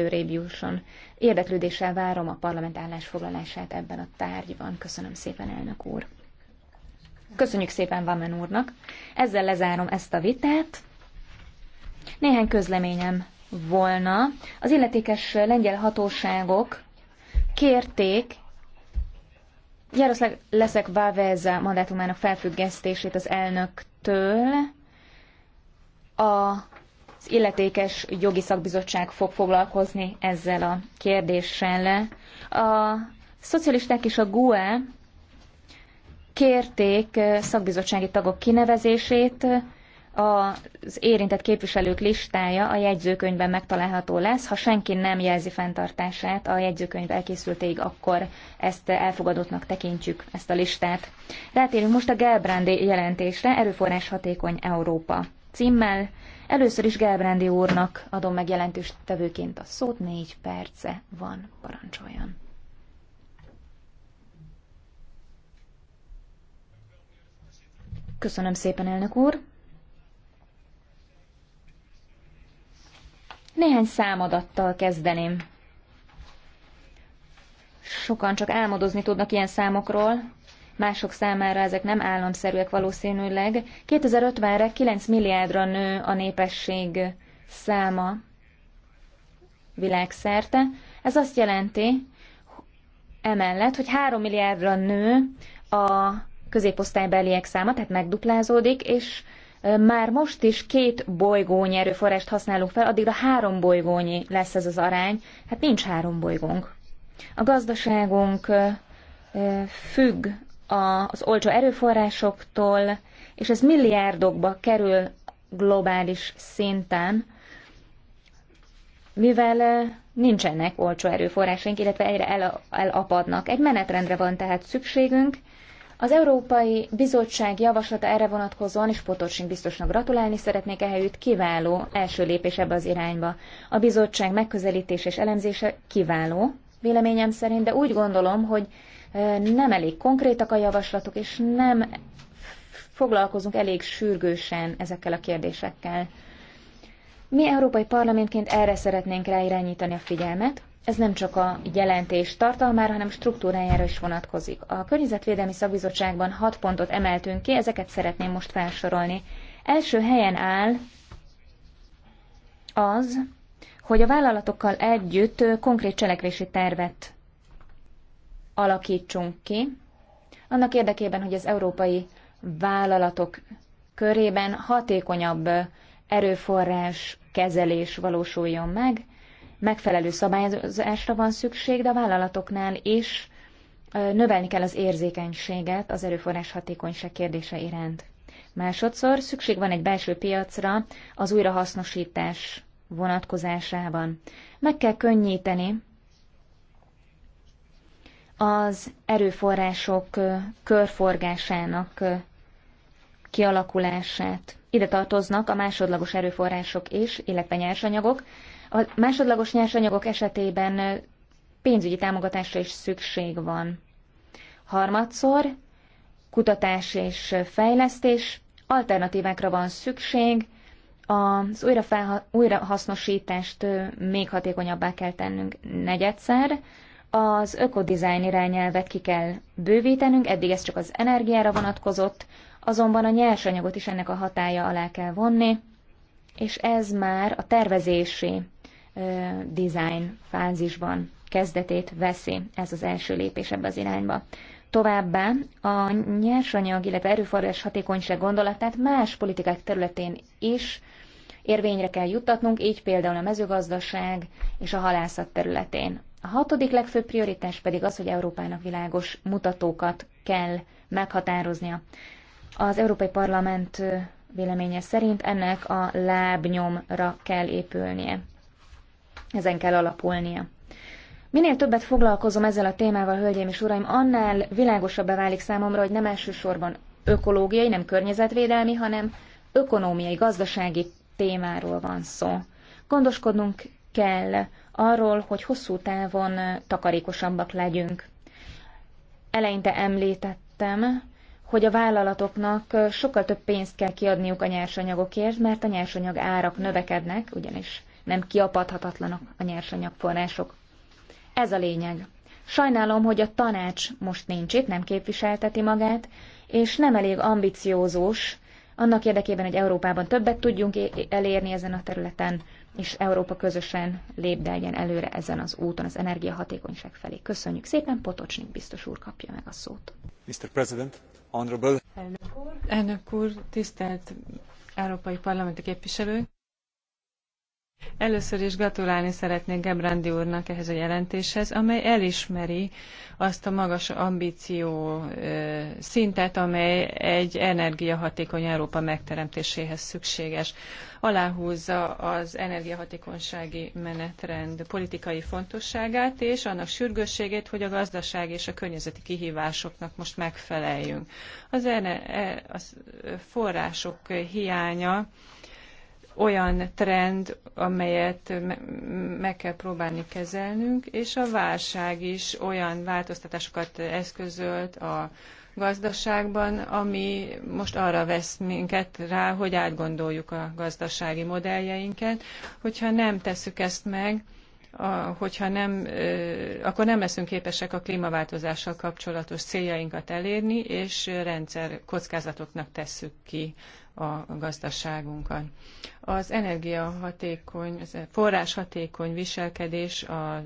előrébb jusson. Érdeklődéssel várom a parlament állásfoglalását ebben a tárgyban. Köszönöm szépen, elnök úr. Köszönjük szépen Vamen úrnak. Ezzel lezárom ezt a vitát. Néhány közleményem volna. Az illetékes lengyel hatóságok kérték Jaroszláv Leszek Vávelza mandátumának felfüggesztését az elnöktől. A az illetékes jogi szakbizottság fog foglalkozni ezzel a kérdéssel. A szocialisták és a GUE kérték szakbizottsági tagok kinevezését, az érintett képviselők listája a jegyzőkönyvben megtalálható lesz. Ha senki nem jelzi fenntartását a jegyzőkönyv elkészültéig, akkor ezt elfogadottnak tekintjük, ezt a listát. Rátérünk most a Gelbrandi jelentésre, Erőforrás Hatékony Európa címmel. Először is Gelbrandi úrnak adom meg jelentős tevőként a szót, négy perce van, parancsoljon. Köszönöm szépen, elnök úr. Néhány számadattal kezdeném. Sokan csak álmodozni tudnak ilyen számokról, mások számára ezek nem államszerűek valószínűleg. 2050-re 9 milliárdra nő a népesség száma világszerte. Ez azt jelenti, emellett, hogy 3 milliárdra nő a középosztálybeliek száma, tehát megduplázódik, és már most is két bolygónyi erőforrást használunk fel, addigra három bolygónyi lesz ez az arány, hát nincs három bolygónk. A gazdaságunk függ az olcsó erőforrásoktól, és ez milliárdokba kerül globális szinten, mivel nincsenek olcsó erőforrásaink, illetve egyre el, elapadnak. Egy menetrendre van tehát szükségünk. Az Európai Bizottság javaslata erre vonatkozóan, és Potocsink biztosnak gratulálni szeretnék ehelyütt, kiváló első lépés ebbe az irányba. A bizottság megközelítés és elemzése kiváló, véleményem szerint, de úgy gondolom, hogy nem elég konkrétak a javaslatok, és nem foglalkozunk elég sürgősen ezekkel a kérdésekkel. Mi Európai Parlamentként erre szeretnénk ráirányítani a figyelmet, ez nem csak a jelentés tartalmára, hanem struktúrájára is vonatkozik. A Környezetvédelmi Szakbizottságban hat pontot emeltünk ki, ezeket szeretném most felsorolni. Első helyen áll az, hogy a vállalatokkal együtt konkrét cselekvési tervet alakítsunk ki, annak érdekében, hogy az európai vállalatok körében hatékonyabb erőforrás kezelés valósuljon meg, megfelelő szabályozásra van szükség, de a vállalatoknál is növelni kell az érzékenységet az erőforrás hatékonyság kérdése iránt. Másodszor szükség van egy belső piacra az újrahasznosítás vonatkozásában. Meg kell könnyíteni az erőforrások körforgásának kialakulását. Ide tartoznak a másodlagos erőforrások is, illetve nyersanyagok. A másodlagos nyersanyagok esetében pénzügyi támogatásra is szükség van. Harmadszor kutatás és fejlesztés, alternatívákra van szükség, az újrahasznosítást újra még hatékonyabbá kell tennünk negyedszer, az ökodizájn irányelvet ki kell bővítenünk, eddig ez csak az energiára vonatkozott, azonban a nyersanyagot is ennek a hatája alá kell vonni, és ez már a tervezési ö, design fázisban kezdetét veszi, ez az első lépés ebbe az irányba. Továbbá a nyersanyag, illetve erőforrás hatékonyság gondolatát más politikák területén is érvényre kell juttatnunk, így például a mezőgazdaság és a halászat területén. A hatodik legfőbb prioritás pedig az, hogy Európának világos mutatókat kell meghatároznia. Az Európai Parlament véleménye szerint ennek a lábnyomra kell épülnie. Ezen kell alapulnia. Minél többet foglalkozom ezzel a témával, hölgyeim és uraim, annál világosabbá válik számomra, hogy nem elsősorban ökológiai, nem környezetvédelmi, hanem ökonómiai, gazdasági témáról van szó. Gondoskodnunk kell arról, hogy hosszú távon takarékosabbak legyünk. Eleinte említettem, hogy a vállalatoknak sokkal több pénzt kell kiadniuk a nyersanyagokért, mert a nyersanyag árak növekednek, ugyanis nem kiapadhatatlanak a nyersanyagforrások. Ez a lényeg. Sajnálom, hogy a tanács most nincs itt, nem képviselteti magát, és nem elég ambiciózus annak érdekében, hogy Európában többet tudjunk elérni ezen a területen és Európa közösen lépdeljen előre ezen az úton az energiahatékonyság felé. Köszönjük szépen, Potocsnik biztos úr kapja meg a szót. Mr. President, Honorable. Elnök úr, elnök úr tisztelt európai parlamenti képviselők! Először is gratulálni szeretnék Gebrandi úrnak ehhez a jelentéshez, amely elismeri azt a magas ambíció szintet, amely egy energiahatékony Európa megteremtéséhez szükséges. Aláhúzza az energiahatékonysági menetrend politikai fontosságát és annak sürgősségét, hogy a gazdaság és a környezeti kihívásoknak most megfeleljünk. Az, erne- e- az források hiánya olyan trend, amelyet meg kell próbálni kezelnünk, és a válság is olyan változtatásokat eszközölt a gazdaságban, ami most arra vesz minket rá, hogy átgondoljuk a gazdasági modelljeinket. Hogyha nem tesszük ezt meg, a, hogyha nem, akkor nem leszünk képesek a klímaváltozással kapcsolatos céljainkat elérni, és rendszer kockázatoknak tesszük ki a gazdaságunkat. Az energiahatékony, forráshatékony viselkedés a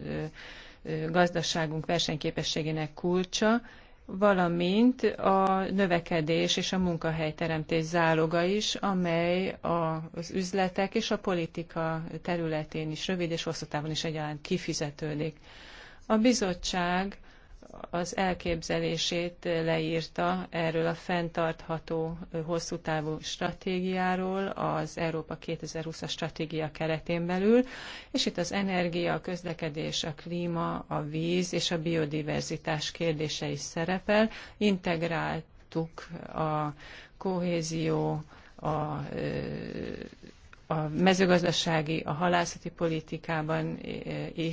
gazdaságunk versenyképességének kulcsa, valamint a növekedés és a munkahelyteremtés záloga is, amely az üzletek és a politika területén is rövid és hosszú távon is egyaránt kifizetődik. A bizottság az elképzelését leírta erről a fenntartható hosszú távú stratégiáról az Európa 2020-as stratégia keretén belül, és itt az energia, a közlekedés, a klíma, a víz és a biodiverzitás kérdése is szerepel. Integráltuk a kohézió, a a mezőgazdasági, a halászati politikában e,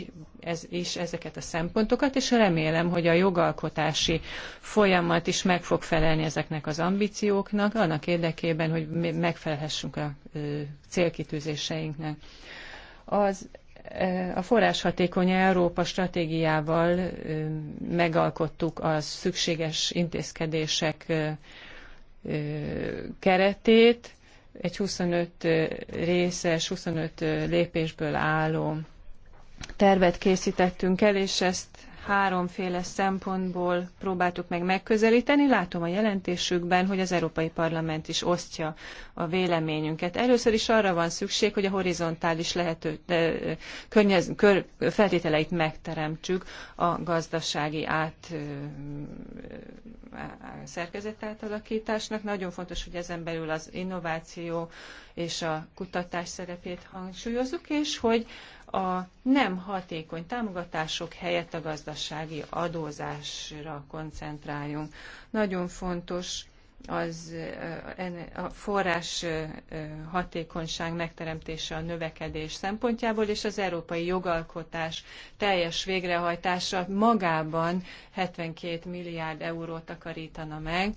e, is ezeket a szempontokat, és remélem, hogy a jogalkotási folyamat is meg fog felelni ezeknek az ambícióknak, annak érdekében, hogy megfelelhessünk a e, célkitűzéseinknek. Az a forráshatékony Európa stratégiával megalkottuk a szükséges intézkedések keretét, egy 25 részes, 25 lépésből álló tervet készítettünk el, és ezt háromféle szempontból próbáltuk meg megközelíteni. Látom a jelentésükben, hogy az Európai Parlament is osztja a véleményünket. Először is arra van szükség, hogy a horizontális lehető, de, környez, kör, feltételeit megteremtsük a gazdasági át szerkezet átalakításnak. Nagyon fontos, hogy ezen belül az innováció és a kutatás szerepét hangsúlyozzuk, és hogy a nem hatékony támogatások helyett a gazdasági adózásra koncentráljunk. Nagyon fontos az a forrás hatékonyság megteremtése a növekedés szempontjából, és az európai jogalkotás teljes végrehajtása magában 72 milliárd eurót takarítana meg,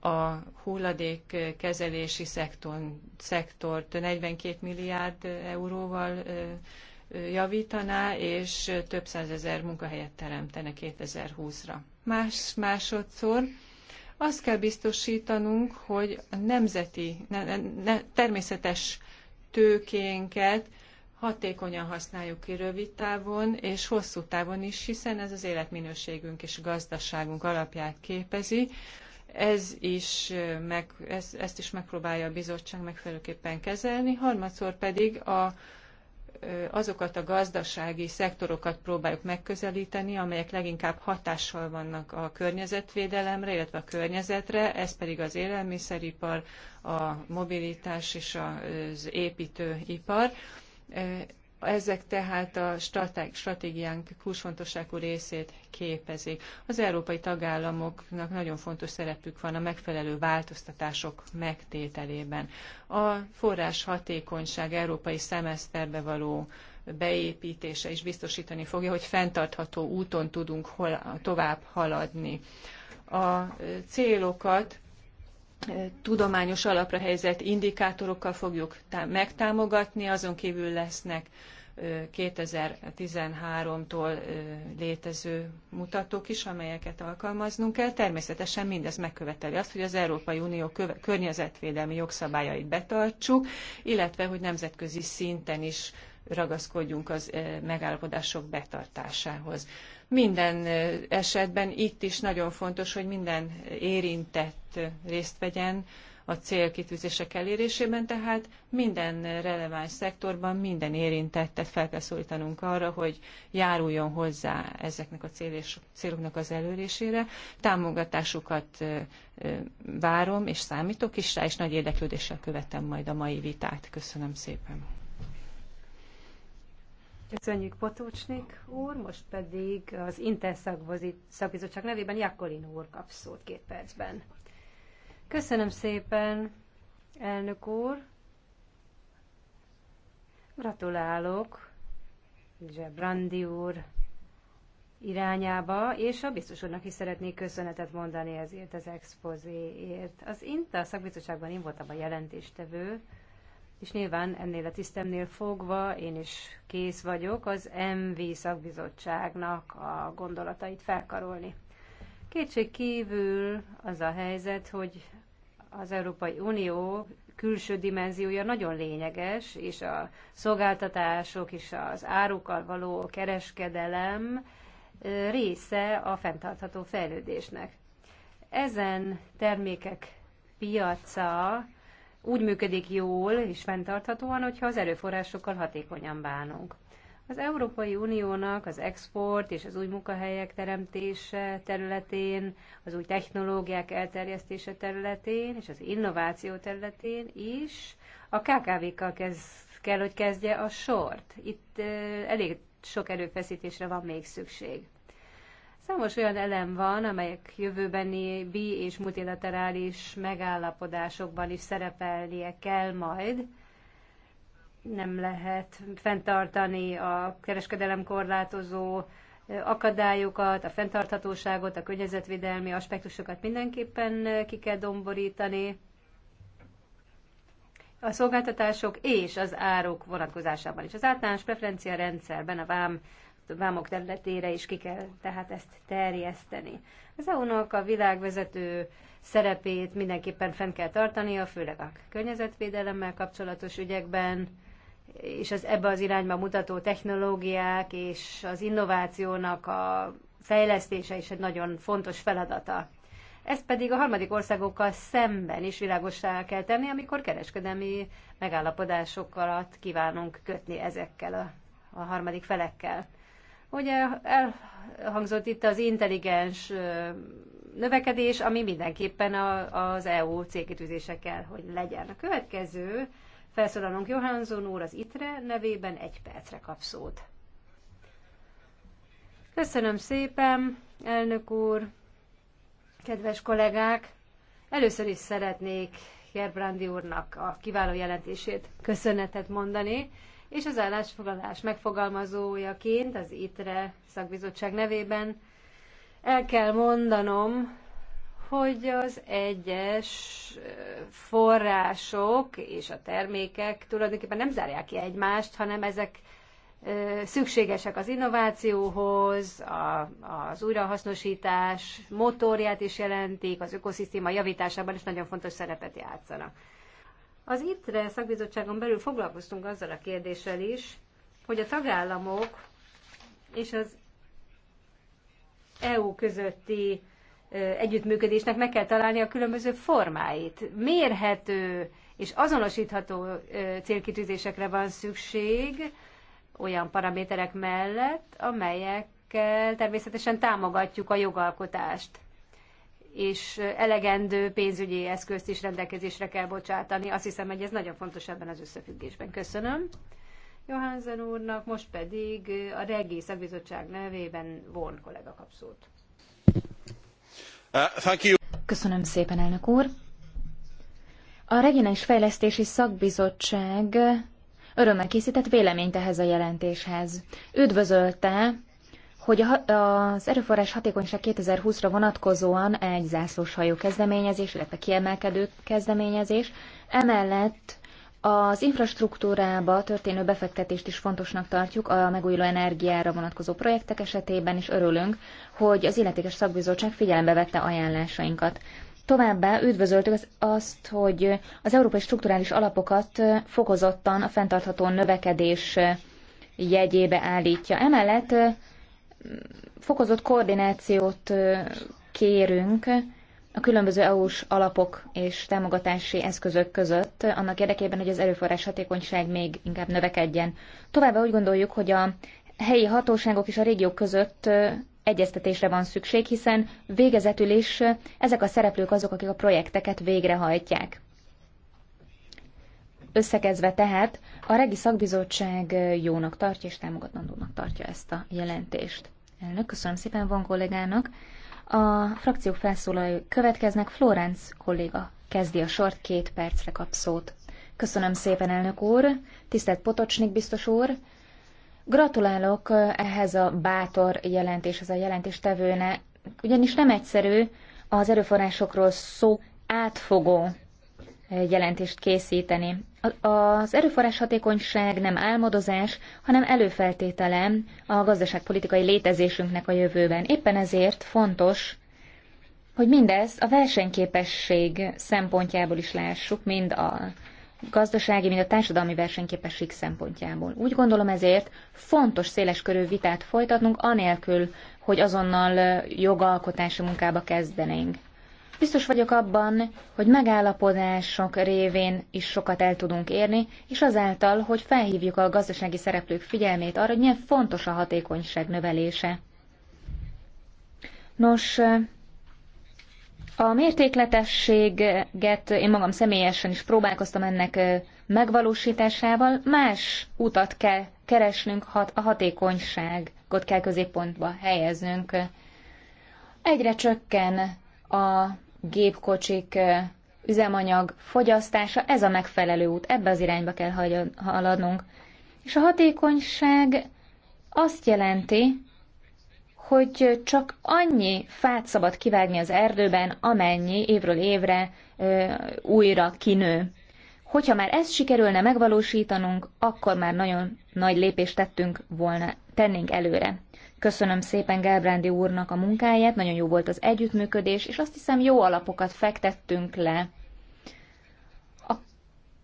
a hulladékkezelési szektor, szektort 42 milliárd euróval javítaná, és több százezer munkahelyet teremtene 2020-ra. Más, másodszor azt kell biztosítanunk, hogy a nemzeti, ne, ne, természetes tőkénket hatékonyan használjuk ki rövid távon és hosszú távon is, hiszen ez az életminőségünk és gazdaságunk alapját képezi ez is meg, ez, ezt is megpróbálja a bizottság megfelelőképpen kezelni, harmadszor pedig a, azokat a gazdasági szektorokat próbáljuk megközelíteni, amelyek leginkább hatással vannak a környezetvédelemre, illetve a környezetre, ez pedig az élelmiszeripar, a mobilitás és az építőipar ezek tehát a stratégiánk kulcsfontosságú részét képezik. Az európai tagállamoknak nagyon fontos szerepük van a megfelelő változtatások megtételében. A forrás hatékonyság európai szemeszterbe való beépítése is biztosítani fogja, hogy fenntartható úton tudunk hol, tovább haladni. A célokat tudományos alapra helyezett indikátorokkal fogjuk megtámogatni, azon kívül lesznek 2013-tól létező mutatók is, amelyeket alkalmaznunk kell. Természetesen mindez megköveteli azt, hogy az Európai Unió környezetvédelmi jogszabályait betartsuk, illetve hogy nemzetközi szinten is ragaszkodjunk az megállapodások betartásához. Minden esetben itt is nagyon fontos, hogy minden érintett részt vegyen a célkitűzések elérésében, tehát minden releváns szektorban minden érintettet fel kell szólítanunk arra, hogy járuljon hozzá ezeknek a céloknak az elérésére. Támogatásukat várom és számítok is rá, és nagy érdeklődéssel követem majd a mai vitát. Köszönöm szépen. Köszönjük Potocsnik úr, most pedig az Interszakbizottság nevében Jakolin úr kap szót két percben. Köszönöm szépen, elnök úr. Gratulálok Zsebrandi úr irányába, és a biztos úrnak is szeretnék köszönetet mondani ezért az expozéért. Az INTA szakbizottságban én voltam a jelentéstevő, és nyilván ennél a tisztemnél fogva én is kész vagyok az MV szakbizottságnak a gondolatait felkarolni. Kétség kívül az a helyzet, hogy az Európai Unió külső dimenziója nagyon lényeges, és a szolgáltatások és az árukkal való kereskedelem része a fenntartható fejlődésnek. Ezen termékek piaca úgy működik jól és fenntarthatóan, hogyha az erőforrásokkal hatékonyan bánunk. Az Európai Uniónak az export és az új munkahelyek teremtése területén, az új technológiák elterjesztése területén és az innováció területén is a KKV-kkal kezd, kell, hogy kezdje a sort. Itt elég sok erőfeszítésre van még szükség. Számos olyan elem van, amelyek jövőbeni bi- és multilaterális megállapodásokban is szerepelnie kell majd. Nem lehet fenntartani a kereskedelem korlátozó eh, akadályokat, a fenntarthatóságot, a környezetvédelmi aspektusokat mindenképpen eh, ki kell domborítani. A szolgáltatások és az áruk vonatkozásában is. Az általános preferencia rendszerben a vám vámok területére is ki kell tehát ezt terjeszteni. Az EU-nak a világvezető szerepét mindenképpen fenn kell tartania, főleg a környezetvédelemmel kapcsolatos ügyekben, és az ebbe az irányba mutató technológiák és az innovációnak a fejlesztése is egy nagyon fontos feladata. Ezt pedig a harmadik országokkal szemben is világossá kell tenni, amikor kereskedelmi megállapodásokat kívánunk kötni ezekkel a, a harmadik felekkel. Ugye elhangzott itt az intelligens növekedés, ami mindenképpen a, az EU célkitűzése hogy legyen. A következő felszólalunk Johansson úr az ITRE nevében egy percre kap szót. Köszönöm szépen, elnök úr, kedves kollégák! Először is szeretnék Gerbrandi úrnak a kiváló jelentését köszönetet mondani, és az állásfoglalás megfogalmazójaként az ITRE szakbizottság nevében el kell mondanom, hogy az egyes források és a termékek tulajdonképpen nem zárják ki egymást, hanem ezek szükségesek az innovációhoz, a, az újrahasznosítás motorját is jelentik, az ökoszisztéma javításában is nagyon fontos szerepet játszanak. Az ITRE szakbizottságon belül foglalkoztunk azzal a kérdéssel is, hogy a tagállamok és az EU közötti együttműködésnek meg kell találni a különböző formáit. Mérhető és azonosítható célkitűzésekre van szükség olyan paraméterek mellett, amelyekkel természetesen támogatjuk a jogalkotást és elegendő pénzügyi eszközt is rendelkezésre kell bocsátani. Azt hiszem, hogy ez nagyon fontos ebben az összefüggésben. Köszönöm. Johansen úrnak, most pedig a Regi Szakbizottság nevében von kollega kapszót. Uh, Köszönöm szépen, elnök úr. A Regionális Fejlesztési Szakbizottság örömmel készített véleményt ehhez a jelentéshez. Üdvözölte hogy az erőforrás hatékonyság 2020-ra vonatkozóan egy zászlós hajó kezdeményezés, illetve kiemelkedő kezdeményezés, emellett az infrastruktúrába történő befektetést is fontosnak tartjuk a megújuló energiára vonatkozó projektek esetében, és örülünk, hogy az illetékes szakbizottság figyelembe vette ajánlásainkat. Továbbá üdvözöltük azt, hogy az európai strukturális alapokat fokozottan a fenntartható növekedés jegyébe állítja. Emellett fokozott koordinációt kérünk a különböző EU-s alapok és támogatási eszközök között, annak érdekében, hogy az erőforrás hatékonyság még inkább növekedjen. Továbbá úgy gondoljuk, hogy a helyi hatóságok és a régiók között egyeztetésre van szükség, hiszen végezetül is ezek a szereplők azok, akik a projekteket végrehajtják. Összekezve tehát, a Regi Szakbizottság jónak tartja és támogatandónak tartja ezt a jelentést. Elnök, köszönöm szépen van kollégának. A frakció felszólalói következnek. Florence kolléga kezdi a sort, két percre kap szót. Köszönöm szépen, elnök úr. Tisztelt Potocsnik biztos úr. Gratulálok eh, ehhez a bátor jelentéshez, a jelentéstevőne, ugyanis nem egyszerű az erőforrásokról szó átfogó jelentést készíteni. Az erőforrás hatékonyság nem álmodozás, hanem előfeltétele a gazdaságpolitikai létezésünknek a jövőben. Éppen ezért fontos, hogy mindezt a versenyképesség szempontjából is lássuk, mind a gazdasági, mind a társadalmi versenyképesség szempontjából. Úgy gondolom ezért fontos széles körű vitát folytatnunk, anélkül, hogy azonnal jogalkotási munkába kezdenénk. Biztos vagyok abban, hogy megállapodások révén is sokat el tudunk érni, és azáltal, hogy felhívjuk a gazdasági szereplők figyelmét arra, hogy milyen fontos a hatékonyság növelése. Nos, a mértékletességet én magam személyesen is próbálkoztam ennek megvalósításával, más utat kell keresnünk, hat, a hatékonyságot kell középpontba helyeznünk. Egyre csökken a gépkocsik üzemanyag fogyasztása, ez a megfelelő út, ebbe az irányba kell haladnunk. És a hatékonyság azt jelenti, hogy csak annyi fát szabad kivágni az erdőben, amennyi évről évre ö, újra kinő. Hogyha már ezt sikerülne megvalósítanunk, akkor már nagyon nagy lépést tettünk volna, tennénk előre. Köszönöm szépen Gábrándi úrnak a munkáját, nagyon jó volt az együttműködés, és azt hiszem jó alapokat fektettünk le. A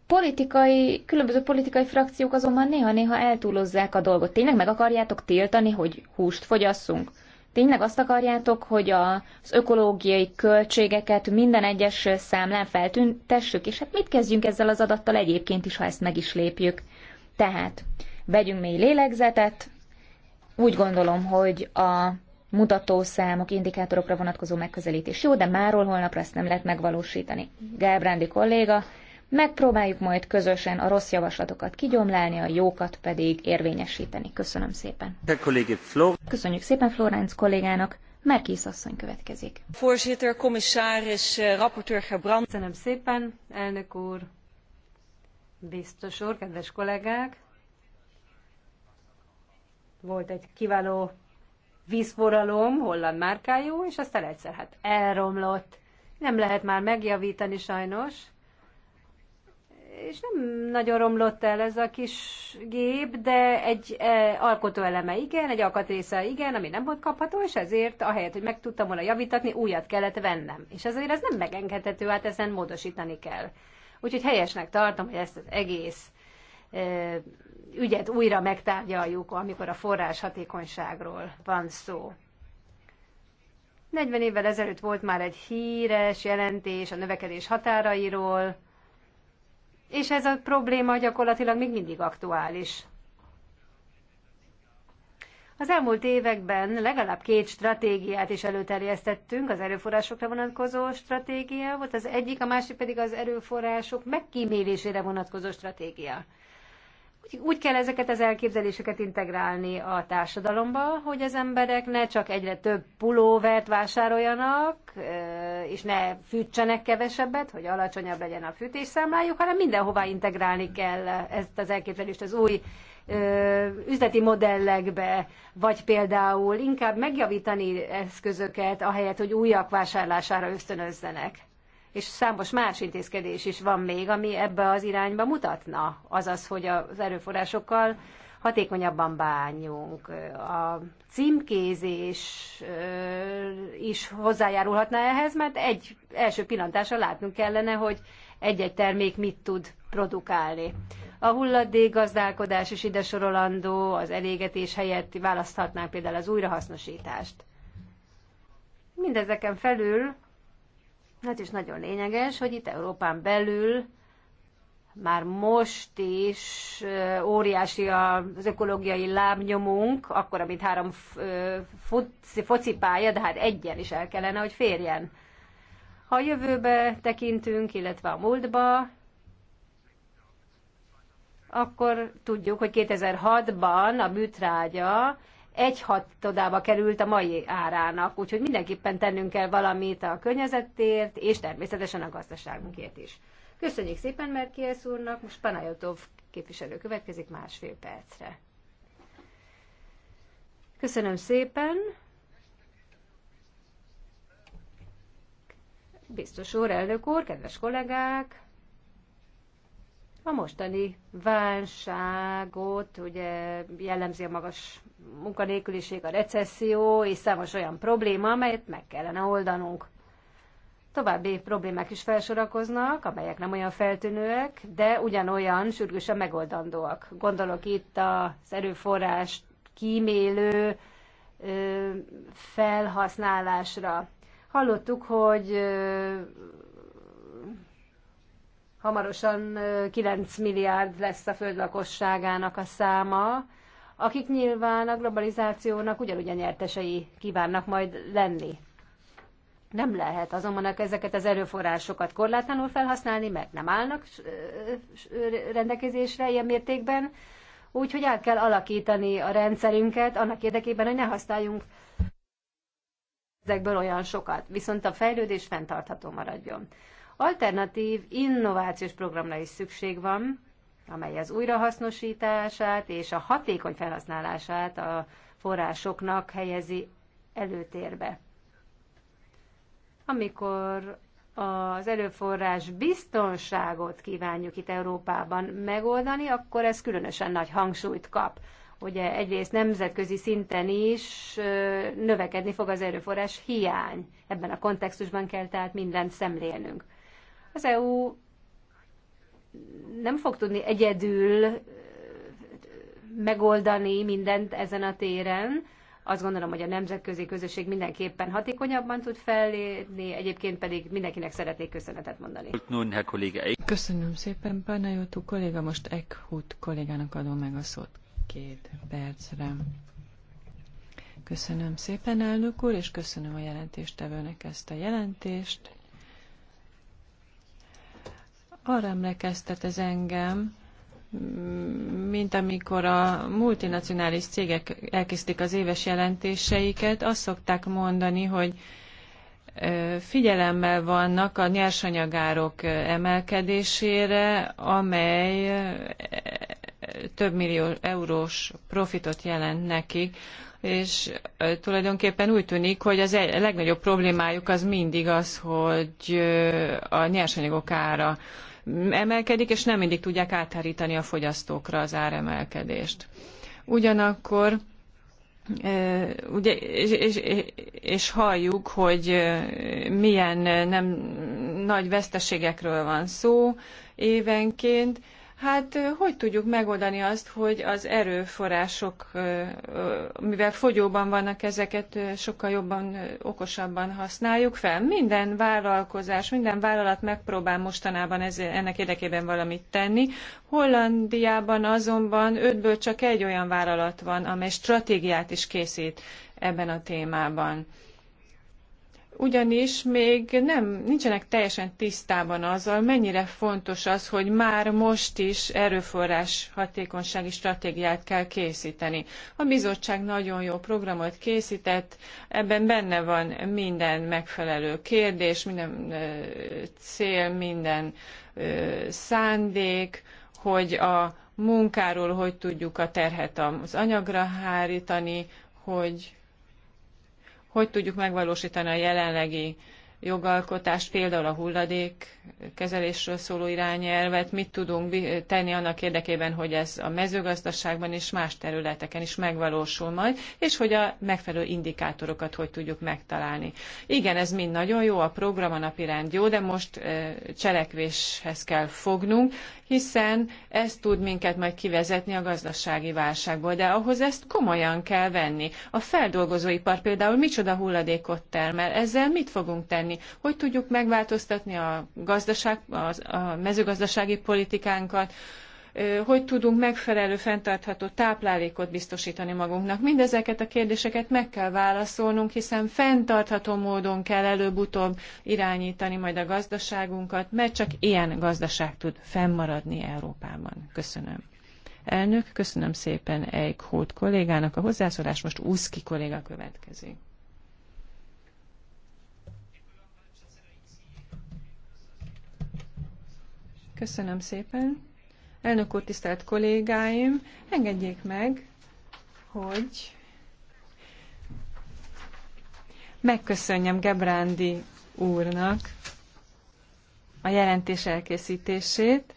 politikai, különböző politikai frakciók azonban néha-néha eltúlozzák a dolgot. Tényleg meg akarjátok tiltani, hogy húst fogyasszunk? Tényleg azt akarjátok, hogy az ökológiai költségeket minden egyes számlán feltüntessük, és hát mit kezdjünk ezzel az adattal egyébként is, ha ezt meg is lépjük? Tehát, vegyünk mély lélegzetet, úgy gondolom, hogy a mutatószámok, indikátorokra vonatkozó megközelítés jó, de máról holnapra ezt nem lehet megvalósítani. Gábrándi kolléga, megpróbáljuk majd közösen a rossz javaslatokat kigyomlálni, a jókat pedig érvényesíteni. Köszönöm szépen. Köszönjük szépen Florence kollégának. Merkis asszony következik. Voorzitter, commissaris, eh, rapporteur Gebrand. Köszönöm szépen, elnök úr, biztos úr, kedves kollégák. Volt egy kiváló vízforralom, holland márkájú, és aztán egyszer hát elromlott. Nem lehet már megjavítani sajnos. És nem nagyon romlott el ez a kis gép, de egy e, alkotóeleme igen, egy alkatrésze igen, ami nem volt kapható, és ezért ahelyett, hogy meg tudtam volna javítatni, újat kellett vennem. És ezért ez nem megengedhető, hát ezen módosítani kell. Úgyhogy helyesnek tartom, hogy ezt az egész ügyet újra megtárgyaljuk, amikor a forrás hatékonyságról van szó. 40 évvel ezelőtt volt már egy híres jelentés a növekedés határairól, és ez a probléma gyakorlatilag még mindig aktuális. Az elmúlt években legalább két stratégiát is előterjesztettünk, az erőforrásokra vonatkozó stratégia volt az egyik, a másik pedig az erőforrások megkímélésére vonatkozó stratégia. Úgy, úgy kell ezeket az elképzeléseket integrálni a társadalomba, hogy az emberek ne csak egyre több pulóvert vásároljanak, és ne fűtsenek kevesebbet, hogy alacsonyabb legyen a fűtésszámlájuk, hanem mindenhová integrálni kell ezt az elképzelést az új üzleti modellekbe, vagy például inkább megjavítani eszközöket, ahelyett, hogy újak vásárlására ösztönözzenek és számos más intézkedés is van még, ami ebbe az irányba mutatna, azaz, hogy az erőforrásokkal hatékonyabban bánjunk. A címkézés is hozzájárulhatna ehhez, mert egy első pillantásra látnunk kellene, hogy egy-egy termék mit tud produkálni. A gazdálkodás is ide sorolandó, az elégetés helyett választhatnánk például az újrahasznosítást. Mindezeken felül Hát is nagyon lényeges, hogy itt Európán belül már most is óriási az ökológiai lábnyomunk, akkor, mint három foci, focipálya, de hát egyen is el kellene, hogy férjen. Ha a jövőbe tekintünk, illetve a múltba, akkor tudjuk, hogy 2006-ban a műtrágya egy hatodába került a mai árának, úgyhogy mindenképpen tennünk kell valamit a környezetért, és természetesen a gazdaságunkért is. Köszönjük szépen Merkiesz úrnak, most Panajotov képviselő következik másfél percre. Köszönöm szépen. Biztos úr, elnök úr, kedves kollégák! A mostani válságot ugye jellemzi a magas munkanélküliség, a recesszió és számos olyan probléma, amelyet meg kellene oldanunk. További problémák is felsorakoznak, amelyek nem olyan feltűnőek, de ugyanolyan sürgősen megoldandóak. Gondolok itt az erőforrás kímélő felhasználásra. Hallottuk, hogy hamarosan 9 milliárd lesz a föld lakosságának a száma, akik nyilván a globalizációnak ugyanúgy a nyertesei kívánnak majd lenni. Nem lehet azonban ezeket az erőforrásokat korlátlanul felhasználni, mert nem állnak rendelkezésre ilyen mértékben, úgyhogy át kell alakítani a rendszerünket annak érdekében, hogy ne használjunk ezekből olyan sokat, viszont a fejlődés fenntartható maradjon. Alternatív, innovációs programra is szükség van, amely az újrahasznosítását és a hatékony felhasználását a forrásoknak helyezi előtérbe. Amikor az előforrás biztonságot kívánjuk itt Európában megoldani, akkor ez különösen nagy hangsúlyt kap. Ugye egyrészt nemzetközi szinten is növekedni fog az erőforrás hiány. Ebben a kontextusban kell tehát mindent szemlélnünk. Az EU nem fog tudni egyedül megoldani mindent ezen a téren. Azt gondolom, hogy a nemzetközi közösség mindenképpen hatékonyabban tud fellépni, egyébként pedig mindenkinek szeretnék köszönetet mondani. Köszönöm szépen, Panajotú kolléga, most Ekhut kollégának adom meg a szót két percre. Köszönöm szépen, elnök úr, és köszönöm a jelentéstevőnek ezt a jelentést arra emlékeztet ez engem, mint amikor a multinacionális cégek elkészítik az éves jelentéseiket, azt szokták mondani, hogy figyelemmel vannak a nyersanyagárok emelkedésére, amely több millió eurós profitot jelent nekik, és tulajdonképpen úgy tűnik, hogy az egy, a legnagyobb problémájuk az mindig az, hogy a nyersanyagok ára emelkedik, és nem mindig tudják áthárítani a fogyasztókra az áremelkedést. Ugyanakkor e, ugye, és, és, és halljuk, hogy e, milyen nem nagy veszteségekről van szó évenként, Hát hogy tudjuk megoldani azt, hogy az erőforrások, mivel fogyóban vannak ezeket, sokkal jobban, okosabban használjuk fel? Minden vállalkozás, minden vállalat megpróbál mostanában ez, ennek érdekében valamit tenni. Hollandiában azonban ötből csak egy olyan vállalat van, amely stratégiát is készít ebben a témában ugyanis még nem, nincsenek teljesen tisztában azzal, mennyire fontos az, hogy már most is erőforrás hatékonysági stratégiát kell készíteni. A bizottság nagyon jó programot készített, ebben benne van minden megfelelő kérdés, minden cél, minden szándék, hogy a munkáról hogy tudjuk a terhet az anyagra hárítani, hogy hogy tudjuk megvalósítani a jelenlegi jogalkotást, például a hulladék kezelésről szóló irányelvet, mit tudunk tenni annak érdekében, hogy ez a mezőgazdaságban és más területeken is megvalósul majd, és hogy a megfelelő indikátorokat hogy tudjuk megtalálni. Igen, ez mind nagyon jó, a program a napirend jó, de most eh, cselekvéshez kell fognunk, hiszen ez tud minket majd kivezetni a gazdasági válságból, de ahhoz ezt komolyan kell venni. A feldolgozóipar például micsoda hulladékot termel, ezzel mit fogunk tenni? Hogy tudjuk megváltoztatni a, gazdaság, a mezőgazdasági politikánkat, hogy tudunk megfelelő, fenntartható táplálékot biztosítani magunknak. Mindezeket a kérdéseket meg kell válaszolnunk, hiszen fenntartható módon kell előbb-utóbb irányítani majd a gazdaságunkat, mert csak ilyen gazdaság tud fennmaradni Európában. Köszönöm. Elnök, köszönöm szépen Eik Hót kollégának a hozzászólás, most Uszki kolléga következik. Köszönöm szépen. Elnök úr, tisztelt kollégáim, engedjék meg, hogy megköszönjem Gebrándi úrnak a jelentés elkészítését.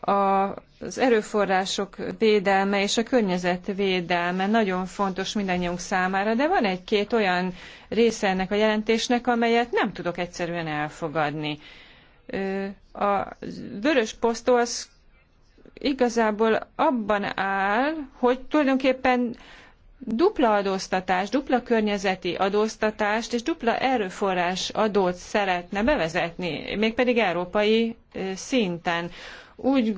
Az erőforrások védelme és a környezet védelme nagyon fontos mindannyiunk számára, de van egy-két olyan része ennek a jelentésnek, amelyet nem tudok egyszerűen elfogadni a vörös posztó az igazából abban áll, hogy tulajdonképpen dupla adóztatás, dupla környezeti adóztatást és dupla erőforrás adót szeretne bevezetni, mégpedig európai szinten. Úgy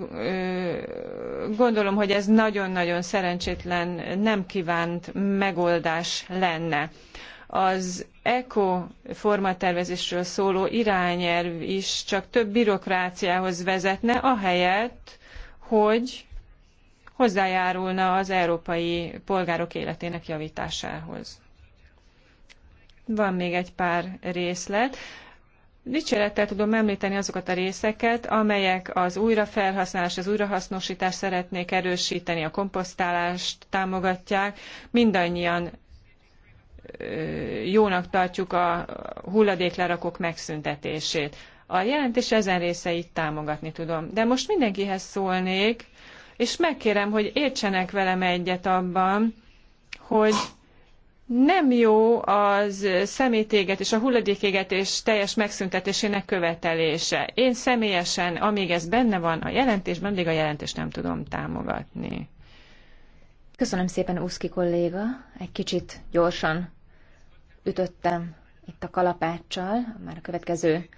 gondolom, hogy ez nagyon-nagyon szerencsétlen, nem kívánt megoldás lenne az ECO formatervezésről szóló irányelv is csak több bürokráciához vezetne, ahelyett, hogy hozzájárulna az európai polgárok életének javításához. Van még egy pár részlet. Dicsérettel tudom említeni azokat a részeket, amelyek az újrafelhasználás, az újrahasznosítást szeretnék erősíteni, a komposztálást támogatják. Mindannyian jónak tartjuk a hulladéklerakók megszüntetését. A jelentés ezen részeit támogatni tudom. De most mindenkihez szólnék, és megkérem, hogy értsenek velem egyet abban, hogy nem jó az szemétéget és a hulladékégetés teljes megszüntetésének követelése. Én személyesen, amíg ez benne van a jelentésben, addig a jelentést nem tudom támogatni. Köszönöm szépen, Uszki kolléga. Egy kicsit gyorsan ütöttem itt a kalapáccsal, már a következő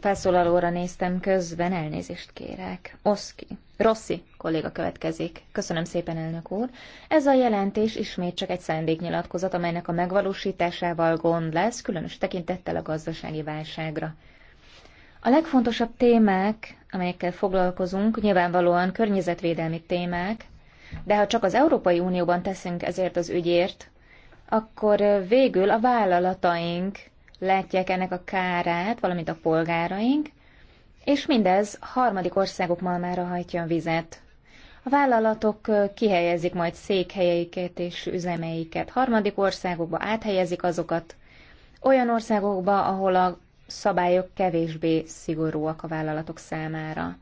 felszólalóra néztem közben, elnézést kérek. Oszki, Rossi kolléga következik. Köszönöm szépen, elnök úr. Ez a jelentés ismét csak egy szándéknyilatkozat, amelynek a megvalósításával gond lesz, különös tekintettel a gazdasági válságra. A legfontosabb témák, amelyekkel foglalkozunk, nyilvánvalóan környezetvédelmi témák, de ha csak az Európai Unióban teszünk ezért az ügyért, akkor végül a vállalataink látják ennek a kárát, valamint a polgáraink, és mindez harmadik országok malmára hajtja a vizet. A vállalatok kihelyezik majd székhelyeiket és üzemeiket harmadik országokba, áthelyezik azokat olyan országokba, ahol a szabályok kevésbé szigorúak a vállalatok számára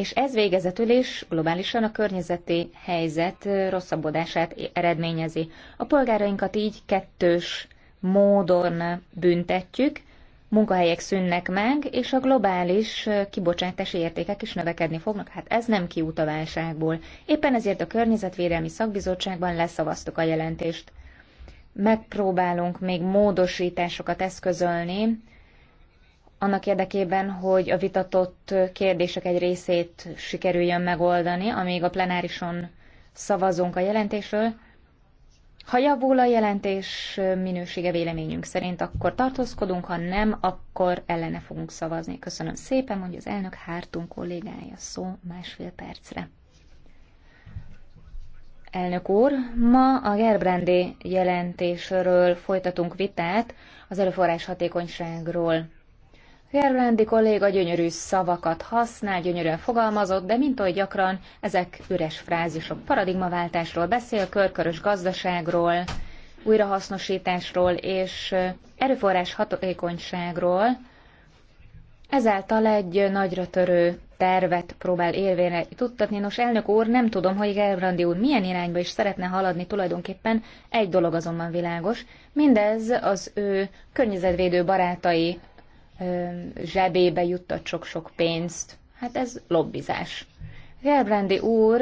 és ez végezetül is globálisan a környezeti helyzet rosszabbodását eredményezi. A polgárainkat így kettős módon büntetjük, munkahelyek szűnnek meg, és a globális kibocsátási értékek is növekedni fognak. Hát ez nem kiút a válságból. Éppen ezért a Környezetvédelmi Szakbizottságban leszavaztuk a jelentést. Megpróbálunk még módosításokat eszközölni annak érdekében, hogy a vitatott kérdések egy részét sikerüljön megoldani, amíg a plenárison szavazunk a jelentésről. Ha javul a jelentés minősége véleményünk szerint, akkor tartózkodunk, ha nem, akkor ellene fogunk szavazni. Köszönöm szépen, mondja az elnök Hártunk kollégája szó másfél percre. Elnök úr, ma a Gerbrandi jelentésről folytatunk vitát az előforrás hatékonyságról. Gerlandi kolléga gyönyörű szavakat használ, gyönyörűen fogalmazott, de mint oly gyakran ezek üres frázisok. Paradigmaváltásról beszél, körkörös gazdaságról, újrahasznosításról és erőforrás hatékonyságról. Ezáltal egy nagyra törő tervet próbál élvére tudtatni. Nos, elnök úr, nem tudom, hogy Gerbrandi úr milyen irányba is szeretne haladni tulajdonképpen. Egy dolog azonban világos. Mindez az ő környezetvédő barátai zsebébe juttat sok-sok pénzt. Hát ez lobbizás. Gerbrandi úr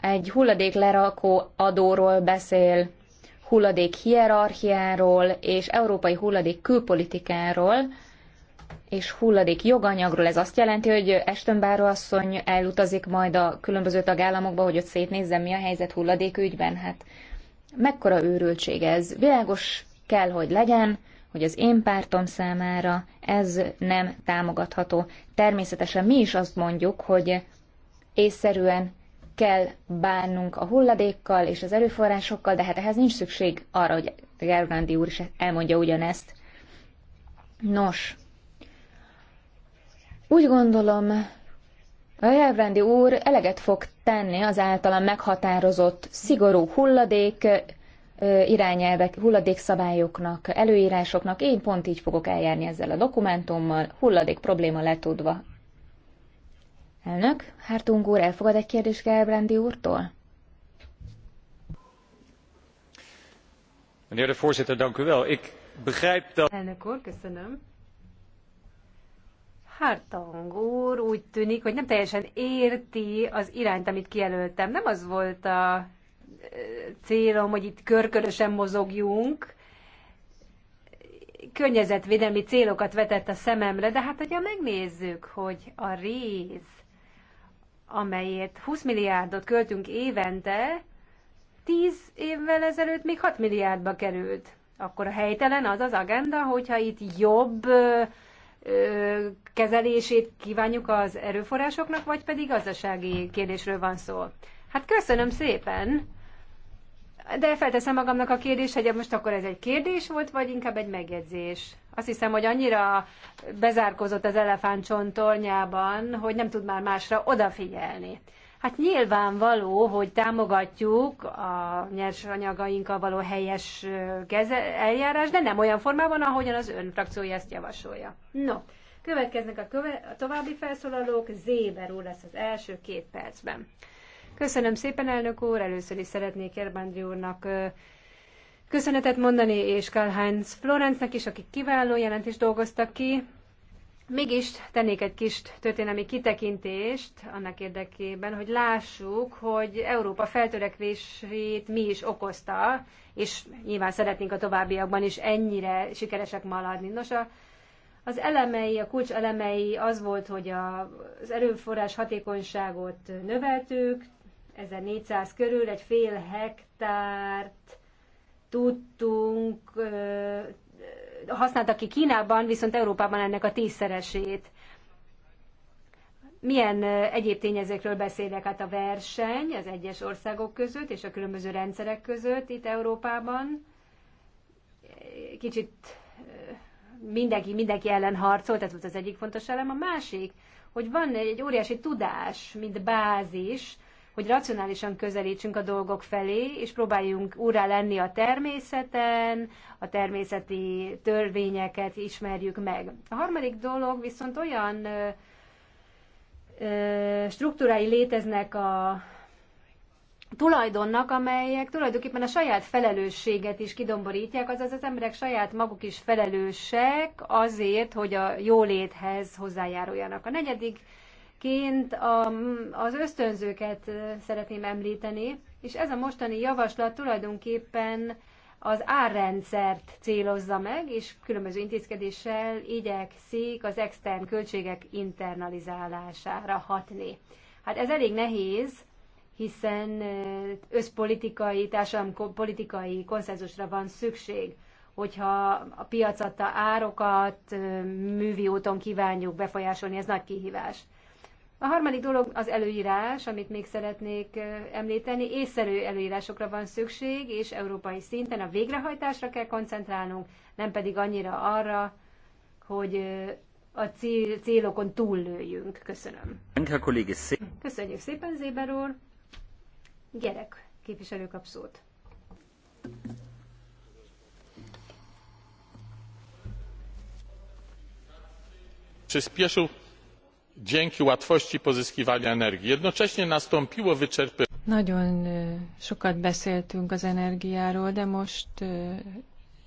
egy hulladék lerakó adóról beszél, hulladék hierarchiáról és európai hulladék külpolitikáról, és hulladék joganyagról. Ez azt jelenti, hogy Eston asszony elutazik majd a különböző tagállamokba, hogy ott szétnézzen, mi a helyzet hulladékügyben. Hát mekkora őrültség ez. Világos kell, hogy legyen, hogy az én pártom számára ez nem támogatható. Természetesen mi is azt mondjuk, hogy észszerűen kell bánnunk a hulladékkal és az erőforrásokkal, de hát ehhez nincs szükség arra, hogy Gerbrandi úr is elmondja ugyanezt. Nos, úgy gondolom, a Gerbrandi úr eleget fog tenni az általán meghatározott szigorú hulladék irányelvek, hulladékszabályoknak, előírásoknak. Én pont így fogok eljárni ezzel a dokumentummal, hulladék probléma letudva. Elnök, Hártung úr, elfogad egy kérdést Gelbrandi úrtól? Meneer de voorzitter, dank u wel. Ik begrijp dat... Elnök úr, köszönöm. Hártung úr úgy tűnik, hogy nem teljesen érti az irányt, amit kijelöltem. Nem az volt a célom, hogy itt körkörösen mozogjunk. Környezetvédelmi célokat vetett a szememre, de hát hogyha megnézzük, hogy a rész, amelyet 20 milliárdot költünk évente, 10 évvel ezelőtt még 6 milliárdba került. Akkor a helytelen az az agenda, hogyha itt jobb ö, ö, kezelését kívánjuk az erőforrásoknak, vagy pedig gazdasági kérdésről van szó. Hát köszönöm szépen! De felteszem magamnak a kérdést, hogy most akkor ez egy kérdés volt, vagy inkább egy megjegyzés. Azt hiszem, hogy annyira bezárkozott az elefánt csontornyában, hogy nem tud már másra odafigyelni. Hát nyilvánvaló, hogy támogatjuk a anyagainkkal való helyes eljárás, de nem olyan formában, ahogyan az ön frakciója ezt javasolja. No, következnek a, köve- a további felszólalók, Zéber úr lesz az első két percben. Köszönöm szépen, elnök úr. Először is szeretnék Erbándi úrnak köszönetet mondani, és Karl-Heinz Florencnek is, akik kiváló jelentést dolgoztak ki. Mégis tennék egy kis történelmi kitekintést annak érdekében, hogy lássuk, hogy Európa feltörekvését mi is okozta, és nyilván szeretnénk a továbbiakban is ennyire sikeresek maradni. Nos, a, az elemei, a kulcs elemei az volt, hogy a, az erőforrás hatékonyságot növeltük, 1400 körül egy fél hektárt tudtunk, használtak ki Kínában, viszont Európában ennek a tízszeresét. Milyen egyéb tényezőkről beszélek? Hát a verseny az egyes országok között és a különböző rendszerek között itt Európában. Kicsit mindenki, mindenki ellen harcolt, ez volt az egyik fontos elem. A másik, hogy van egy, óriási tudás, mint bázis, hogy racionálisan közelítsünk a dolgok felé, és próbáljunk úrá lenni a természeten, a természeti törvényeket ismerjük meg. A harmadik dolog viszont olyan ö, ö, struktúrái léteznek a tulajdonnak, amelyek tulajdonképpen a saját felelősséget is kidomborítják, azaz az emberek saját maguk is felelősek azért, hogy a jóléthez hozzájáruljanak. A negyedik Ként a, az ösztönzőket szeretném említeni, és ez a mostani javaslat tulajdonképpen az árrendszert célozza meg, és különböző intézkedéssel igyekszik az extern költségek internalizálására hatni. Hát ez elég nehéz, hiszen összpolitikai, társadalompolitikai konszenzusra van szükség, hogyha a piac árokat művi úton kívánjuk befolyásolni, ez nagy kihívás. A harmadik dolog az előírás, amit még szeretnék említeni. Észszerű előírásokra van szükség, és európai szinten a végrehajtásra kell koncentrálnunk, nem pedig annyira arra, hogy a cél, célokon túllőjünk. Köszönöm. Köszönjük szépen, Zéber úr. Gyerek, képviselő kap szót. Przyspieszył dzięki łatwości pozyskiwania energii. jednocześnie nastąpiło wyczerpywanie. Nagyon e, sokat beszéltünk az energiáról, de most e,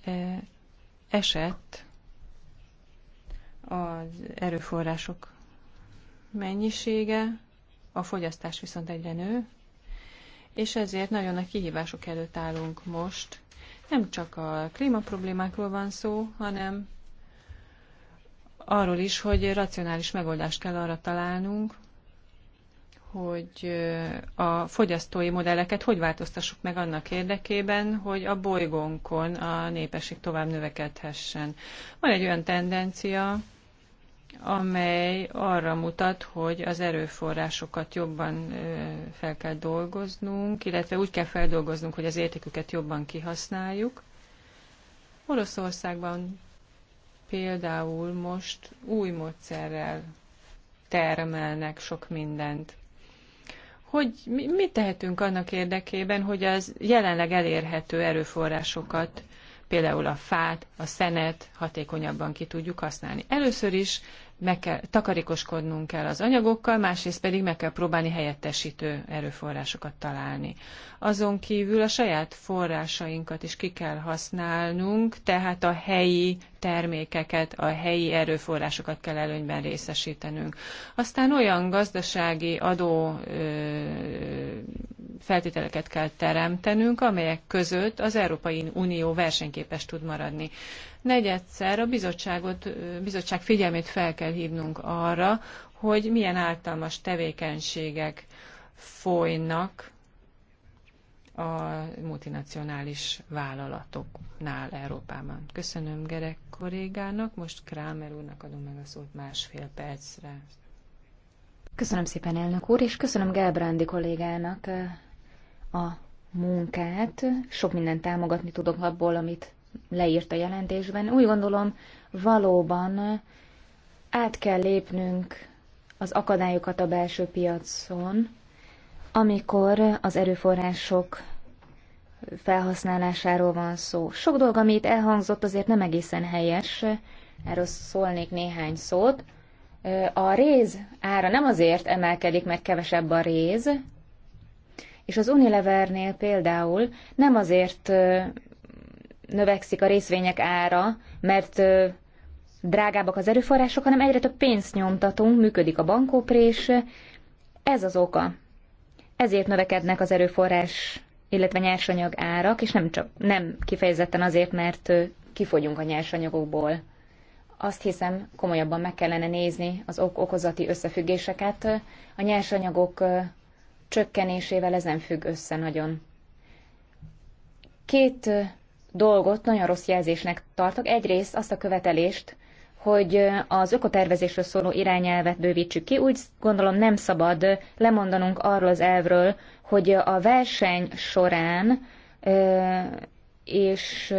e, esett az erőforrások mennyisége, a fogyasztás viszont egyre nő, és ezért nagyon nagy kihívások előtt állunk most. Nem csak a klímaproblémákról van szó, hanem arról is, hogy racionális megoldást kell arra találnunk, hogy a fogyasztói modelleket hogy változtassuk meg annak érdekében, hogy a bolygónkon a népesség tovább növekedhessen. Van egy olyan tendencia, amely arra mutat, hogy az erőforrásokat jobban fel kell dolgoznunk, illetve úgy kell feldolgoznunk, hogy az értéküket jobban kihasználjuk. Oroszországban például most új módszerrel termelnek sok mindent. Hogy mi, mit tehetünk annak érdekében, hogy az jelenleg elérhető erőforrásokat, például a fát, a szenet hatékonyabban ki tudjuk használni. Először is meg kell, takarékoskodnunk kell az anyagokkal, másrészt pedig meg kell próbálni helyettesítő erőforrásokat találni. Azon kívül a saját forrásainkat is ki kell használnunk, tehát a helyi termékeket, a helyi erőforrásokat kell előnyben részesítenünk. Aztán olyan gazdasági adó feltételeket kell teremtenünk, amelyek között az Európai Unió versenyképes tud maradni negyedszer a bizottságot, bizottság figyelmét fel kell hívnunk arra, hogy milyen ártalmas tevékenységek folynak a multinacionális vállalatoknál Európában. Köszönöm Gerek kollégának, most Krámer úrnak adom meg a szót másfél percre. Köszönöm szépen, elnök úr, és köszönöm Gábrándi kollégának a munkát. Sok mindent támogatni tudok abból, amit leírt a jelentésben. Úgy gondolom, valóban át kell lépnünk az akadályokat a belső piacon, amikor az erőforrások felhasználásáról van szó. Sok dolog, amit elhangzott, azért nem egészen helyes, erről szólnék néhány szót. A réz ára nem azért emelkedik, mert kevesebb a réz, és az Unilevernél például nem azért növekszik a részvények ára, mert drágábbak az erőforrások, hanem egyre több pénzt nyomtatunk, működik a bankóprés. Ez az oka. Ezért növekednek az erőforrás, illetve nyersanyag árak, és nem, csak, nem kifejezetten azért, mert kifogyunk a nyersanyagokból. Azt hiszem, komolyabban meg kellene nézni az ok okozati összefüggéseket. A nyersanyagok csökkenésével ez nem függ össze nagyon. Két dolgot nagyon rossz jelzésnek tartok. Egyrészt azt a követelést, hogy az ökotervezésről szóló irányelvet bővítsük ki. Úgy gondolom nem szabad lemondanunk arról az elvről, hogy a verseny során és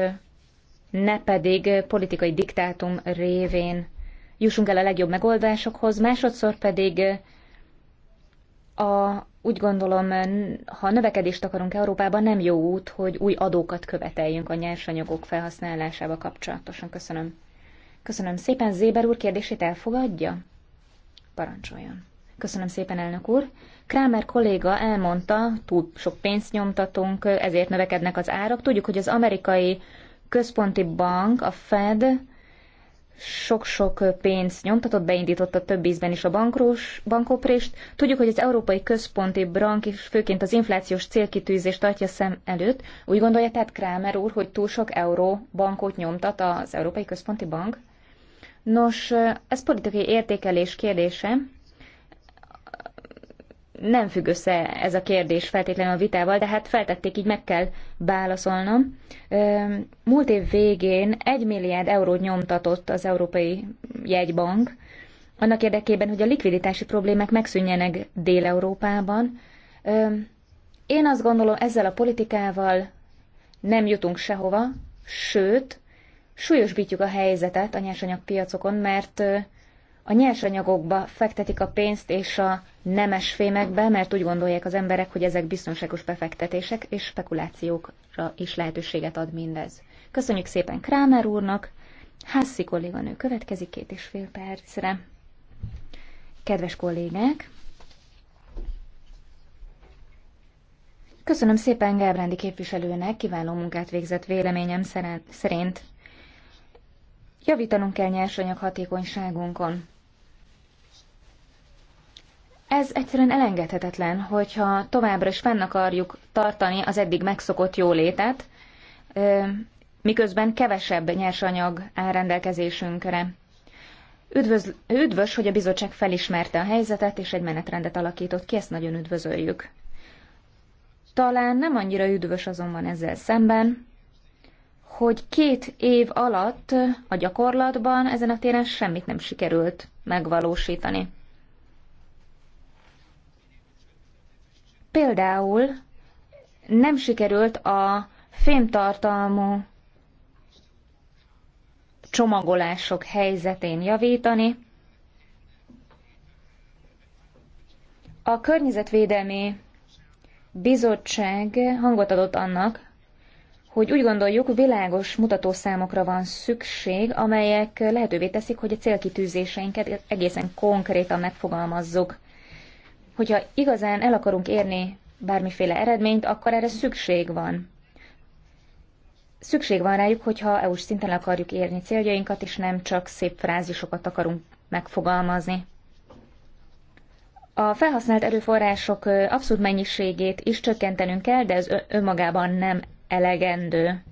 ne pedig politikai diktátum révén jussunk el a legjobb megoldásokhoz, másodszor pedig a, úgy gondolom, ha növekedést akarunk Európában, nem jó út, hogy új adókat követeljünk a nyersanyagok felhasználásába kapcsolatosan. Köszönöm. Köszönöm szépen. Zéber úr kérdését elfogadja? Parancsoljon. Köszönöm szépen, elnök úr. Krámer kolléga elmondta, túl sok pénzt nyomtatunk, ezért növekednek az árak. Tudjuk, hogy az amerikai központi bank, a Fed sok-sok pénzt nyomtatott, beindította több ízben is a bankrós, bankoprést. Tudjuk, hogy az Európai Központi Bank is főként az inflációs célkitűzést tartja szem előtt. Úgy gondolja tehát Krámer úr, hogy túl sok euró bankot nyomtat az Európai Központi Bank? Nos, ez politikai értékelés kérdése nem függ össze ez a kérdés feltétlenül a vitával, de hát feltették, így meg kell válaszolnom. Múlt év végén egy milliárd eurót nyomtatott az Európai Jegybank, annak érdekében, hogy a likviditási problémák megszűnjenek Dél-Európában. Én azt gondolom, ezzel a politikával nem jutunk sehova, sőt, súlyosbítjuk a helyzetet a nyersanyagpiacokon, mert a nyersanyagokba fektetik a pénzt és a nemes fémekbe, mert úgy gondolják az emberek, hogy ezek biztonságos befektetések és spekulációkra is lehetőséget ad mindez. Köszönjük szépen Krámer úrnak, Hászi kolléganő következik két és fél percre. Kedves kollégák! Köszönöm szépen Gábrándi képviselőnek, kiváló munkát végzett véleményem szerint. Javítanunk kell nyersanyag hatékonyságunkon. Ez egyszerűen elengedhetetlen, hogyha továbbra is fenn akarjuk tartani az eddig megszokott jólétet, miközben kevesebb nyersanyag áll rendelkezésünkre. Üdvöz, üdvös, hogy a bizottság felismerte a helyzetet, és egy menetrendet alakított ki, ezt nagyon üdvözöljük. Talán nem annyira üdvös azonban ezzel szemben, hogy két év alatt a gyakorlatban ezen a téren semmit nem sikerült megvalósítani. Például nem sikerült a fémtartalmú csomagolások helyzetén javítani. A Környezetvédelmi Bizottság hangot adott annak, hogy úgy gondoljuk, világos mutatószámokra van szükség, amelyek lehetővé teszik, hogy a célkitűzéseinket egészen konkrétan megfogalmazzuk hogyha igazán el akarunk érni bármiféle eredményt, akkor erre szükség van. Szükség van rájuk, hogyha EU-s szinten el akarjuk érni céljainkat, és nem csak szép frázisokat akarunk megfogalmazni. A felhasznált erőforrások abszolút mennyiségét is csökkentenünk kell, de ez önmagában nem elegendő.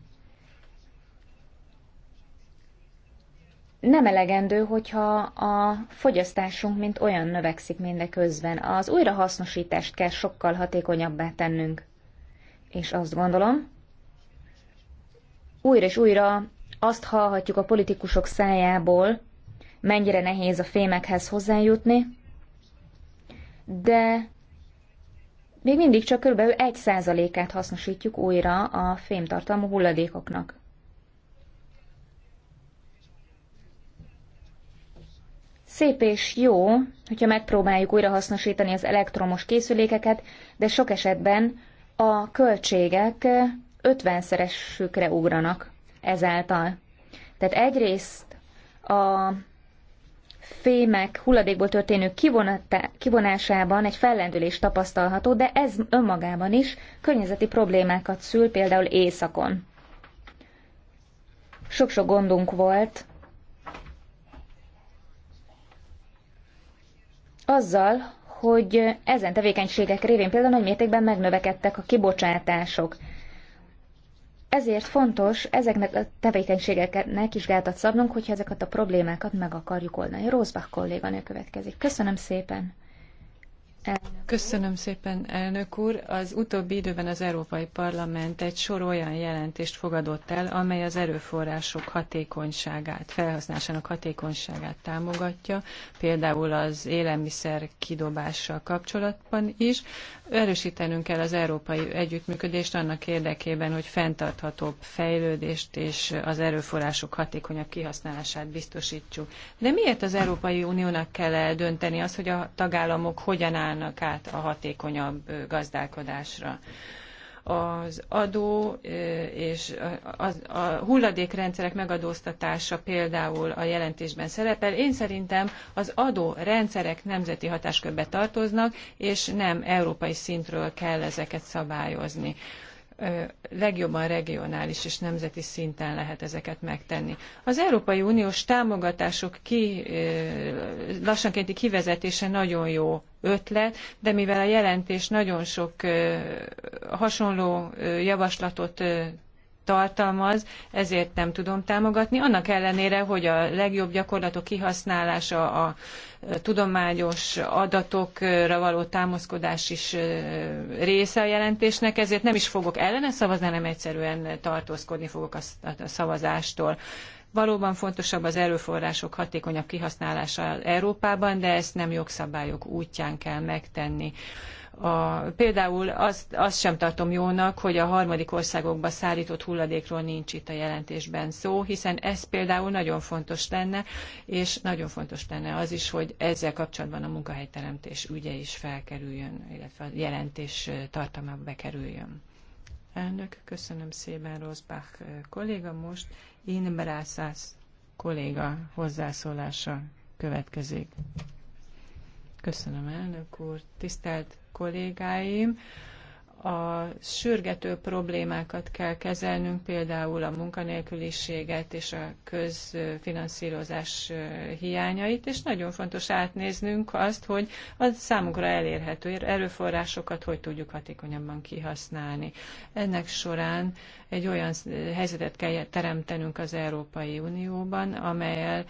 nem elegendő, hogyha a fogyasztásunk mint olyan növekszik mindeközben. Az újrahasznosítást kell sokkal hatékonyabbá tennünk. És azt gondolom, újra és újra azt hallhatjuk a politikusok szájából, mennyire nehéz a fémekhez hozzájutni, de még mindig csak kb. 1%-át hasznosítjuk újra a fémtartalmú hulladékoknak. Szép és jó, hogyha megpróbáljuk újrahasznosítani az elektromos készülékeket, de sok esetben a költségek 50-szeresükre ugranak ezáltal. Tehát egyrészt a fémek hulladékból történő kivonásában egy fellendülés tapasztalható, de ez önmagában is környezeti problémákat szül, például éjszakon. Sok-sok gondunk volt azzal, hogy ezen tevékenységek révén például nagy mértékben megnövekedtek a kibocsátások. Ezért fontos ezeknek a tevékenységeknek is gátat szabnunk, hogyha ezeket a problémákat meg akarjuk oldani. Rózbach kolléganő következik. Köszönöm szépen! Köszönöm szépen, elnök úr. Az utóbbi időben az Európai Parlament egy sor olyan jelentést fogadott el, amely az erőforrások hatékonyságát, felhasználásának hatékonyságát támogatja, például az élelmiszer kidobással kapcsolatban is erősítenünk kell az európai együttműködést annak érdekében, hogy fenntarthatóbb fejlődést és az erőforrások hatékonyabb kihasználását biztosítsuk. De miért az Európai Uniónak kell eldönteni azt, hogy a tagállamok hogyan állnak át a hatékonyabb gazdálkodásra? az adó és a hulladékrendszerek megadóztatása például a jelentésben szerepel. Én szerintem az adó rendszerek nemzeti hatáskörbe tartoznak, és nem európai szintről kell ezeket szabályozni legjobban regionális és nemzeti szinten lehet ezeket megtenni. Az Európai Uniós támogatások ki, lassankénti kivezetése nagyon jó ötlet, de mivel a jelentés nagyon sok hasonló javaslatot tartalmaz, ezért nem tudom támogatni. Annak ellenére, hogy a legjobb gyakorlatok kihasználása, a e, tudományos adatokra való támaszkodás is e, része a jelentésnek, ezért nem is fogok ellene szavazni, hanem egyszerűen tartózkodni fogok a szavazástól. Valóban fontosabb az erőforrások hatékonyabb kihasználása Európában, de ezt nem jogszabályok útján kell megtenni a, például azt, azt sem tartom jónak, hogy a harmadik országokba szállított hulladékról nincs itt a jelentésben szó, hiszen ez például nagyon fontos lenne, és nagyon fontos lenne az is, hogy ezzel kapcsolatban a munkahelyteremtés ügye is felkerüljön, illetve a jelentés tartalmába bekerüljön. Elnök, köszönöm szépen, Rosbach kolléga. Most Inbrászász kolléga hozzászólása következik. Köszönöm, elnök úr. Tisztelt kollégáim, a sürgető problémákat kell kezelnünk, például a munkanélküliséget és a közfinanszírozás hiányait, és nagyon fontos átnéznünk azt, hogy a számunkra elérhető erőforrásokat hogy tudjuk hatékonyabban kihasználni. Ennek során egy olyan helyzetet kell teremtenünk az Európai Unióban, amelyel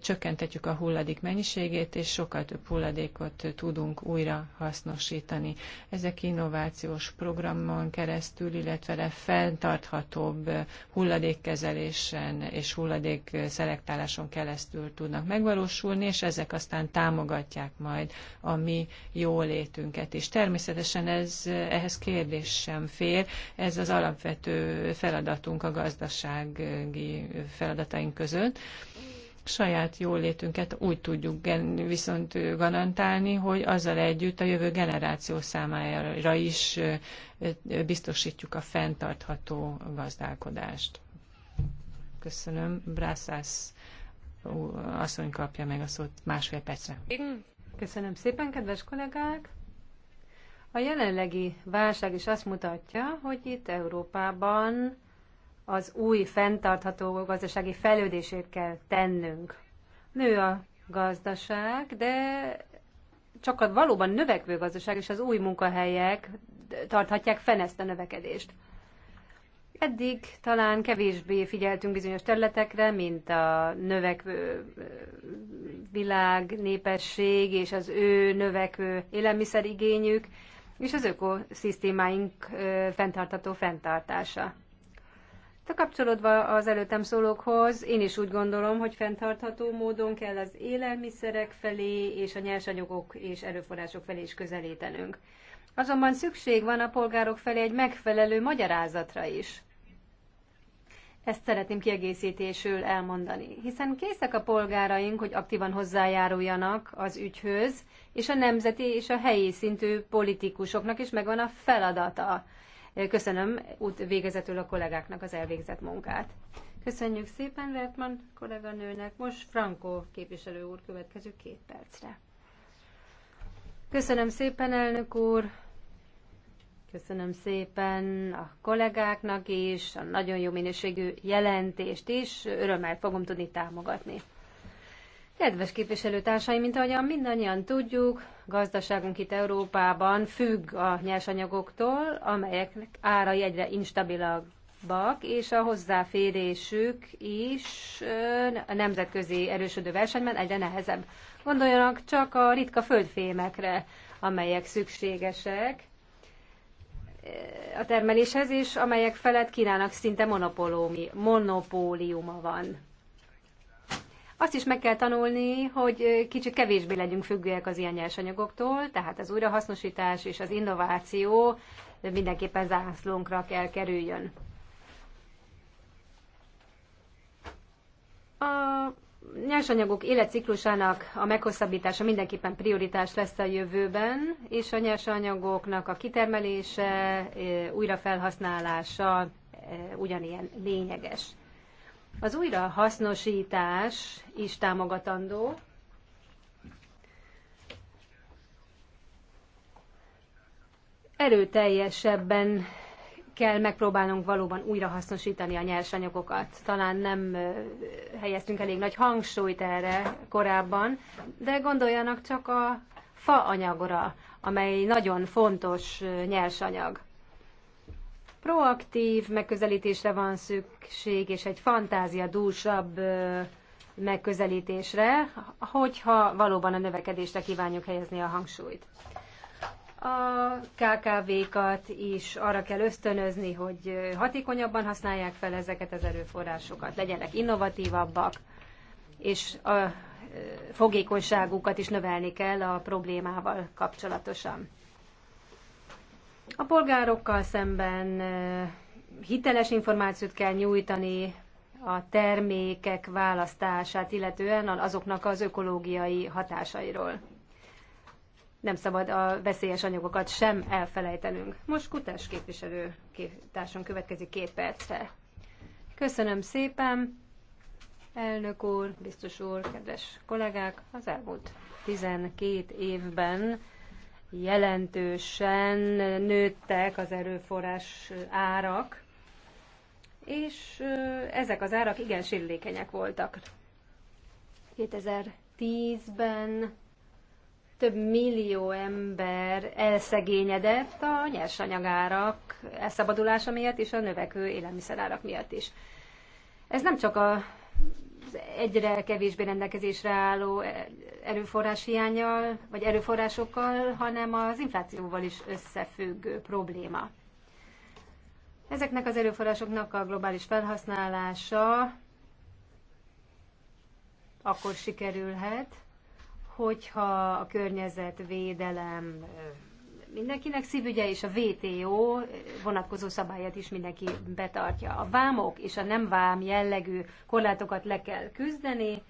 csökkentetjük a hulladék mennyiségét, és sokkal több hulladékot tudunk újra hasznosítani. Ezek innovációs programon keresztül, illetve fenntarthatóbb hulladékkezelésen és hulladék szelektáláson keresztül tudnak megvalósulni, és ezek aztán támogatják majd a mi jólétünket is. Természetesen ez, ehhez kérdés sem fér, ez az alapvető feladatunk a gazdasági feladataink között. Saját jólétünket úgy tudjuk viszont garantálni, hogy azzal együtt a jövő generáció számára is biztosítjuk a fenntartható gazdálkodást. Köszönöm. Brászász asszony kapja meg a szót másfél percre. Köszönöm szépen, kedves kollégák! A jelenlegi válság is azt mutatja, hogy itt Európában az új fenntartható gazdasági fejlődését kell tennünk. Nő a gazdaság, de csak a valóban növekvő gazdaság és az új munkahelyek tarthatják fenn ezt a növekedést. Eddig talán kevésbé figyeltünk bizonyos területekre, mint a növekvő világ, népesség és az ő növekvő élelmiszerigényük és az ökoszisztémáink fenntartató fenntartása. De kapcsolódva az előttem szólókhoz, én is úgy gondolom, hogy fenntartható módon kell az élelmiszerek felé és a nyersanyagok és erőforrások felé is közelítenünk. Azonban szükség van a polgárok felé egy megfelelő magyarázatra is. Ezt szeretném kiegészítésül elmondani, hiszen készek a polgáraink, hogy aktívan hozzájáruljanak az ügyhöz, és a nemzeti és a helyi szintű politikusoknak is megvan a feladata. Köszönöm út végezetül a kollégáknak az elvégzett munkát. Köszönjük szépen Vertman kolléganőnek. Most Franco képviselő úr következő két percre. Köszönöm szépen, elnök úr. Köszönöm szépen a kollégáknak is, a nagyon jó minőségű jelentést is, örömmel fogom tudni támogatni. Kedves képviselőtársaim, mint ahogyan mindannyian tudjuk, gazdaságunk itt Európában függ a nyersanyagoktól, amelyeknek ára egyre instabilabbak, és a hozzáférésük is a nemzetközi erősödő versenyben egyre nehezebb. Gondoljanak csak a ritka földfémekre, amelyek szükségesek a termeléshez, és amelyek felett Kínának szinte monopóliuma van. Azt is meg kell tanulni, hogy kicsit kevésbé legyünk függőek az ilyen nyersanyagoktól, tehát az újrahasznosítás és az innováció mindenképpen zászlónkra kell kerüljön. A nyersanyagok életciklusának a meghosszabbítása mindenképpen prioritás lesz a jövőben, és a nyersanyagoknak a kitermelése, újrafelhasználása ugyanilyen lényeges. Az újrahasznosítás is támogatandó, erőteljesebben kell megpróbálnunk valóban újrahasznosítani a nyersanyagokat. Talán nem helyeztünk elég nagy hangsúlyt erre korábban, de gondoljanak csak a faanyagra, amely nagyon fontos nyersanyag. Proaktív megközelítésre van szükség, és egy fantázia dúsabb megközelítésre, hogyha valóban a növekedésre kívánjuk helyezni a hangsúlyt. A KKV-kat is arra kell ösztönözni, hogy hatékonyabban használják fel ezeket az erőforrásokat, legyenek innovatívabbak, és a e, fogékonyságukat is növelni kell a problémával kapcsolatosan. A polgárokkal szemben e, hiteles információt kell nyújtani a termékek választását, illetően azoknak az ökológiai hatásairól nem szabad a veszélyes anyagokat sem elfelejtenünk. Most Kutás képviselő társunk következik két percre. Köszönöm szépen, elnök úr, biztos úr, kedves kollégák! Az elmúlt 12 évben jelentősen nőttek az erőforrás árak, és ezek az árak igen sérülékenyek voltak. 2010-ben több millió ember elszegényedett a nyersanyagárak elszabadulása miatt és a növekvő élelmiszerárak miatt is. Ez nem csak az egyre kevésbé rendelkezésre álló e, erőforrás hiányjal, vagy erőforrásokkal, hanem az inflációval is összefüggő probléma. Ezeknek az erőforrásoknak a globális felhasználása akkor sikerülhet, hogyha a környezetvédelem mindenkinek szívügye, és a VTO vonatkozó szabályát is mindenki betartja. A vámok és a nem vám jellegű korlátokat le kell küzdeni,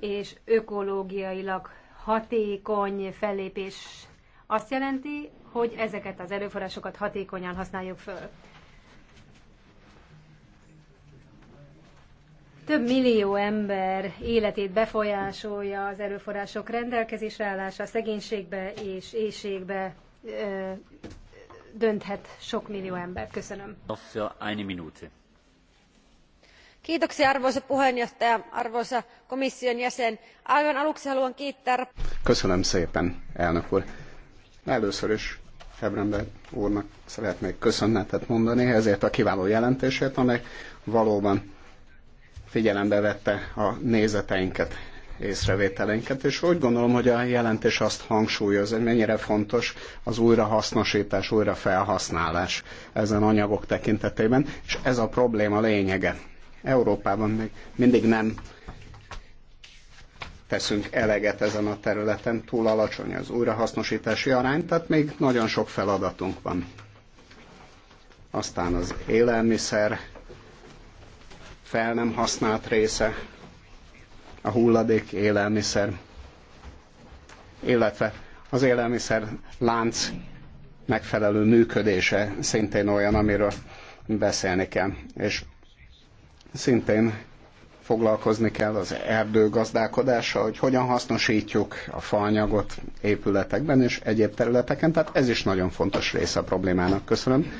és ökológiailag hatékony fellépés azt jelenti, hogy ezeket az erőforrásokat hatékonyan használjuk föl. Több millió ember életét befolyásolja az erőforrások rendelkezésre állása, szegénységbe és éjségbe ö, dönthet sok millió ember. Köszönöm. Kiitoksia arvoisa puheenjohtaja, arvoisa komission jäsen. Aivan aluksi haluan kiittää... Köszönöm szépen, elnök úr. Először is Hebrembe úrnak szeretnék köszönetet mondani ezért a kiváló jelentését amely valóban figyelembe vette a nézeteinket, észrevételeinket, és úgy gondolom, hogy a jelentés azt hangsúlyozza, hogy mennyire fontos az újrahasznosítás, újrafelhasználás ezen anyagok tekintetében, és ez a probléma lényege. Európában még mindig nem teszünk eleget ezen a területen, túl alacsony az újrahasznosítási arány, tehát még nagyon sok feladatunk van. Aztán az élelmiszer fel nem használt része a hulladék élelmiszer, illetve az élelmiszer lánc megfelelő működése szintén olyan, amiről beszélni kell. És szintén foglalkozni kell az erdőgazdálkodással, hogy hogyan hasznosítjuk a faanyagot épületekben és egyéb területeken. Tehát ez is nagyon fontos része a problémának. Köszönöm.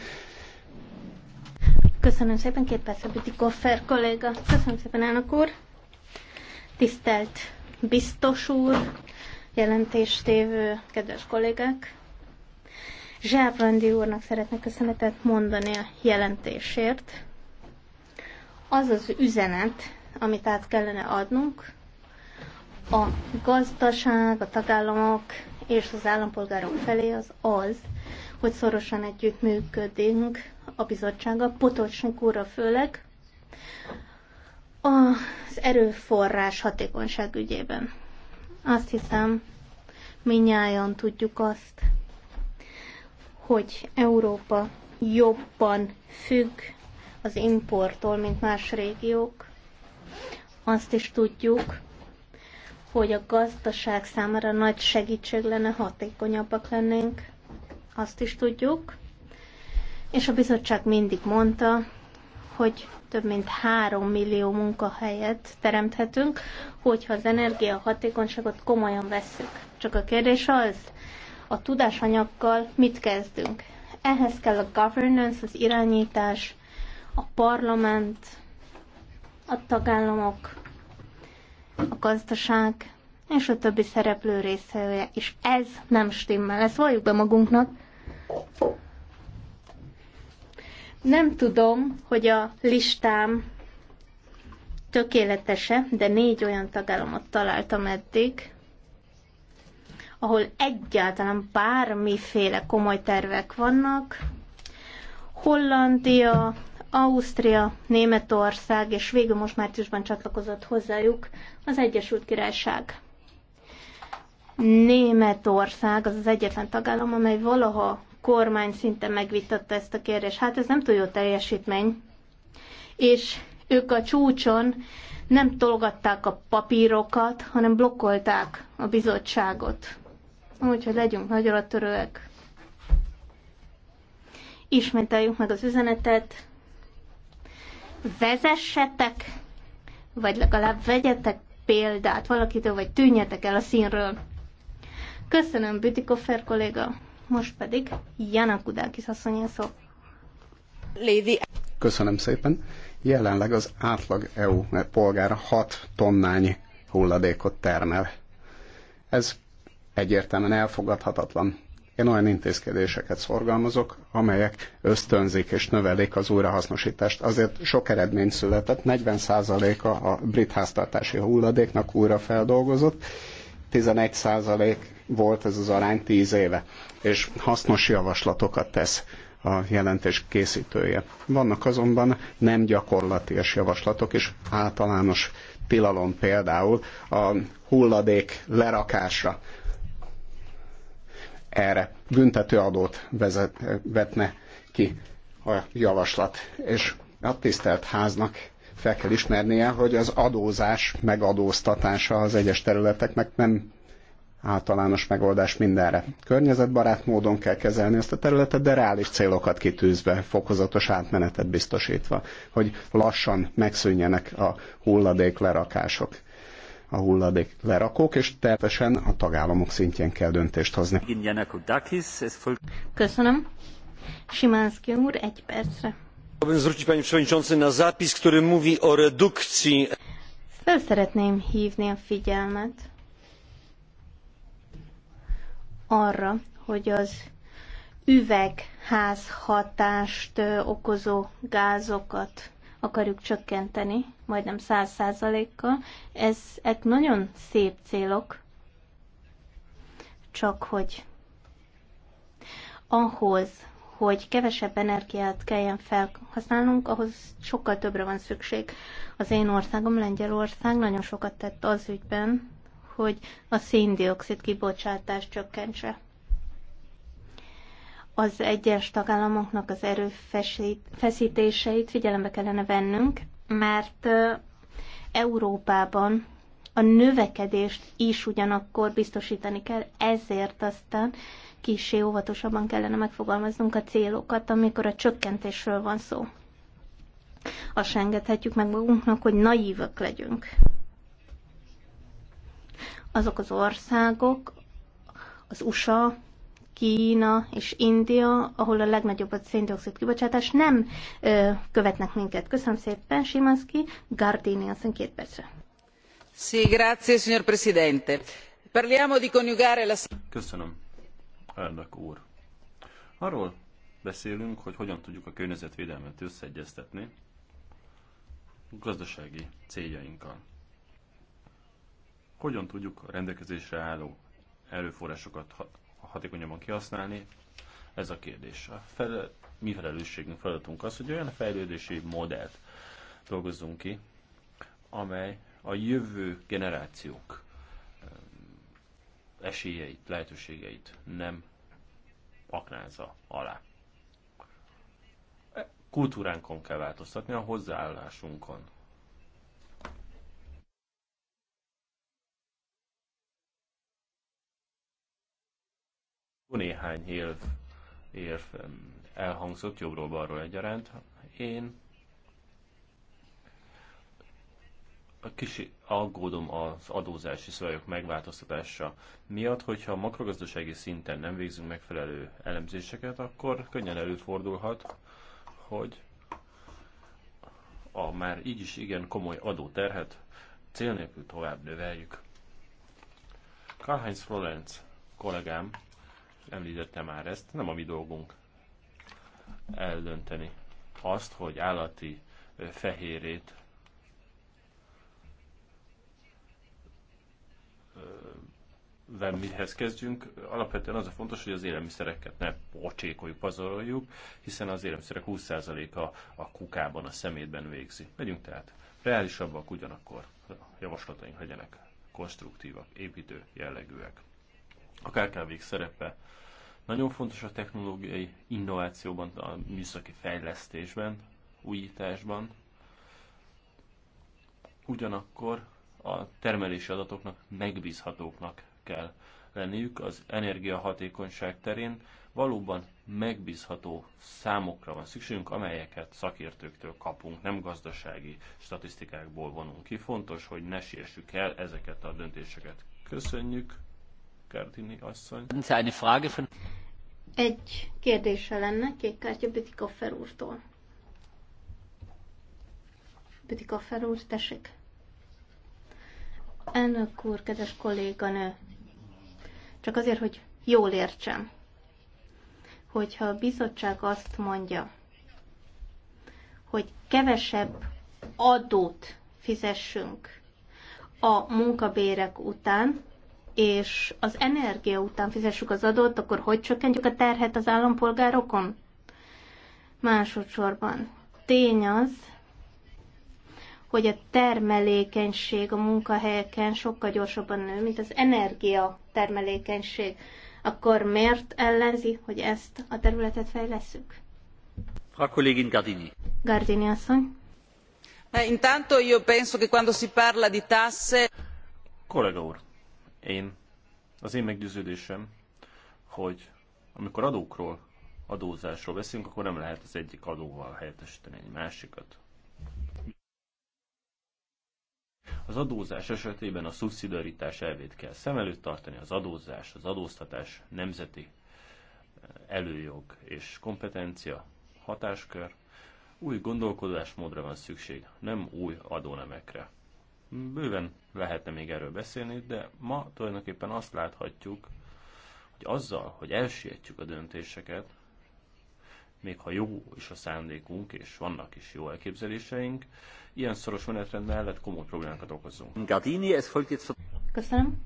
Köszönöm szépen, két perc, Biti Koffer kolléga. Köszönöm szépen, elnök úr. Tisztelt biztos úr, jelentéstévő, kedves kollégák. Zsábrandi úrnak szeretnék köszönetet mondani a jelentésért. Az az üzenet, amit át kellene adnunk, a gazdaság, a tagállamok és az állampolgárok felé az az, hogy szorosan együttműködünk a bizottsága, Potocsnik úrra főleg, az erőforrás hatékonyság ügyében. Azt hiszem, minnyáján tudjuk azt, hogy Európa jobban függ az importtól, mint más régiók. Azt is tudjuk, hogy a gazdaság számára nagy segítség lenne, hatékonyabbak lennénk. Azt is tudjuk, és a bizottság mindig mondta, hogy több mint három millió munkahelyet teremthetünk, hogyha az energiahatékonyságot komolyan vesszük. Csak a kérdés az, a tudásanyaggal mit kezdünk? Ehhez kell a governance, az irányítás, a parlament, a tagállamok, a gazdaság és a többi szereplő részeője. És ez nem stimmel, ezt valljuk be magunknak. Nem tudom, hogy a listám tökéletese, de négy olyan tagállamot találtam eddig, ahol egyáltalán bármiféle komoly tervek vannak. Hollandia, Ausztria, Németország, és végül most márciusban csatlakozott hozzájuk az Egyesült Királyság. Németország az az egyetlen tagállam, amely valaha kormány szinte megvitatta ezt a kérdést. Hát ez nem túl jó teljesítmény. És ők a csúcson nem tologatták a papírokat, hanem blokkolták a bizottságot. Úgyhogy legyünk nagyra törőek. Ismételjük meg az üzenetet. Vezessetek, vagy legalább vegyetek példát valakitől, vagy tűnjetek el a színről. Köszönöm, Bütikofer kolléga most pedig Janakudákis asszony szó. Lady. Köszönöm szépen. Jelenleg az átlag EU polgára 6 tonnányi hulladékot termel. Ez egyértelműen elfogadhatatlan. Én olyan intézkedéseket szorgalmazok, amelyek ösztönzik és növelik az újrahasznosítást. Azért sok eredmény született, 40%-a a brit háztartási hulladéknak újrafeldolgozott, 11% volt ez az arány tíz éve, és hasznos javaslatokat tesz a jelentés készítője. Vannak azonban nem gyakorlatias javaslatok, és általános tilalom például a hulladék lerakásra. Erre büntetőadót vezet, vetne ki a javaslat, és a tisztelt háznak fel kell ismernie, hogy az adózás megadóztatása az egyes területeknek nem általános megoldás mindenre. Környezetbarát módon kell kezelni ezt a területet, de reális célokat kitűzve, fokozatos átmenetet biztosítva, hogy lassan megszűnjenek a hulladék lerakások a hulladék lerakók, és tervesen a tagállamok szintjén kell döntést hozni. Köszönöm. Simánszki úr, egy percre. Zwrócić Föl szeretném hívni a figyelmet arra, hogy az üvegházhatást okozó gázokat akarjuk csökkenteni, majdnem száz százalékkal. Ezek nagyon szép célok, csak hogy ahhoz, hogy kevesebb energiát kelljen felhasználnunk, ahhoz sokkal többre van szükség. Az én országom, Lengyelország nagyon sokat tett az ügyben, hogy a széndiokszid kibocsátás csökkentse. Az egyes tagállamoknak az erőfeszítéseit figyelembe kellene vennünk, mert Európában a növekedést is ugyanakkor biztosítani kell, ezért aztán kicsi óvatosabban kellene megfogalmaznunk a célokat, amikor a csökkentésről van szó. Azt engedhetjük meg magunknak, hogy naívak legyünk azok az országok, az USA, Kína és India, ahol a legnagyobb a széndiokszid kibocsátás, nem ö, követnek minket. Köszönöm szépen, Simanski. Gardini, aztán két percre. Sí, grazie, signor Presidente. Parliamo di coniugare la... Köszönöm, elnök úr. Arról beszélünk, hogy hogyan tudjuk a környezetvédelmet összeegyeztetni gazdasági céljainkkal. Hogyan tudjuk a rendelkezésre álló erőforrásokat hatékonyabban kihasználni? Ez a kérdés. A fel, mi felelősségünk, feladatunk az, hogy olyan fejlődési modellt dolgozzunk ki, amely a jövő generációk esélyeit, lehetőségeit nem aknázza alá. E, kultúránkon kell változtatni, a hozzáállásunkon Jó néhány év érv elhangzott jobbról-balról egyaránt. Én a kis aggódom az adózási szabályok megváltoztatása miatt, hogyha a makrogazdasági szinten nem végzünk megfelelő elemzéseket, akkor könnyen előfordulhat, hogy a már így is igen komoly adóterhet cél nélkül tovább növeljük. Karl-Heinz Florenz kollégám említette már ezt, nem a mi dolgunk eldönteni azt, hogy állati fehérét vem mihez kezdjünk. Alapvetően az a fontos, hogy az élelmiszereket ne pocsékoljuk, pazaroljuk, hiszen az élelmiszerek 20%-a a kukában, a szemétben végzi. Megyünk tehát reálisabbak, ugyanakkor a javaslataink legyenek konstruktívak, építő jellegűek. A kkv szerepe nagyon fontos a technológiai innovációban, a műszaki fejlesztésben, újításban. Ugyanakkor a termelési adatoknak megbízhatóknak kell lenniük az energiahatékonyság terén. Valóban megbízható számokra van szükségünk, amelyeket szakértőktől kapunk, nem gazdasági statisztikákból vonunk ki. Fontos, hogy ne siessük el ezeket a döntéseket. Köszönjük, Gardini asszony. Egy kérdése lenne kék kártya Bütikoffer úrtól. Bütikoffer úr, tessék. Elnök úr, kedves kolléganő, csak azért, hogy jól értsem, hogyha a bizottság azt mondja, hogy kevesebb adót fizessünk a munkabérek után, és az energia után fizessük az adót, akkor hogy csökkentjük a terhet az állampolgárokon? Másodszorban tény az, hogy a termelékenység a munkahelyeken sokkal gyorsabban nő, mint az energia termelékenység. Akkor miért ellenzi, hogy ezt a területet fejleszünk? A kollégin Gardini. Gardini asszony. intanto io penso che quando si parla di tasse... Kollega úr, én, az én meggyőződésem, hogy amikor adókról, adózásról beszélünk, akkor nem lehet az egyik adóval helyettesíteni egy másikat. Az adózás esetében a szubszidiaritás elvét kell szem előtt tartani, az adózás, az adóztatás nemzeti eh, előjog és kompetencia, hatáskör, új gondolkodásmódra van szükség, nem új adónemekre. Bőven lehetne még erről beszélni, de ma tulajdonképpen azt láthatjuk, hogy azzal, hogy elsietjük a döntéseket, még ha jó is a szándékunk, és vannak is jó elképzeléseink, ilyen szoros menetrend mellett komoly problémákat okozunk. Gardini, ez folytít... Köszönöm.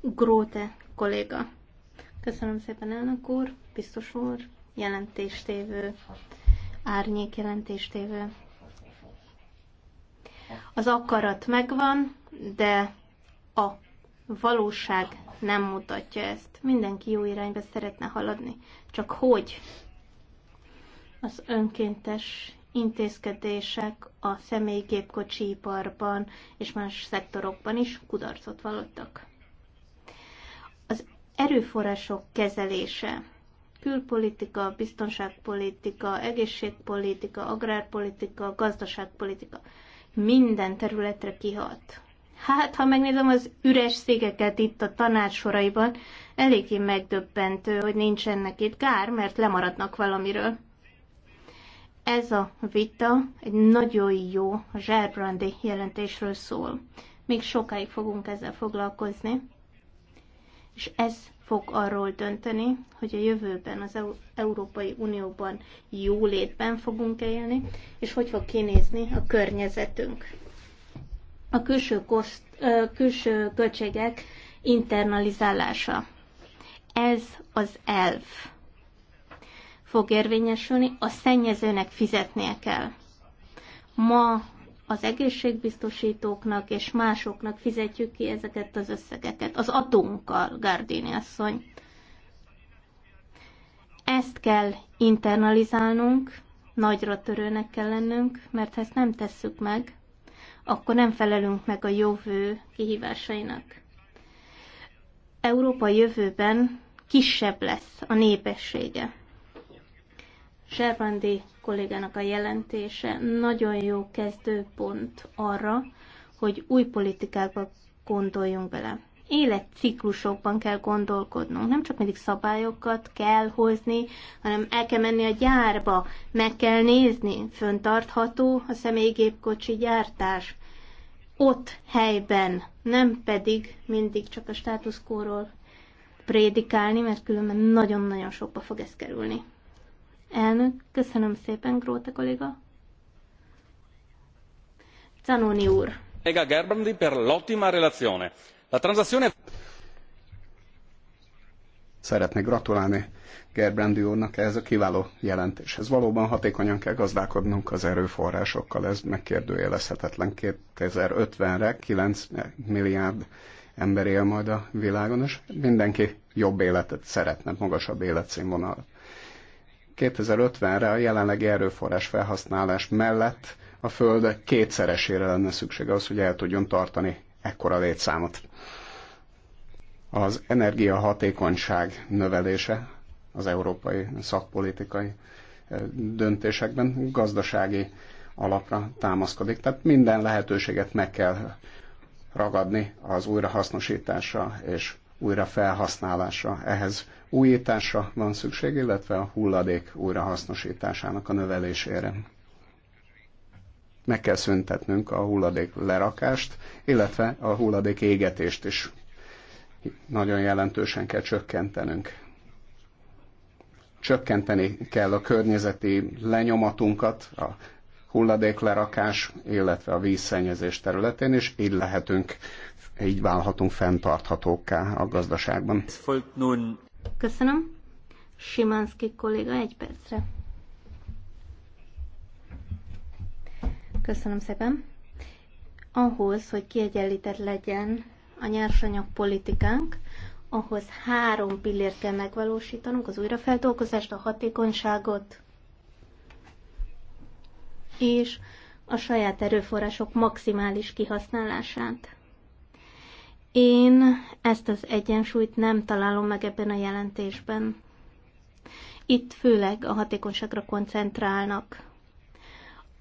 Gróte kolléga. Köszönöm szépen, elnök úr, biztos úr, jelentéstévő, árnyék jelentéstévő, az akarat megvan, de a valóság nem mutatja ezt. Mindenki jó irányba szeretne haladni. Csak hogy? Az önkéntes intézkedések a személygépkocsi iparban és más szektorokban is kudarcot vallottak. Az erőforrások kezelése, külpolitika, biztonságpolitika, egészségpolitika, agrárpolitika, gazdaságpolitika – minden területre kihat. Hát, ha megnézem az üres székeket itt a tanácsoraiban, eléggé megdöbbentő, hogy nincsenek itt gár, mert lemaradnak valamiről. Ez a vita egy nagyon jó Zserbrandi jelentésről szól. Még sokáig fogunk ezzel foglalkozni és ez fog arról dönteni, hogy a jövőben az Európai Unióban jó létben fogunk élni, és hogy fog kinézni a környezetünk. A külső, koszt, külső költségek internalizálása. Ez az elv fog érvényesülni, a szennyezőnek fizetnie kell. Ma az egészségbiztosítóknak és másoknak fizetjük ki ezeket az összegeket, az adónkkal, Gardini asszony. Ezt kell internalizálnunk, nagyra törőnek kell lennünk, mert ha ezt nem tesszük meg, akkor nem felelünk meg a jövő kihívásainak. Európa jövőben kisebb lesz a népessége. Servandi kollégának a jelentése nagyon jó kezdőpont arra, hogy új politikákba gondoljunk bele. Életciklusokban kell gondolkodnunk, nem csak mindig szabályokat kell hozni, hanem el kell menni a gyárba, meg kell nézni, föntartható a személygépkocsi gyártás. Ott helyben, nem pedig mindig csak a státuszkóról prédikálni, mert különben nagyon-nagyon sokba fog ez kerülni. Elnök, köszönöm szépen, Gróta kolléga. Zanoni úr. Ega Gerbrandi per l'ottima relazione. La transazione... Szeretnék gratulálni Gerbrandi úrnak ez a kiváló jelentéshez. Valóban hatékonyan kell gazdálkodnunk az erőforrásokkal, ez megkérdőjelezhetetlen. 2050-re 9 milliárd ember él majd a világon, és mindenki jobb életet szeretne, magasabb életszínvonalat. 2050-re a jelenlegi erőforrás felhasználás mellett a Föld kétszeresére lenne szüksége az, hogy el tudjon tartani ekkora létszámot. Az energiahatékonyság növelése az európai szakpolitikai döntésekben gazdasági alapra támaszkodik. Tehát minden lehetőséget meg kell ragadni az újrahasznosításra és újra felhasználásra. Ehhez újításra van szükség, illetve a hulladék újrahasznosításának a növelésére. Meg kell szüntetnünk a hulladék lerakást, illetve a hulladék égetést is nagyon jelentősen kell csökkentenünk. Csökkenteni kell a környezeti lenyomatunkat, a hulladék lerakás, illetve a vízszennyezés területén, és így lehetünk E így válhatunk fenntarthatókká a gazdaságban. Köszönöm. Simánszki kolléga, egy percre. Köszönöm szépen. Ahhoz, hogy kiegyenlített legyen a nyersanyag politikánk, ahhoz három pillért kell megvalósítanunk, az újrafeldolgozást, a hatékonyságot, és a saját erőforrások maximális kihasználását. Én ezt az egyensúlyt nem találom meg ebben a jelentésben. Itt főleg a hatékonyságra koncentrálnak,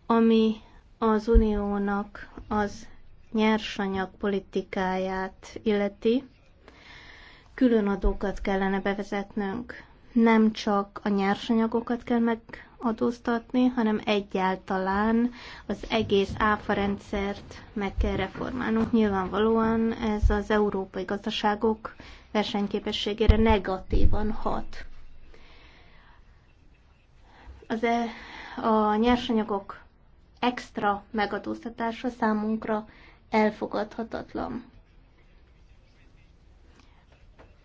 ami az uniónak az nyersanyag politikáját illeti. Külön adókat kellene bevezetnünk. Nem csak a nyersanyagokat kell meg adóztatni, hanem egyáltalán az egész áfa rendszert meg kell reformálnunk. Nyilvánvalóan ez az európai gazdaságok versenyképességére negatívan hat. Az e, a nyersanyagok extra megadóztatása számunkra elfogadhatatlan.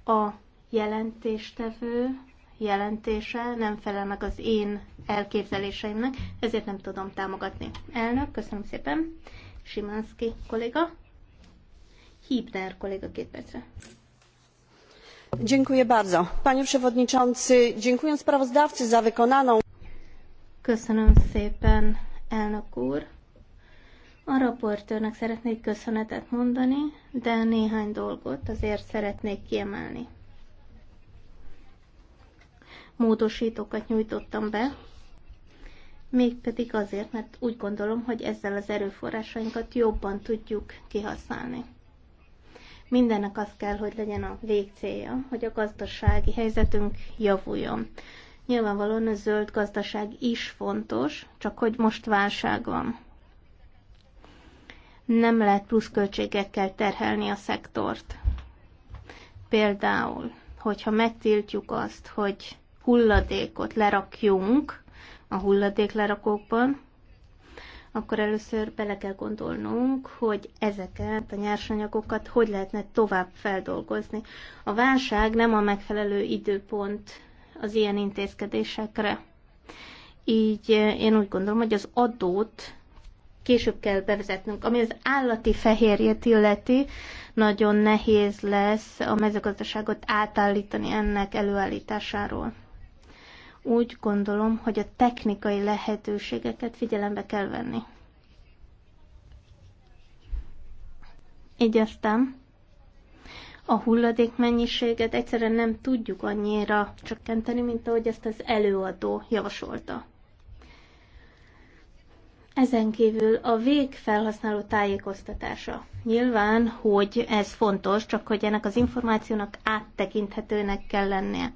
A jelentéstevő jelentése nem felel meg az én elképzeléseimnek, ezért nem tudom támogatni. Elnök, köszönöm szépen. Simanszki kolléga. Hibner kolléga két percre. Dziękuję bardzo. Panie Przewodniczący, dziękuję sprawozdawcy za wykonaną. Köszönöm szépen, elnök úr. A raportőrnek szeretnék köszönetet mondani, de néhány dolgot azért szeretnék kiemelni módosítókat nyújtottam be, mégpedig azért, mert úgy gondolom, hogy ezzel az erőforrásainkat jobban tudjuk kihasználni. Mindennek az kell, hogy legyen a végcélja, hogy a gazdasági helyzetünk javuljon. Nyilvánvalóan a zöld gazdaság is fontos, csak hogy most válság van. Nem lehet pluszköltségekkel terhelni a szektort. Például, hogyha megtiltjuk azt, hogy hulladékot lerakjunk a hulladéklerakókban, akkor először bele kell gondolnunk, hogy ezeket a nyersanyagokat hogy lehetne tovább feldolgozni. A válság nem a megfelelő időpont az ilyen intézkedésekre. Így eh, én úgy gondolom, hogy az adót később kell bevezetnünk. Ami az állati fehérjét illeti, nagyon nehéz lesz a mezőgazdaságot átállítani ennek előállításáról úgy gondolom, hogy a technikai lehetőségeket figyelembe kell venni. Így aztán a hulladék mennyiséget egyszerűen nem tudjuk annyira csökkenteni, mint ahogy ezt az előadó javasolta. Ezen kívül a végfelhasználó tájékoztatása. Nyilván, hogy ez fontos, csak hogy ennek az információnak áttekinthetőnek kell lennie.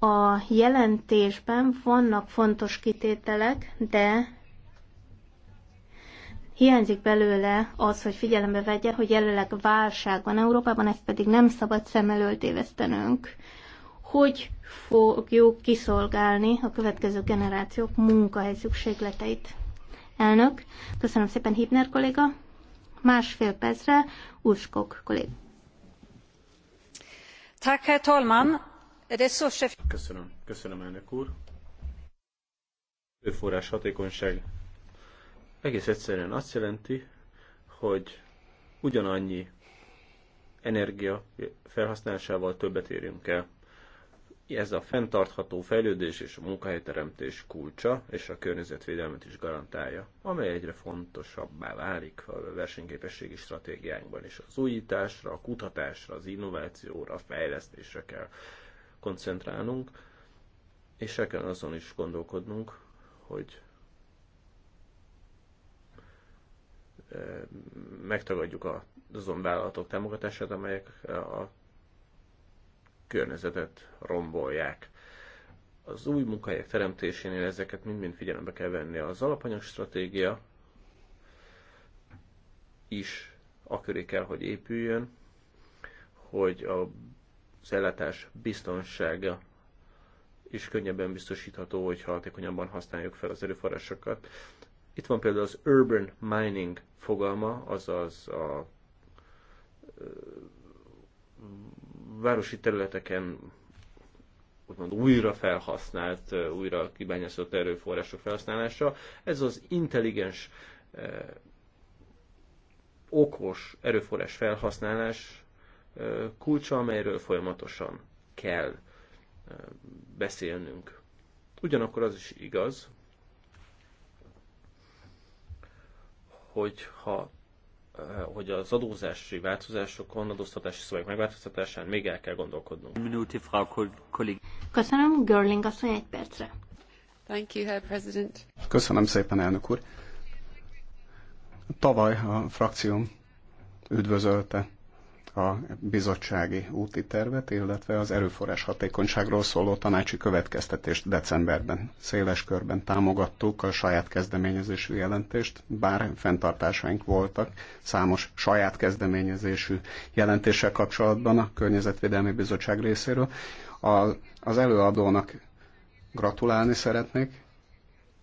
A jelentésben vannak fontos kitételek, de hiányzik belőle az, hogy figyelembe vegye, hogy jelenleg válság van Európában, ezt pedig nem szabad szem előtt évesztenünk. Hogy fogjuk kiszolgálni a következő generációk munkahely szükségleteit? Elnök, köszönöm szépen Hibner kolléga, másfél percre Uskok kolléga. Tack, herr talman! Köszönöm, köszönöm elnök úr. Erőforrás hatékonyság egész egyszerűen azt jelenti, hogy ugyanannyi energia felhasználásával többet érjünk el. Ez a fenntartható fejlődés és a munkahelyteremtés kulcsa, és a környezetvédelmet is garantálja, amely egyre fontosabbá válik a versenyképességi stratégiánkban is. Az újításra, a kutatásra, az innovációra, a fejlesztésre kell koncentrálnunk, és se kell azon is gondolkodnunk, hogy eh, megtagadjuk azon vállalatok támogatását, amelyek a környezetet rombolják. Az új munkahelyek teremtésénél ezeket mind-mind figyelembe kell venni. Az alapanyag stratégia is akörik kell, hogy épüljön, hogy a az ellátás biztonsága is könnyebben biztosítható, hogyha hatékonyabban használjuk fel az erőforrásokat. Itt van például az urban mining fogalma, azaz a városi területeken úgymond újra felhasznált, újra kibányászott erőforrások felhasználása. Ez az intelligens, okos erőforrás felhasználás kulcsa, amelyről folyamatosan kell beszélnünk. Ugyanakkor az is igaz, hogy ha hogy az adózási változásokon, adóztatási szabályok megváltoztatásán még el kell gondolkodnunk. Köszönöm, Görling asszony egy percre. Thank you, Herr President. Köszönöm szépen, elnök úr. Tavaly a frakcióm üdvözölte a bizottsági úti tervet, illetve az erőforrás hatékonyságról szóló tanácsi következtetést decemberben. Széles körben támogattuk a saját kezdeményezésű jelentést, bár fenntartásaink voltak számos saját kezdeményezésű jelentéssel kapcsolatban a Környezetvédelmi Bizottság részéről. A, az előadónak gratulálni szeretnék,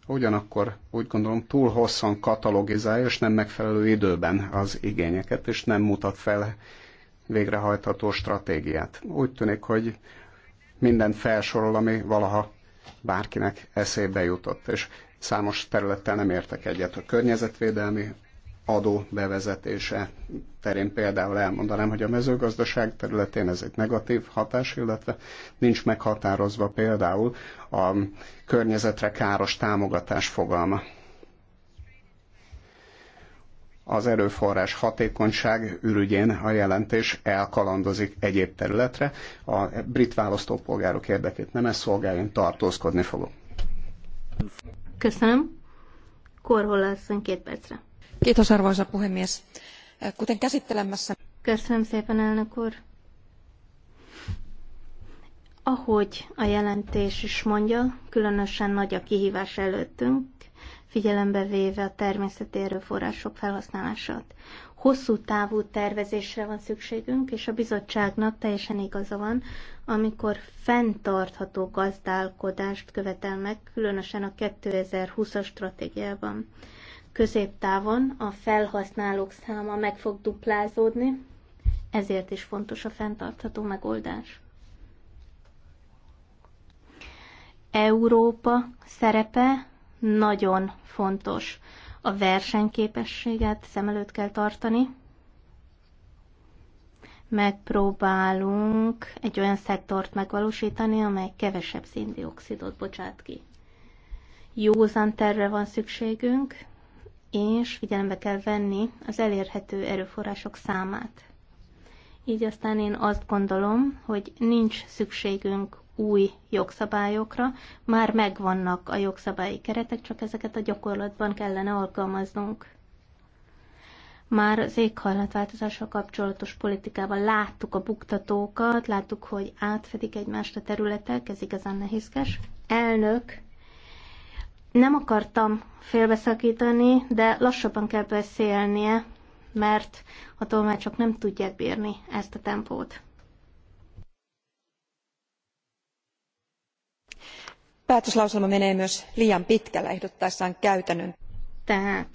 ugyanakkor úgy gondolom túl hosszan katalogizálja, és nem megfelelő időben az igényeket, és nem mutat fel végrehajtható stratégiát. Úgy tűnik, hogy minden felsorol, ami valaha bárkinek eszébe jutott, és számos területtel nem értek egyet. A környezetvédelmi adó bevezetése terén például elmondanám, hogy a mezőgazdaság területén ez egy negatív hatás, illetve nincs meghatározva például a környezetre káros támogatás fogalma az erőforrás hatékonyság ürügyén a jelentés elkalandozik egyéb területre. A brit választópolgárok érdekét nem ezt szolgálja, én tartózkodni fogok. Köszönöm. Korhol asszony két percre. Kiitos arvoisa puhemies. Kuten käsittelemässä... Köszönöm szépen, elnök úr. Ahogy a jelentés is mondja, különösen nagy a kihívás előttünk, figyelembe véve a természeti erőforrások felhasználását. Hosszú távú tervezésre van szükségünk, és a bizottságnak teljesen igaza van, amikor fenntartható gazdálkodást követel meg, különösen a 2020-as stratégiában. Középtávon a felhasználók száma meg fog duplázódni, ezért is fontos a fenntartható megoldás. Európa szerepe nagyon fontos. A versenyképességet szem előtt kell tartani. Megpróbálunk egy olyan szektort megvalósítani, amely kevesebb széndiokszidot bocsát ki. Józan terre van szükségünk, és figyelembe kell venni az elérhető erőforrások számát. Így aztán én azt gondolom, hogy nincs szükségünk új jogszabályokra. Már megvannak a jogszabályi keretek, csak ezeket a gyakorlatban kellene alkalmaznunk. Már az éghajlatváltozással kapcsolatos politikában láttuk a buktatókat, láttuk, hogy átfedik egymást a területek, ez igazán nehézkes. Elnök, nem akartam félbeszakítani, de lassabban kell beszélnie, mert a tolmácsok nem tudják bírni ezt a tempót. päätöslauselma menee myös liian pitkälle ehdottaessaan käytännön. Tehát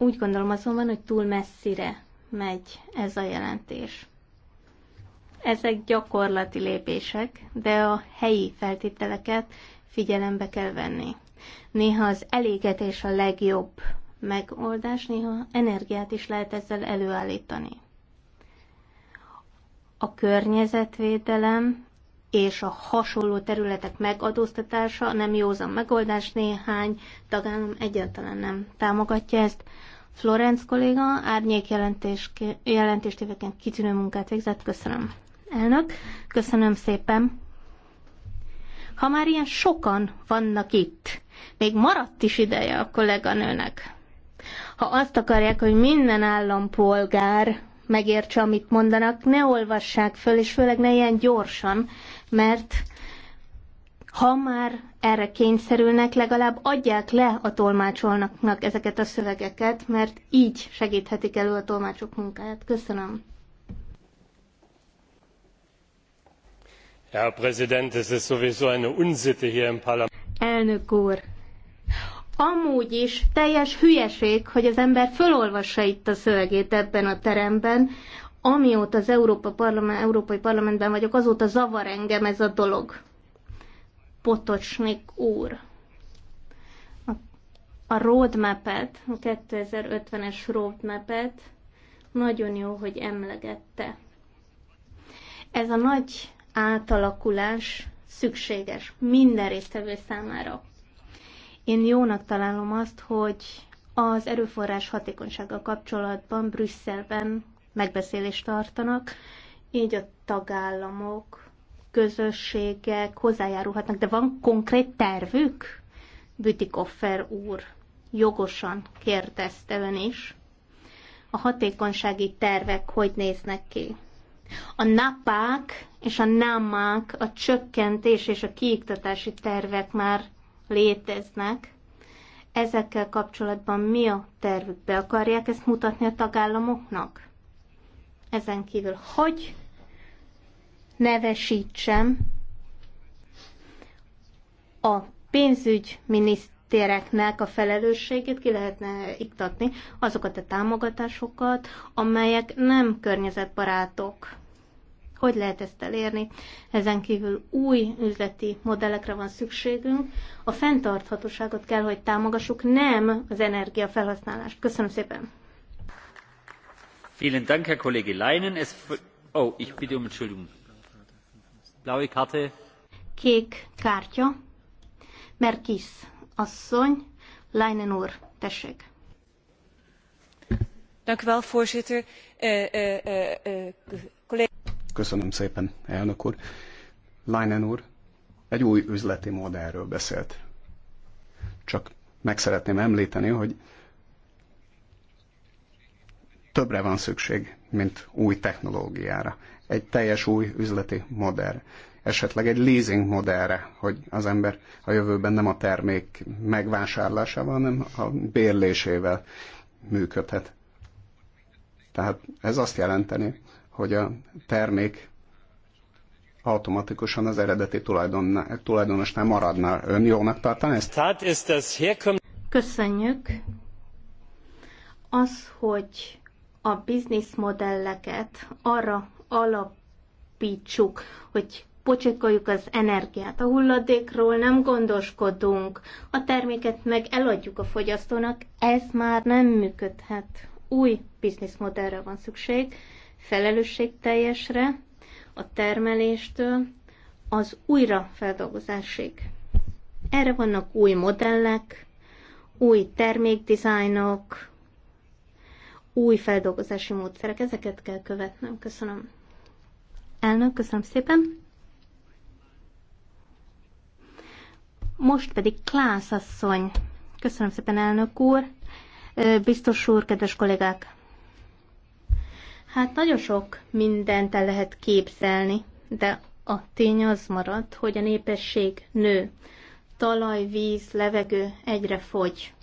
úgy gondolom azonban, hogy túl messzire megy ez a jelentés. Ezek gyakorlati lépések, de a helyi feltételeket figyelembe kell venni. Néha az elégetés a legjobb megoldás, néha energiát is lehet ezzel előállítani. A környezetvédelem és a hasonló területek megadóztatása nem józan megoldás, néhány tagállam egyáltalán nem támogatja ezt. Florenc kolléga árnyék jelentést éveken kitűnő munkát végzett, köszönöm. Elnök, köszönöm szépen. Ha már ilyen sokan vannak itt, még maradt is ideje a kolléganőnek. Ha azt akarják, hogy minden állampolgár megértse, amit mondanak, ne olvassák föl, és főleg ne ilyen gyorsan, mert ha már erre kényszerülnek, legalább adják le a tolmácsolnak ezeket a szövegeket, mert így segíthetik elő a tolmácsok munkáját. Köszönöm. Herr Präsident, es ist sowieso eine Unsitte hier im Parlament. Elnök úr, amúgy is teljes hülyeség, hogy az ember fölolvassa itt a szövegét ebben a teremben, Amióta az Európa Parlament, Európai Parlamentben vagyok, azóta zavar engem ez a dolog. Potocsnik úr. A, a roadmap-et, a 2050-es roadmap-et nagyon jó, hogy emlegette. Ez a nagy átalakulás szükséges minden résztvevő számára. Én jónak találom azt, hogy az erőforrás hatékonysággal kapcsolatban Brüsszelben megbeszélést tartanak, így a tagállamok, közösségek hozzájárulhatnak, de van konkrét tervük? Bütikoffer úr jogosan kérdezte ön is. A hatékonysági tervek hogy néznek ki? A napák és a námák, a csökkentés és a kiiktatási tervek már léteznek. Ezekkel kapcsolatban mi a tervük? Be akarják ezt mutatni a tagállamoknak? ezen kívül hogy nevesítsem a pénzügyminisztéreknek a felelősségét, ki lehetne iktatni azokat a támogatásokat, amelyek nem környezetbarátok. Hogy lehet ezt elérni? Ezen kívül új üzleti modellekre van szükségünk. A fenntarthatóságot kell, hogy támogassuk, nem az energiafelhasználást. Köszönöm szépen! Leinen. Oh, um Kék kártya. Merkis asszony. Leinen úr, tessék. voorzitter. Eh, eh, eh, Köszönöm szépen, elnök úr. Leinen úr, egy új üzleti modellről beszélt. Csak meg szeretném említeni, hogy többre van szükség, mint új technológiára. Egy teljes új üzleti modell, esetleg egy leasing modellre, hogy az ember a jövőben nem a termék megvásárlásával, hanem a bérlésével működhet. Tehát ez azt jelenteni, hogy a termék automatikusan az eredeti tulajdonosnál maradna. Ön jónak tartaná ezt? Köszönjük. Az, hogy a bizniszmodelleket arra alapítsuk, hogy pocsékoljuk az energiát. A hulladékról nem gondoskodunk, a terméket meg eladjuk a fogyasztónak, ez már nem működhet. Új bizniszmodellre van szükség, felelősségteljesre, a termeléstől az újrafeldolgozásig. Erre vannak új modellek, új termékdizájnok, új feldolgozási módszerek, ezeket kell követnem. Köszönöm. Elnök, köszönöm szépen. Most pedig Klász asszony. Köszönöm szépen, elnök úr. Biztos úr, kedves kollégák. Hát nagyon sok mindent el lehet képzelni, de a tény az marad, hogy a népesség nő. Talaj, víz, levegő egyre fogy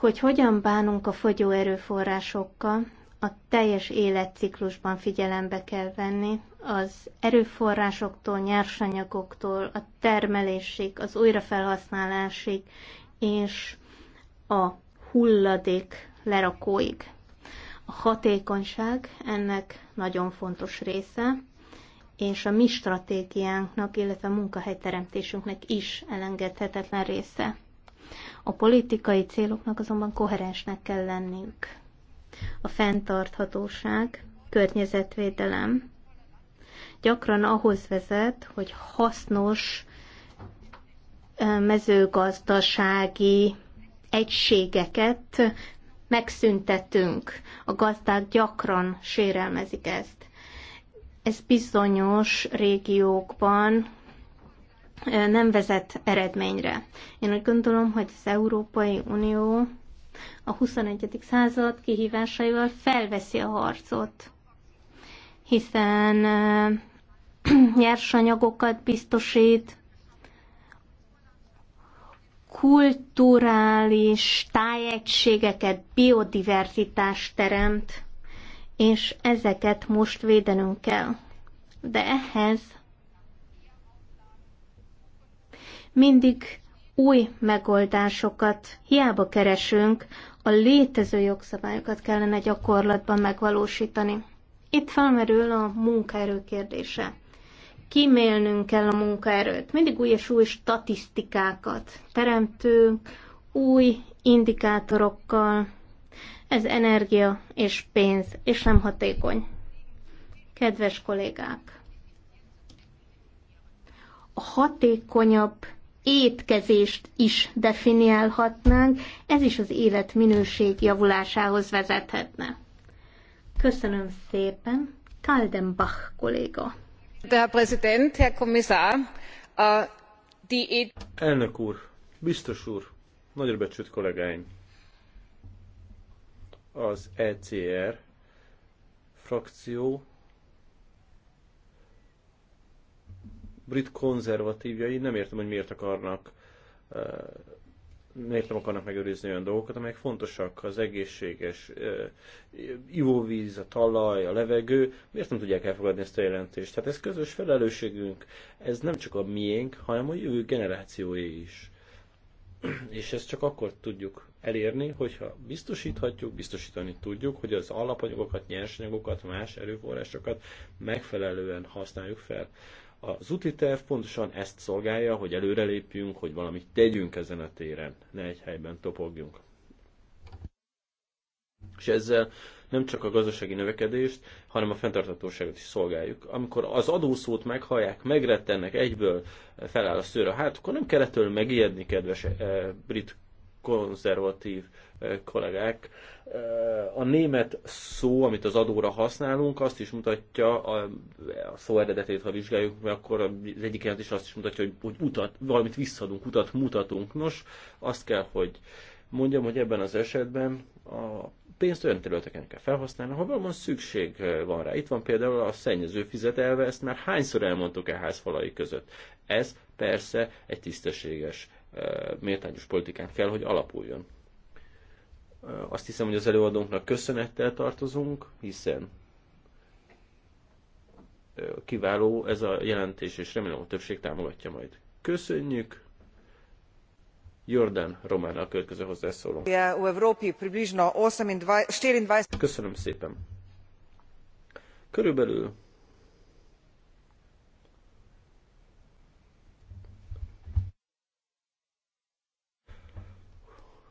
hogy hogyan bánunk a fogyó erőforrásokkal, a teljes életciklusban figyelembe kell venni, az erőforrásoktól, nyersanyagoktól, a termelésig, az újrafelhasználásig, és a hulladék lerakóig. A hatékonyság ennek nagyon fontos része, és a mi stratégiánknak, illetve a munkahelyteremtésünknek is elengedhetetlen része. A politikai céloknak azonban koherensnek kell lenniük. A fenntarthatóság, környezetvédelem gyakran ahhoz vezet, hogy hasznos mezőgazdasági egységeket megszüntetünk. A gazdák gyakran sérelmezik ezt. Ez bizonyos régiókban nem vezet eredményre. Én úgy gondolom, hogy az Európai Unió a 21. század kihívásaival felveszi a harcot, hiszen nyersanyagokat biztosít, kulturális tájegységeket, biodiverzitást teremt, és ezeket most védenünk kell. De ehhez mindig új megoldásokat hiába keresünk, a létező jogszabályokat kellene gyakorlatban megvalósítani. Itt felmerül a munkaerő kérdése. Kimélnünk kell a munkaerőt, mindig új és új statisztikákat teremtünk, új indikátorokkal. Ez energia és pénz, és nem hatékony. Kedves kollégák! A hatékonyabb étkezést is definiálhatnánk, ez is az életminőség javulásához vezethetne. Köszönöm szépen, Kaldenbach kolléga. Herr Präsident, Herr Kommissar, a diét... Elnök úr, biztos úr, nagyra becsült kollégáim. Az ECR frakció brit konzervatívjai nem értem, hogy miért akarnak eh, miért nem akarnak megőrizni olyan dolgokat, amelyek fontosak, az egészséges eh, ivóvíz, a talaj, a levegő, miért nem tudják elfogadni ezt a jelentést? Tehát ez közös felelősségünk, ez nem csak a miénk, hanem a jövő generációé is. És ezt csak akkor tudjuk elérni, hogyha biztosíthatjuk, biztosítani tudjuk, hogy az alapanyagokat, nyersanyagokat, más erőforrásokat megfelelően használjuk fel. Az úti terv pontosan ezt szolgálja, hogy előrelépjünk, hogy valamit tegyünk ezen a téren, ne egy helyben topogjunk. És ezzel nem csak a gazdasági növekedést, hanem a fenntarthatóságot is szolgáljuk. Amikor az adószót meghallják, megrettennek, egyből feláll a szőr a hát, akkor nem kell ettől megijedni, kedves eh, brit konzervatív kollégák. A német szó, amit az adóra használunk, azt is mutatja, a, a szó eredetét, ha vizsgáljuk, mert akkor az egyik is azt is mutatja, hogy, hogy utat, valamit visszadunk, utat mutatunk. Nos, azt kell, hogy mondjam, hogy ebben az esetben a pénzt olyan területeken kell felhasználni, ha valóban szükség van rá. Itt van például a szennyező fizetelve, ezt már hányszor elmondtuk e házfalai között. Ez persze egy tisztességes méltányos politikán kell, hogy alapuljon. Azt hiszem, hogy az előadónknak köszönettel tartozunk, hiszen kiváló ez a jelentés, és remélem a többség támogatja majd. Köszönjük! Jordan Román a következő hozzászóló. Köszönöm szépen! Körülbelül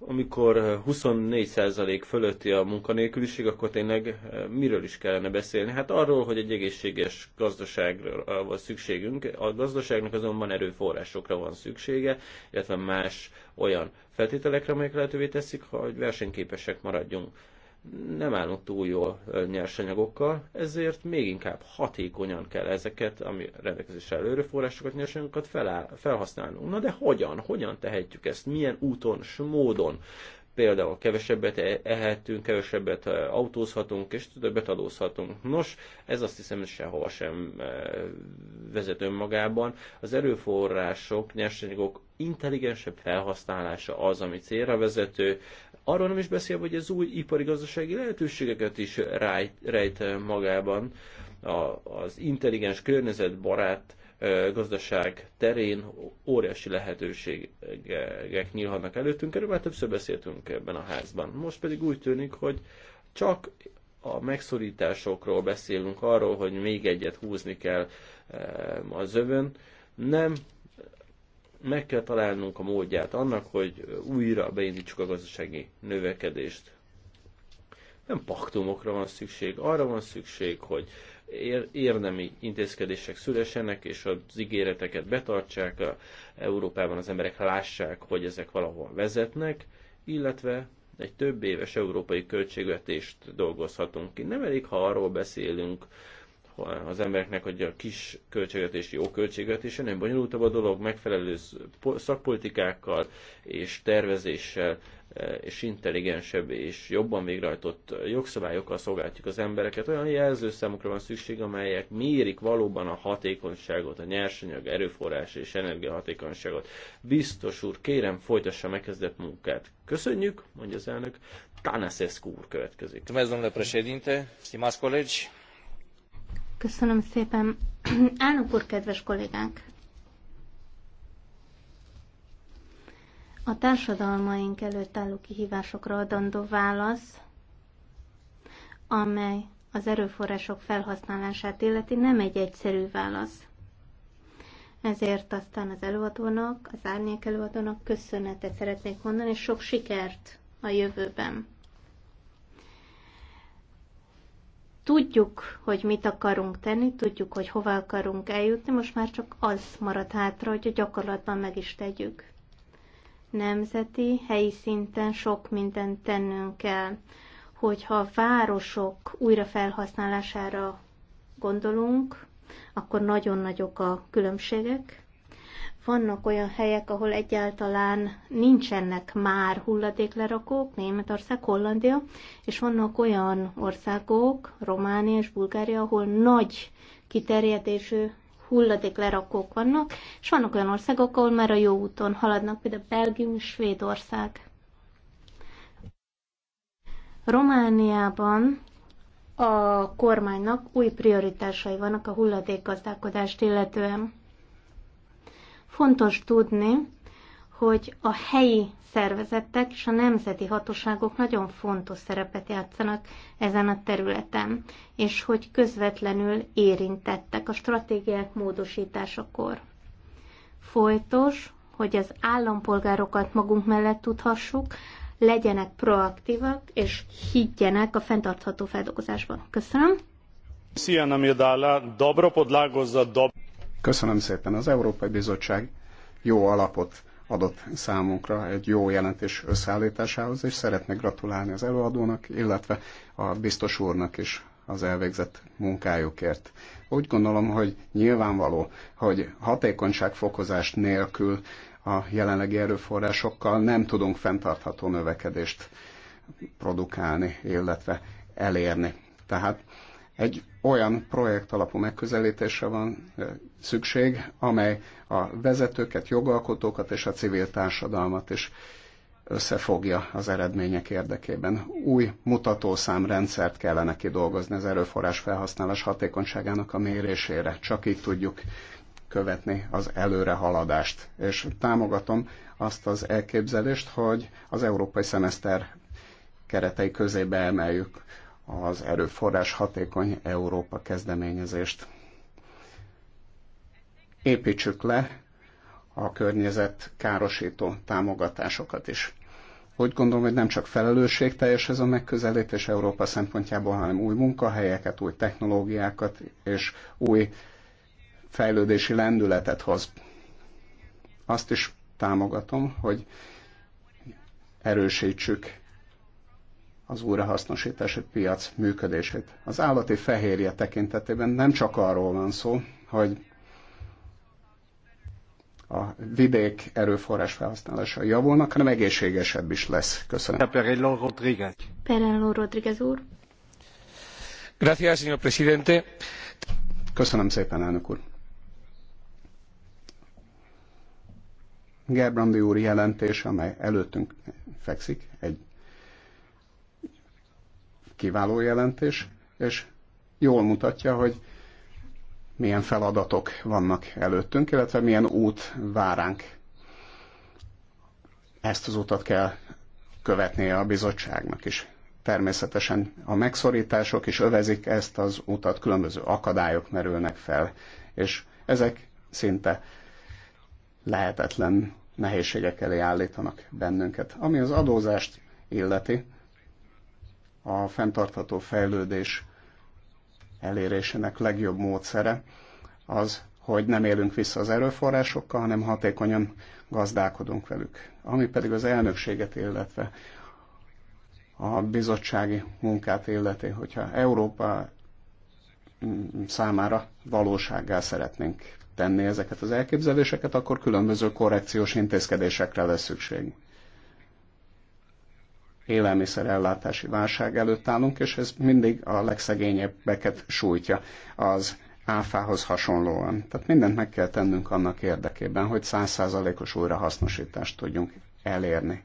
amikor 24% eh, fölötti a munkanélküliség, akkor tényleg eh, miről is kellene beszélni? Hát arról, hogy egy egészséges gazdaságra van szükségünk, a gazdaságnak azonban erőforrásokra van szüksége, illetve más olyan feltételekre, amelyek lehetővé teszik, hogy versenyképesek maradjunk nem állnak túl jól nyersanyagokkal, ezért még inkább hatékonyan kell ezeket, ami rendelkezésre álló erőforrásokat, nyersanyagokat felhasználnunk. Na de hogyan? Hogyan tehetjük ezt? Milyen úton, módon? például kevesebbet e-, ehetünk, kevesebbet e, autózhatunk, és többet adózhatunk. Nos, ez azt hiszem, hogy sehova sem e, vezet önmagában. Az erőforrások, nyersanyagok intelligensebb felhasználása az, ami célra vezető. Arról nem is beszélve, hogy ez új ipari gazdasági lehetőségeket is rejt, magában. az intelligens környezetbarát gazdaság terén óriási lehetőségek nyílhatnak előttünk, erről már többször beszéltünk ebben a házban. Most pedig úgy tűnik, hogy csak a megszorításokról beszélünk, arról, hogy még egyet húzni kell a zövön, nem meg kell találnunk a módját annak, hogy újra beindítsuk a gazdasági növekedést. Nem paktumokra van szükség, arra van szükség, hogy érdemi intézkedések szülessenek, és az ígéreteket betartsák, a Európában az emberek lássák, hogy ezek valahol vezetnek, illetve egy több éves európai költségvetést dolgozhatunk ki. Nem elég, ha arról beszélünk az embereknek, hogy a kis költségvetés jó költségvetés, nem bonyolultabb a dolog, megfelelő szakpolitikákkal és tervezéssel és intelligensebb és jobban végrehajtott jogszabályokkal szolgáltjuk az embereket. Olyan jelzőszámokra van szükség, amelyek mérik valóban a hatékonyságot, a nyersanyag, erőforrás és energiahatékonyságot. Biztos úr, kérem, folytassa megkezdett munkát. Köszönjük, mondja az elnök. Tanaszeszkú úr következik. Köszönöm szépen. Elnök úr, kedves kollégánk. A társadalmaink előtt álló kihívásokra adandó válasz, amely az erőforrások felhasználását illeti, nem egy egyszerű válasz. Ezért aztán az előadónak, az árnyék előadónak köszönetet szeretnék mondani, és sok sikert a jövőben. Tudjuk, hogy mit akarunk tenni, tudjuk, hogy hova akarunk eljutni, most már csak az marad hátra, hogy a gyakorlatban meg is tegyük nemzeti, helyi szinten sok mindent tennünk kell. Hogyha a városok újrafelhasználására gondolunk, akkor nagyon nagyok a különbségek. Vannak olyan helyek, ahol egyáltalán nincsenek már hulladéklerakók, Németország, Hollandia, és vannak olyan országok, Románia és Bulgária, ahol nagy kiterjedésű lerakók vannak, és vannak olyan országok, ahol már a jó úton haladnak, például Belgium, Svédország. Romániában a kormánynak új prioritásai vannak a hulladékgazdálkodást illetően. Fontos tudni, hogy a helyi szervezetek és a nemzeti hatóságok nagyon fontos szerepet játszanak ezen a területen, és hogy közvetlenül érintettek a stratégiák módosításakor. Folytos, hogy az állampolgárokat magunk mellett tudhassuk, legyenek proaktívak, és higgyenek a fenntartható feldolgozásban. Köszönöm. Köszönöm szépen. Az Európai Bizottság jó alapot adott számunkra egy jó jelentés összeállításához, és szeretnék gratulálni az előadónak, illetve a biztos úrnak is az elvégzett munkájukért. Úgy gondolom, hogy nyilvánvaló, hogy hatékonyságfokozást nélkül a jelenlegi erőforrásokkal nem tudunk fenntartható növekedést produkálni, illetve elérni. Tehát egy olyan projekt alapú megközelítésre van szükség, amely a vezetőket, jogalkotókat és a civil társadalmat is összefogja az eredmények érdekében. Új mutatószámrendszert kellene kidolgozni az erőforrás felhasználás hatékonyságának a mérésére. Csak így tudjuk követni az előrehaladást. És támogatom azt az elképzelést, hogy az európai szemeszter keretei közébe emeljük az erőforrás hatékony Európa kezdeményezést. Építsük le a környezet károsító támogatásokat is. Úgy gondolom, hogy nem csak felelősségteljes ez a megközelítés Európa szempontjából, hanem új munkahelyeket, új technológiákat és új fejlődési lendületet hoz. Azt is támogatom, hogy erősítsük az újrahasznosítási piac működését. Az állati fehérje tekintetében nem csak arról van szó, hogy a vidék erőforrás felhasználása javulnak, hanem egészségesebb is lesz. Köszönöm. Perello Rodríguez. Perello Rodríguez úr. Gracias, señor presidente. Köszönöm szépen, elnök úr. Gerbrandi úr jelentése, amely előttünk fekszik, egy kiváló jelentés, és jól mutatja, hogy milyen feladatok vannak előttünk, illetve milyen út váránk. Ezt az utat kell követnie a bizottságnak is. Természetesen a megszorítások is övezik ezt az utat, különböző akadályok merülnek fel, és ezek szinte lehetetlen nehézségek elé állítanak bennünket. Ami az adózást illeti, a fenntartható fejlődés elérésének legjobb módszere az, hogy nem élünk vissza az erőforrásokkal, hanem hatékonyan gazdálkodunk velük. Ami pedig az elnökséget, illetve a bizottsági munkát illeti, hogyha Európa mm, számára valósággá szeretnénk tenni ezeket az elképzeléseket, akkor különböző korrekciós intézkedésekre lesz szükség élelmiszerellátási válság előtt állunk, és ez mindig a legszegényebbeket sújtja az áfához hasonlóan. Tehát mindent meg kell tennünk annak érdekében, hogy százszázalékos újrahasznosítást tudjunk elérni.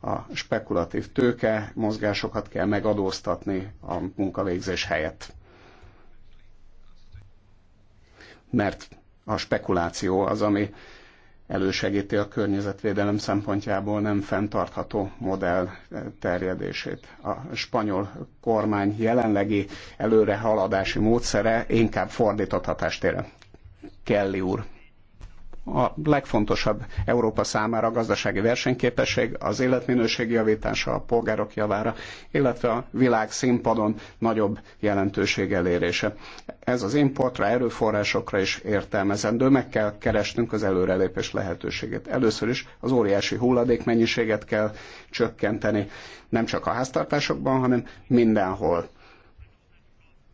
A spekulatív tőke mozgásokat kell megadóztatni a munkavégzés helyett. Mert a spekuláció az, ami elősegíti a környezetvédelem szempontjából nem fenntartható modell terjedését. A spanyol kormány jelenlegi előrehaladási módszere inkább fordított hatást ér. Kelly úr a legfontosabb Európa számára a gazdasági versenyképesség, az életminőség javítása a polgárok javára, illetve a világ színpadon nagyobb jelentőség elérése. Ez az importra, erőforrásokra is értelmezendő, meg kell keresnünk az előrelépés lehetőségét. Először is az óriási hulladékmennyiséget kell csökkenteni, nem csak a háztartásokban, hanem mindenhol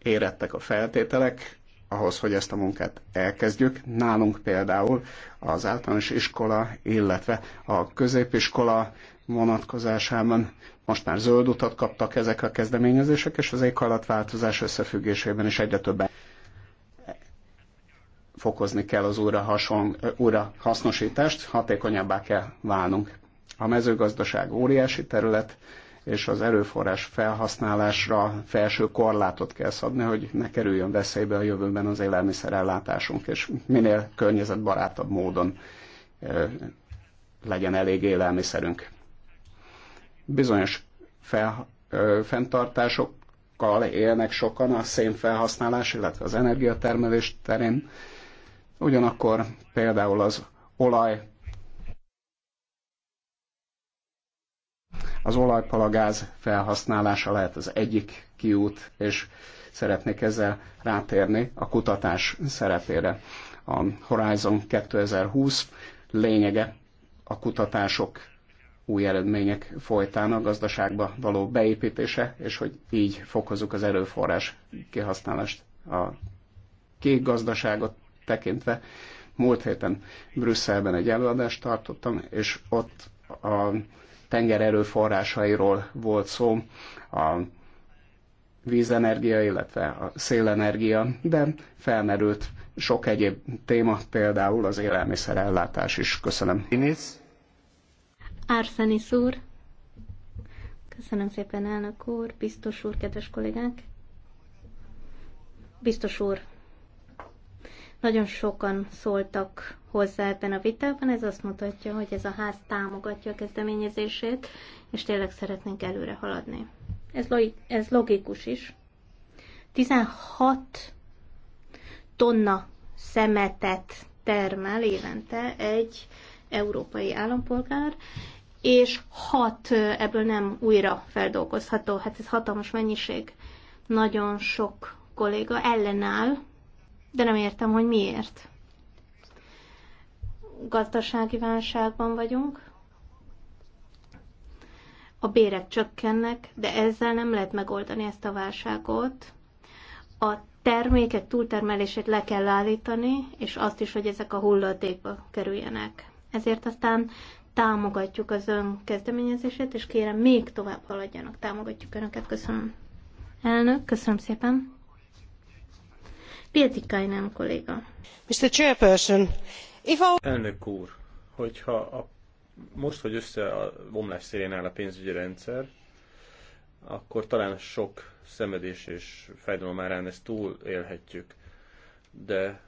érettek a feltételek, ahhoz, hogy ezt a munkát elkezdjük. Nálunk például az általános iskola, illetve a középiskola vonatkozásában most már zöld utat kaptak ezek a kezdeményezések, és az éghajlatváltozás összefüggésében is egyre többen fokozni kell az újra, hason, újra hasznosítást, hatékonyabbá kell válnunk. A mezőgazdaság óriási terület, és az erőforrás felhasználásra felső korlátot kell szabni, hogy ne kerüljön veszélybe a jövőben az élelmiszerellátásunk, és minél környezetbarátabb módon legyen elég élelmiszerünk. Bizonyos fel, ö, fenntartásokkal élnek sokan a szénfelhasználás, illetve az energiatermelés terén. Ugyanakkor például az olaj Az olajpalagáz felhasználása lehet az egyik kiút, és szeretnék ezzel rátérni a kutatás szerepére. A Horizon 2020 lényege a kutatások új eredmények folytán a gazdaságba való beépítése, és hogy így fokozzuk az erőforrás kihasználást a kék gazdaságot tekintve. Múlt héten Brüsszelben egy előadást tartottam, és ott a tenger erőforrásairól volt szó, a vízenergia, illetve a szélenergia, de felmerült sok egyéb téma, például az élelmiszerellátás is. Köszönöm. Inis? Arsenis úr. Köszönöm szépen, elnök úr, biztos úr, kedves kollégák. Biztos úr, nagyon sokan szóltak hozzá ebben a vitában, ez azt mutatja, hogy ez a ház támogatja a kezdeményezését, és tényleg szeretnénk előre haladni. Ez, ez logikus is. 16 tonna szemetet termel évente egy európai állampolgár, és hat ebből nem újra feldolgozható. Hát ez hatalmas mennyiség. Nagyon sok kolléga ellenáll de nem értem, hogy miért. Gazdasági válságban vagyunk, a bérek csökkennek, de ezzel nem lehet megoldani ezt a válságot. A termékek túltermelését le kell állítani, és azt is, hogy ezek a hulladékba kerüljenek. Ezért aztán támogatjuk az ön kezdeményezését, és kérem, még tovább haladjanak. Támogatjuk önöket. Köszönöm. Elnök, köszönöm szépen. Pietikainen kolléga. Mr. Chairperson, if I... Elnök úr, hogyha a, most, hogy össze a bomlás szélén áll a pénzügyi rendszer, akkor talán sok szenvedés és fájdalom árán ezt túlélhetjük. De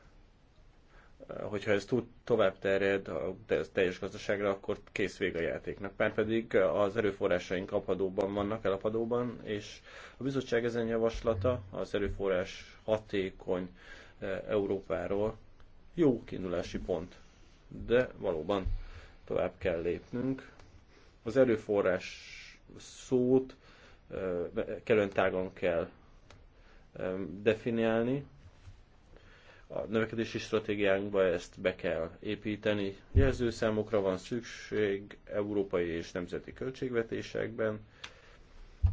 hogyha ez túl tovább terjed a teljes gazdaságra, akkor kész vége a játéknak. pedig az erőforrásaink apadóban vannak, elapadóban, és a bizottság ezen javaslata az erőforrás hatékony e, Európáról jó kiindulási pont. De valóban tovább kell lépnünk. Az erőforrás szót e, kellően tágon kell e, definiálni, a növekedési stratégiánkba ezt be kell építeni. Jelzőszámokra van szükség európai és nemzeti költségvetésekben.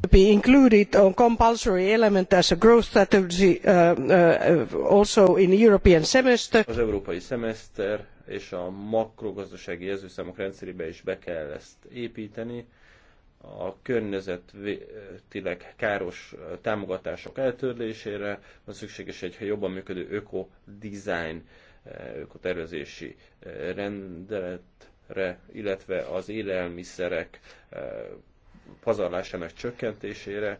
Be included on compulsory element as a growth strategy uh, uh, also in the European semester. Az európai szemeszter és a makrogazdasági jelzőszámok rendszerébe is be kell ezt építeni a környezetileg káros támogatások eltörlésére van szükséges egy jobban működő öko-design, eh, ökotervezési eh, rendeletre, illetve az élelmiszerek eh, pazarlásának csökkentésére,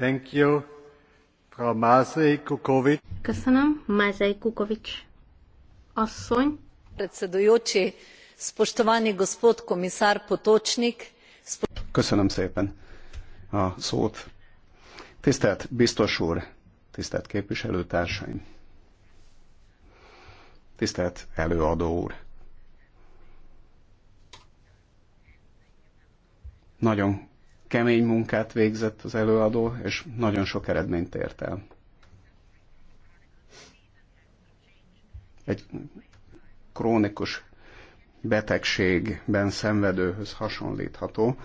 Thank you. Frau Mazej Kukovic. Köszönöm. Mazej Kukovic asszony. Predsedujoči, spoštovani gospod komisár Potočnik. Köszönöm szépen a szót. Tisztelt biztos úr, tisztelt képviselőtársaim, tisztelt előadó úr. Nagyon kemény munkát végzett az előadó, és nagyon sok eredményt ért el. Egy krónikus betegségben szenvedőhöz hasonlítható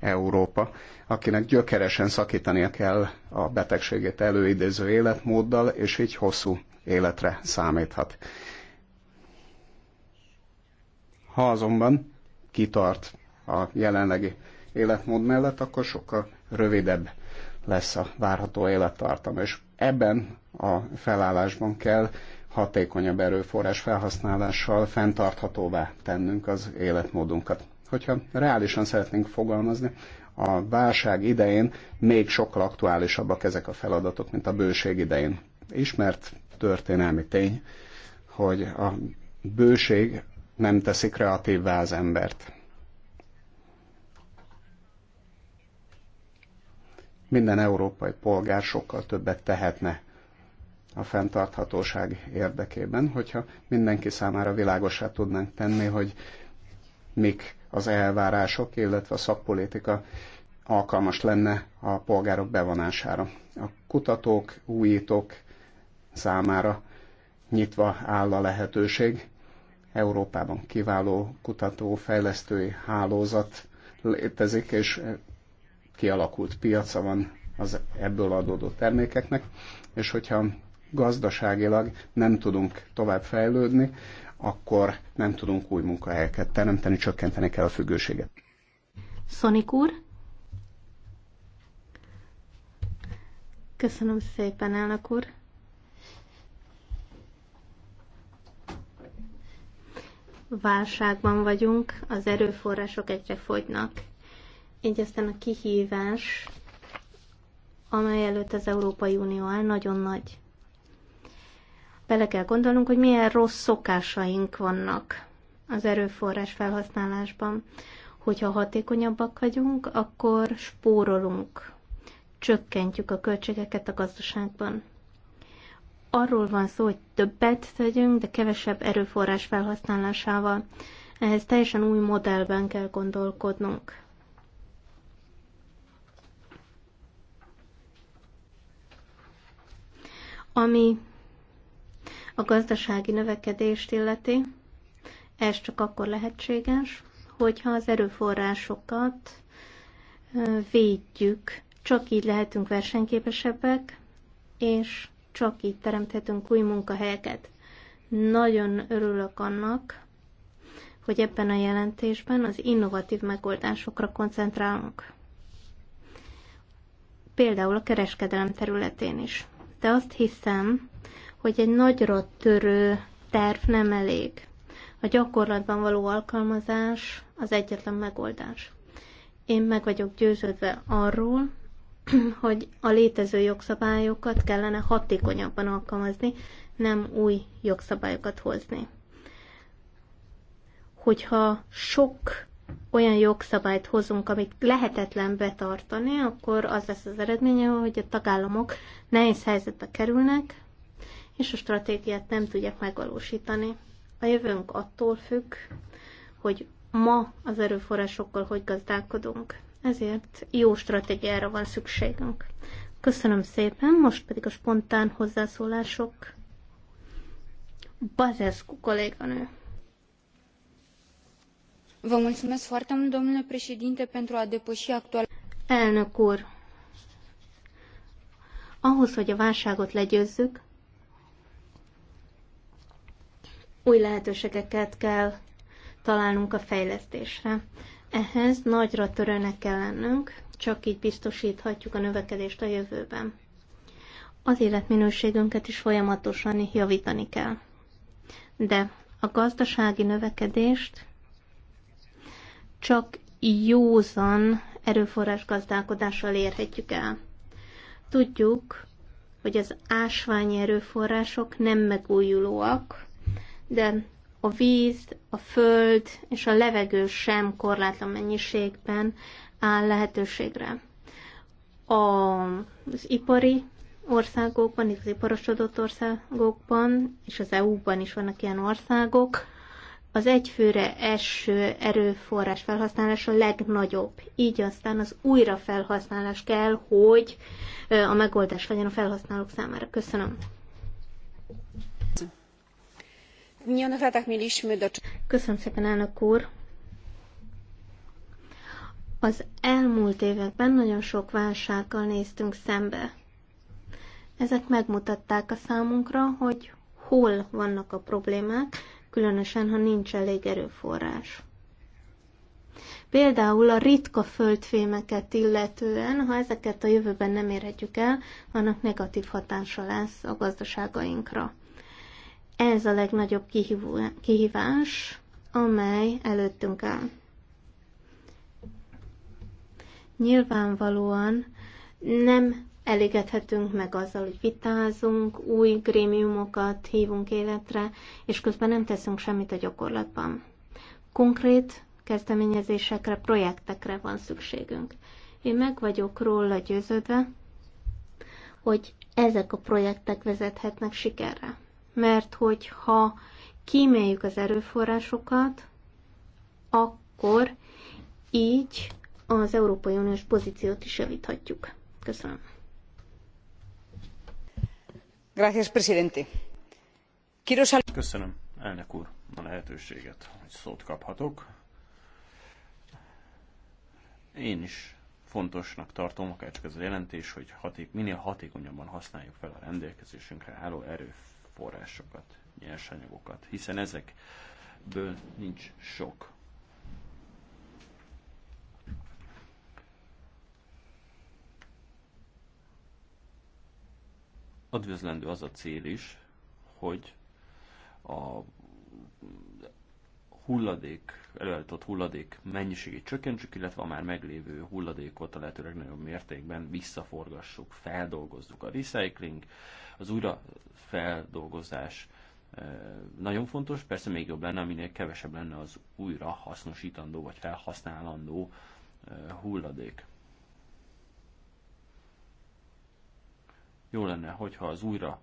Európa, akinek gyökeresen szakítania kell a betegségét előidéző életmóddal, és így hosszú életre számíthat. Ha azonban kitart a jelenlegi életmód mellett, akkor sokkal rövidebb lesz a várható élettartam. És ebben a felállásban kell hatékonyabb erőforrás felhasználással fenntarthatóvá tennünk az életmódunkat. Hogyha reálisan szeretnénk fogalmazni, a válság idején még sokkal aktuálisabbak ezek a feladatok, mint a bőség idején. Ismert történelmi tény, hogy a bőség nem teszi kreatívvá az embert. Minden európai polgár sokkal többet tehetne a fenntarthatóság érdekében, hogyha mindenki számára világosá tudnánk tenni, hogy mik az elvárások, illetve a szakpolitika alkalmas lenne a polgárok bevonására. A kutatók, újítók számára nyitva áll a lehetőség. Európában kiváló kutató-fejlesztői hálózat létezik, és kialakult piaca van az ebből adódó termékeknek, és hogyha gazdaságilag nem tudunk tovább fejlődni, akkor nem tudunk új munkahelyeket teremteni, csökkenteni kell a függőséget. Szonik úr? Köszönöm szépen, elnök úr. Válságban vagyunk, az erőforrások egyre fogynak, így aztán a kihívás, amely előtt az Európai Unió áll, nagyon nagy. Bele kell gondolnunk, hogy milyen rossz szokásaink vannak az erőforrás felhasználásban. Hogyha hatékonyabbak vagyunk, akkor spórolunk, csökkentjük a költségeket a gazdaságban arról van szó, hogy többet tegyünk, de kevesebb erőforrás felhasználásával. Ehhez teljesen új modellben kell gondolkodnunk. Ami a gazdasági növekedést illeti, ez csak akkor lehetséges, hogyha az erőforrásokat védjük. Csak így lehetünk versenyképesebbek, és csak így teremthetünk új munkahelyeket. Nagyon örülök annak, hogy ebben a jelentésben az innovatív megoldásokra koncentrálunk. Például a kereskedelem területén is de azt hiszem, hogy egy nagyra törő terv nem elég. A gyakorlatban való alkalmazás az egyetlen megoldás. Én meg vagyok győződve arról, hogy a létező jogszabályokat kellene hatékonyabban alkalmazni, nem új jogszabályokat hozni. Hogyha sok olyan jogszabályt hozunk, amit lehetetlen betartani, akkor az lesz az eredménye, hogy a tagállamok nehéz helyzetbe kerülnek, és a stratégiát nem tudják megvalósítani. A jövőnk attól függ, hogy ma az erőforrásokkal hogy gazdálkodunk. Ezért jó stratégiára van szükségünk. Köszönöm szépen, most pedig a spontán hozzászólások. Bazeszku kolléganő. Elnök úr, ahhoz, hogy a válságot legyőzzük, új lehetőségeket kell találnunk a fejlesztésre. Ehhez nagyra törőnek kell lennünk, csak így biztosíthatjuk a növekedést a jövőben. Az életminőségünket is folyamatosan javítani kell. De a gazdasági növekedést csak józan erőforrás gazdálkodással érhetjük el. Tudjuk, hogy az ásványi erőforrások nem megújulóak, de a víz, a föld és a levegő sem korlátlan mennyiségben áll lehetőségre. A, az ipari országokban, az iparosodott országokban, és az EU-ban is vannak ilyen országok, az egyfőre eső erőforrás felhasználás a legnagyobb. Így aztán az újrafelhasználás kell, hogy a megoldás legyen a felhasználók számára. Köszönöm. Köszönöm szépen, elnök úr. Az elmúlt években nagyon sok válsággal néztünk szembe. Ezek megmutatták a számunkra, hogy hol vannak a problémák, különösen, ha nincs elég erőforrás. Például a ritka földfémeket illetően, ha ezeket a jövőben nem érhetjük el, annak negatív hatása lesz a gazdaságainkra. Ez a legnagyobb kihívás, amely előttünk áll. Nyilvánvalóan nem elégedhetünk meg azzal, hogy vitázunk, új grémiumokat hívunk életre, és közben nem teszünk semmit a gyakorlatban. Konkrét kezdeményezésekre, projektekre van szükségünk. Én meg vagyok róla győződve, hogy ezek a projektek vezethetnek sikerre. Mert hogyha kíméljük az erőforrásokat, akkor így az Európai Uniós pozíciót is javíthatjuk. Köszönöm. Köszönöm, elnök úr, hogy kaphatok. Én is fontosnak tartom, akárcsak ez a jelentés, hogy haték, minél hatékonyabban használjuk fel a rendelkezésünkre álló erőforrásokat, nyersanyagokat, hiszen ezekből nincs sok. advözlendő az a cél is, hogy a hulladék, előállított hulladék mennyiségét csökkentsük, illetve a már meglévő hulladékot a lehető legnagyobb mértékben visszaforgassuk, feldolgozzuk. A recycling, az újra feldolgozás eh, nagyon fontos, persze még jobb lenne, minél kevesebb lenne az újra hasznosítandó vagy felhasználandó eh, hulladék. Jó lenne, hogyha az újra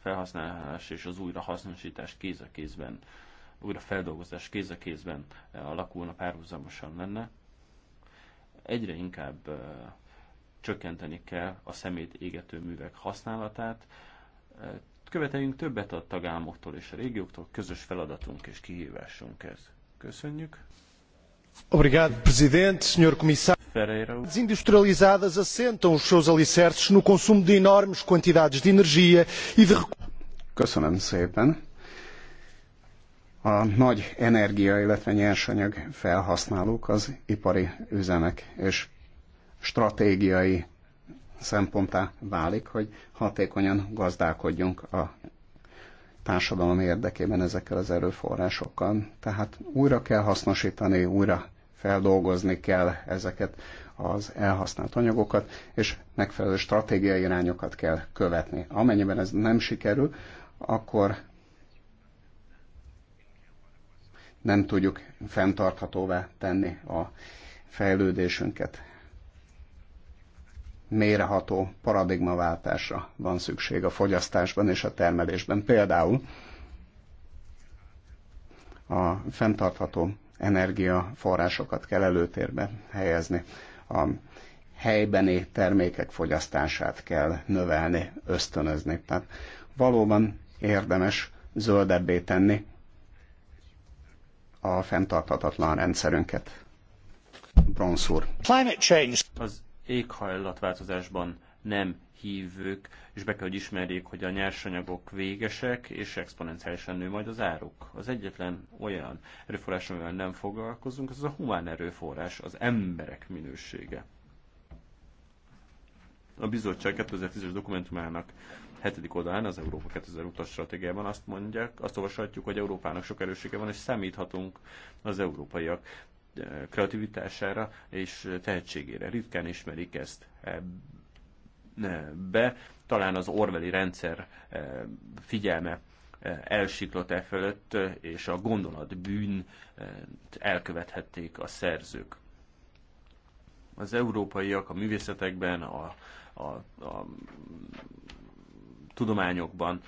felhasználás és az újrahasznosítás kéz a kézben, újra feldolgozás kéz a kézben eh, alakulna párhuzamosan lenne. Egyre inkább eh, csökkenteni kell a szemét égető művek használatát. Eh, követeljünk többet a tagállamoktól és a régióktól, közös feladatunk és kihívásunk ez. Köszönjük. Obrigado, Presidente, Sr. Comissário. Ferreira. As industrializadas assentam os seus alicerces no consumo de enormes quantidades de energia e de Köszönöm szépen. A nagy energia, illetve nyersanyag felhasználók az ipari üzemek, és stratégiai szemponttá válik, hogy hatékonyan gazdálkodjunk a társadalom érdekében ezekkel az erőforrásokkal. Tehát újra kell hasznosítani, újra feldolgozni kell ezeket az elhasznált anyagokat, és megfelelő stratégiai irányokat kell követni. Amennyiben ez nem sikerül, akkor nem tudjuk fenntarthatóvá tenni a fejlődésünket. Méreható paradigmaváltásra van szükség a fogyasztásban és a termelésben. Például a fenntartható energiaforrásokat kell előtérbe helyezni. A helybeni termékek fogyasztását kell növelni, ösztönözni. Tehát valóban érdemes zöldebbé tenni a fenntarthatatlan rendszerünket. Bronz Az éghajlatváltozásban nem hívők is be kell, hogy ismerjék, hogy a nyersanyagok végesek, és exponenciálisan nő majd az áruk. Az egyetlen olyan erőforrás, amivel nem foglalkozunk, az a humán erőforrás, az emberek minősége. A bizottság 2010-es dokumentumának hetedik oldalán az Európa 2000 utas stratégiában azt mondják, azt olvashatjuk, hogy Európának sok erőssége van, és számíthatunk az európaiak eh, kreativitására és tehetségére. Ritkán ismerik ezt be, talán az orveli rendszer eh, figyelme eh, elsiklott e fölött, eh, és a gondolatbűn elkövethették a szerzők. Az európaiak a művészetekben, a, a, a tudományokban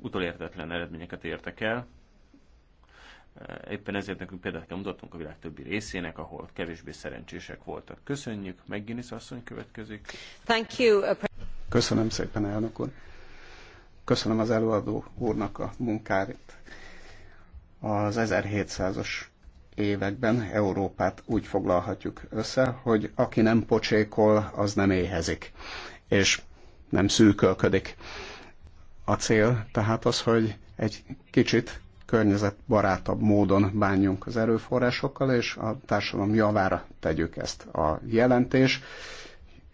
utolértetlen eredményeket értek el, Eh, éppen ezért nekünk példát kell mutatnunk a világ többi részének, ahol kevésbé szerencsések voltak. Köszönjük, Megginis asszony következik. Thank you. Köszönöm szépen, elnök úr. Köszönöm az előadó úrnak a munkáit. Az 1700-as években Európát úgy foglalhatjuk össze, hogy aki nem pocsékol, az nem éhezik, és nem szűkölködik. A cél tehát az, hogy egy kicsit környezetbarátabb módon bánjunk az erőforrásokkal, és a társadalom javára tegyük ezt. A jelentés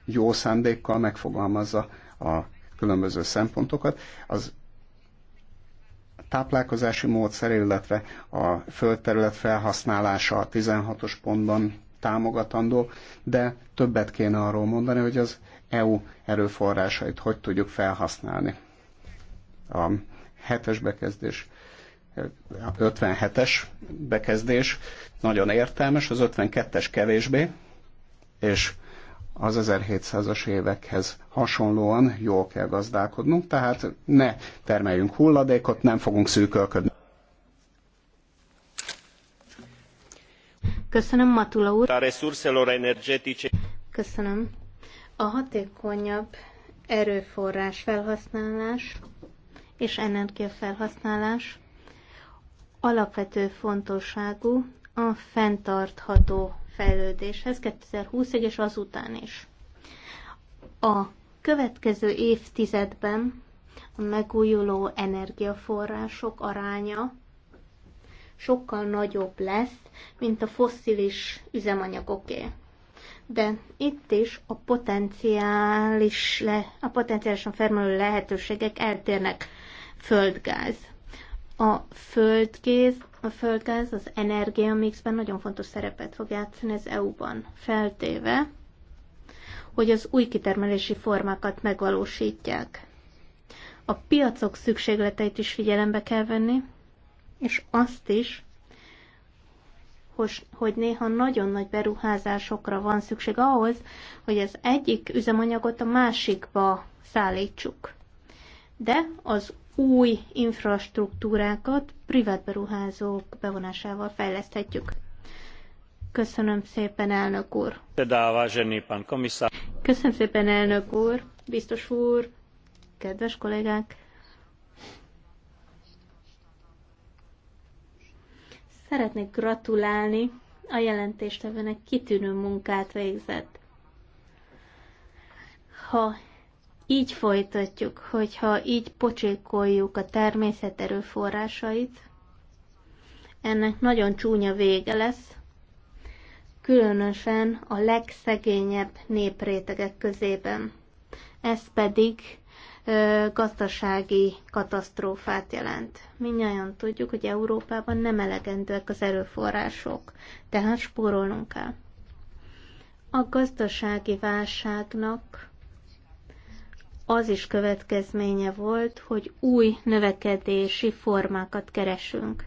jó szándékkal megfogalmazza a különböző szempontokat. Az táplálkozási módszer, illetve a földterület felhasználása a 16-os pontban támogatandó, de többet kéne arról mondani, hogy az EU erőforrásait hogy tudjuk felhasználni. A hetes bekezdés 57-es bekezdés nagyon értelmes, az 52-es kevésbé, és az 1700-as évekhez hasonlóan jól kell gazdálkodnunk, tehát ne termeljünk hulladékot, nem fogunk szűkölködni. Köszönöm, Matula úr. A energetice. Köszönöm. A hatékonyabb erőforrás felhasználás és energiafelhasználás alapvető fontosságú a fenntartható fejlődéshez 2020-ig és azután is. A következő évtizedben a megújuló energiaforrások aránya sokkal nagyobb lesz, mint a fosszilis üzemanyagoké. De itt is a, potenciális le, a potenciálisan felmerülő lehetőségek eltérnek. Földgáz, a földgéz, a földgáz az energia mixben nagyon fontos szerepet fog játszani az EU-ban, feltéve, hogy az új kitermelési formákat megvalósítják. A piacok szükségleteit is figyelembe kell venni, és azt is, hogy néha nagyon nagy beruházásokra van szükség ahhoz, hogy az egyik üzemanyagot a másikba szállítsuk. De az új infrastruktúrákat privát beruházók bevonásával fejleszthetjük. Köszönöm szépen, elnök úr. Köszönöm szépen, elnök úr, biztos úr, kedves kollégák. Szeretnék gratulálni a jelentéstevőnek kitűnő munkát végzett. Ha így folytatjuk, hogyha így pocsékoljuk a természet erőforrásait, ennek nagyon csúnya vége lesz, különösen a legszegényebb néprétegek közében. Ez pedig ö, gazdasági katasztrófát jelent. Mindnyáján tudjuk, hogy Európában nem elegendőek az erőforrások, tehát spórolnunk kell. A gazdasági válságnak az is következménye volt, hogy új növekedési formákat keresünk.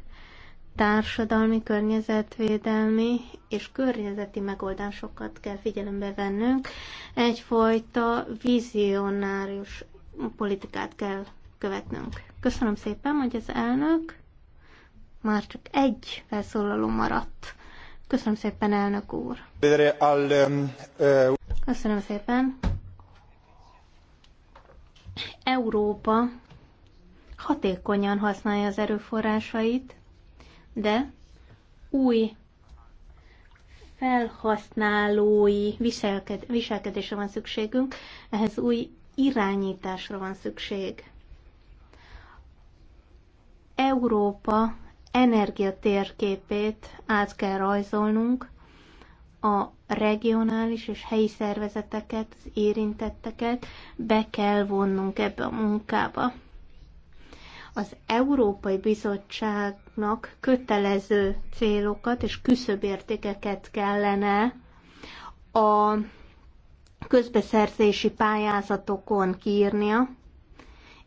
Társadalmi, környezetvédelmi és környezeti megoldásokat kell figyelembe vennünk. Egyfajta vizionárius politikát kell követnünk. Köszönöm szépen, hogy az elnök már csak egy felszólaló maradt. Köszönöm szépen, elnök úr. Köszönöm szépen. Európa hatékonyan használja az erőforrásait, de új felhasználói viselked- viselkedésre van szükségünk, ehhez új irányításra van szükség. Európa energiatérképét át kell rajzolnunk, a regionális és helyi szervezeteket, az érintetteket be kell vonnunk ebbe a munkába. Az Európai Bizottságnak kötelező célokat és küszöbértékeket kellene a közbeszerzési pályázatokon kiírnia,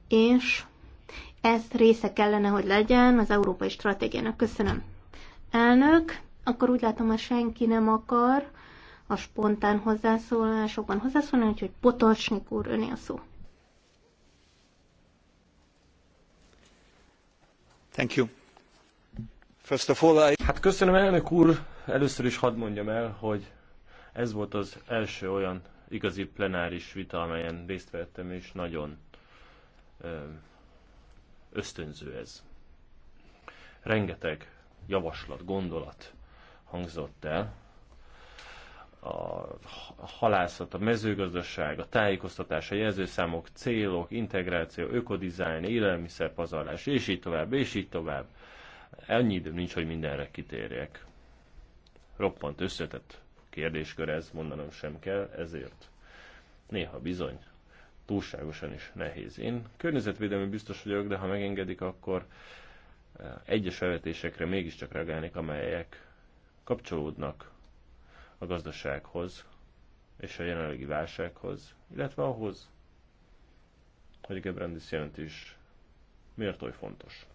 és ezt része kellene, hogy legyen az európai stratégiának. Köszönöm. Elnök, akkor úgy látom, hogy senki nem akar a spontán hozzászólásokban hozzászólni, úgyhogy Potolsnik úr, öné a szó. Thank you. First of all, I... Hát köszönöm, elnök úr. Először is hadd mondjam el, hogy ez volt az első olyan igazi plenáris vita, amelyen részt vettem, és nagyon ösztönző ez. Rengeteg javaslat, gondolat hangzott el, a halászat, a mezőgazdaság, a tájékoztatás, a jelzőszámok, célok, integráció, ökodizájn, élelmiszerpazarlás, és így tovább, és így tovább. Ennyi időm nincs, hogy mindenre kitérjek. Roppant összetett kérdéskör ez, mondanom sem kell, ezért néha bizony túlságosan is nehéz. Én környezetvédelmi biztos vagyok, de ha megengedik, akkor eh, egyes elvetésekre mégiscsak reagálnék, amelyek kapcsolódnak a gazdasághoz és a jelenlegi válsághoz, illetve ahhoz, hogy a Gebrandis jelentés miért oly fontos.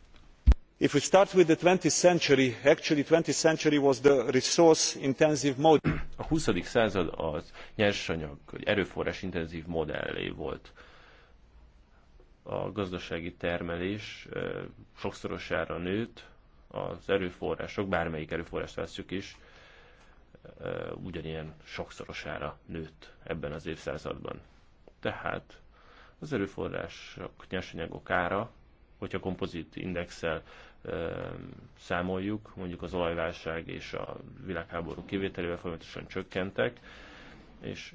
If we start with the 20th century, actually 20th century was the resource intensive mode. A 20. század az nyersanyag, erőforrás intenzív modellé volt a gazdasági termelés sokszorosára nőtt, az erőforrások, bármelyik erőforrást veszük is, ugyanilyen sokszorosára nőtt ebben az évszázadban. Tehát az erőforrások, nyersanyagok ára, hogyha kompozit indexel számoljuk, mondjuk az olajválság és a világháború kivételével folyamatosan csökkentek, és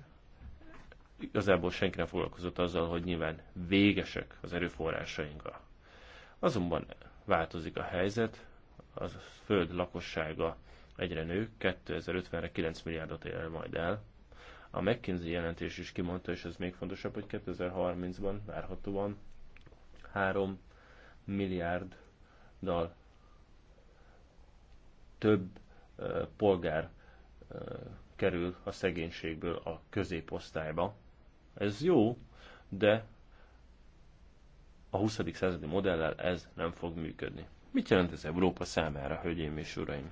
igazából senki nem foglalkozott azzal, hogy nyilván végesek az erőforrásainkra. Azonban változik a helyzet, a föld lakossága egyre nő, 2050-re 9 milliárdot ér majd el. A McKinsey jelentés is kimondta, és ez még fontosabb, hogy 2030-ban várhatóan 3 milliárddal több ö, polgár ö, kerül a szegénységből a középosztályba. Ez jó, de a 20. századi modellel ez nem fog működni. Mit jelent ez Európa számára, hölgyeim és uraim?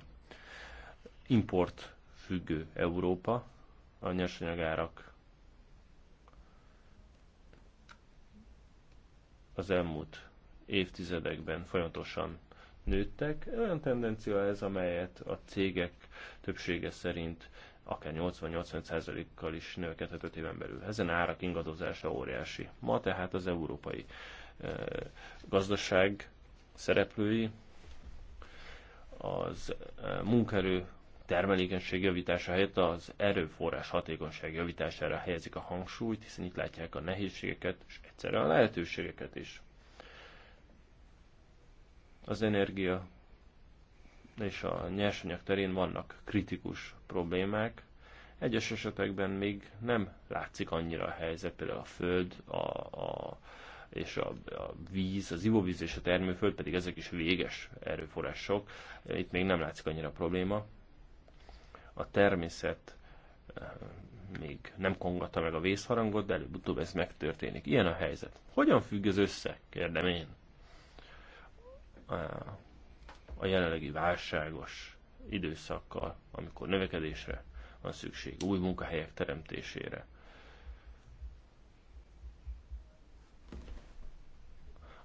Import függő Európa, a nyersanyagárak az elmúlt évtizedekben folyamatosan nőttek. Olyan tendencia ez, amelyet a cégek többsége szerint akár 80-85%-kal is növekedhet 5 éven belül. Ezen árak ingadozása óriási. Ma tehát az európai eh, gazdaság szereplői az eh, munkaerő termelékenység javítása helyett az erőforrás hatékonyság javítására helyezik a hangsúlyt, hiszen itt látják a nehézségeket és egyszerre a lehetőségeket is. Az energia és a nyersanyag terén vannak kritikus problémák. Egyes esetekben még nem látszik annyira a helyzet, például a föld, a, a és a, a víz, az ivóvíz és a termőföld pedig ezek is véges erőforrások. Itt még nem látszik annyira a probléma. A természet eh, még nem kongatta meg a vészharangot, de előbb-utóbb ez megtörténik. Ilyen a helyzet. Hogyan függ ez össze? Kérdem én. A, a jelenlegi válságos időszakkal, amikor növekedésre van szükség, új munkahelyek teremtésére,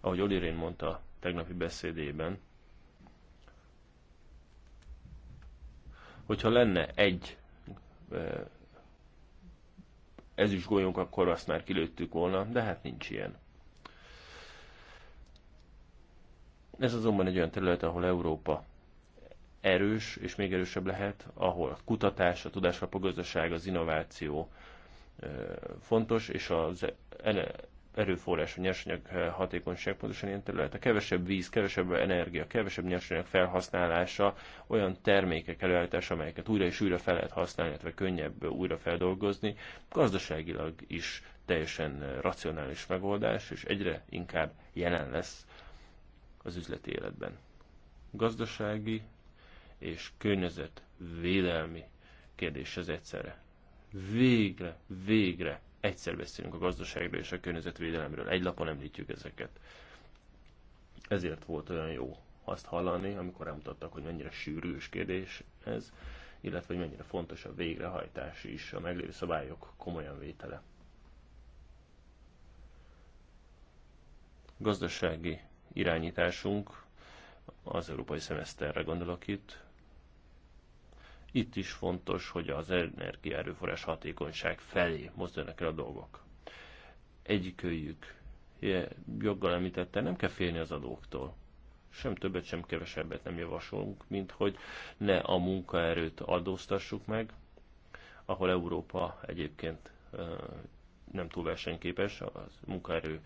Ahogy Olirén mondta tegnapi beszédében, hogyha lenne egy e, ez is golyónk, akkor azt már kilőttük volna, de hát nincs ilyen. Ez azonban egy olyan terület, ahol Európa erős, és még erősebb lehet, ahol a kutatás, a tudásalapú gazdaság, az innováció e, fontos, és az e, erőforrás, a nyersanyag eh, hatékonyság pontosan ilyen terület. A kevesebb víz, kevesebb energia, kevesebb nyersanyag felhasználása olyan termékek előállítása, amelyeket újra és újra fel lehet használni, illetve könnyebb újra feldolgozni, gazdaságilag is teljesen eh, racionális megoldás, és egyre inkább jelen lesz az üzleti életben. Gazdasági és környezetvédelmi kérdés ez egyszerre. Végre, végre egyszer beszélünk a gazdaságról és a környezetvédelemről. Egy lapon említjük ezeket. Ezért volt olyan jó azt hallani, amikor elmutattak, hogy mennyire sűrűs kérdés ez, illetve hogy mennyire fontos a végrehajtás is, a meglévő szabályok komolyan vétele. Gazdasági irányításunk, az európai szemeszterre gondolok itt, itt is fontos, hogy az energiaerőforrás hatékonyság felé mozdulnak el a dolgok. Egyikőjük joggal említette, nem kell félni az adóktól. Sem többet, sem kevesebbet nem javasolunk, mint hogy ne a munkaerőt adóztassuk meg, ahol Európa egyébként nem túl versenyképes, az munkaerő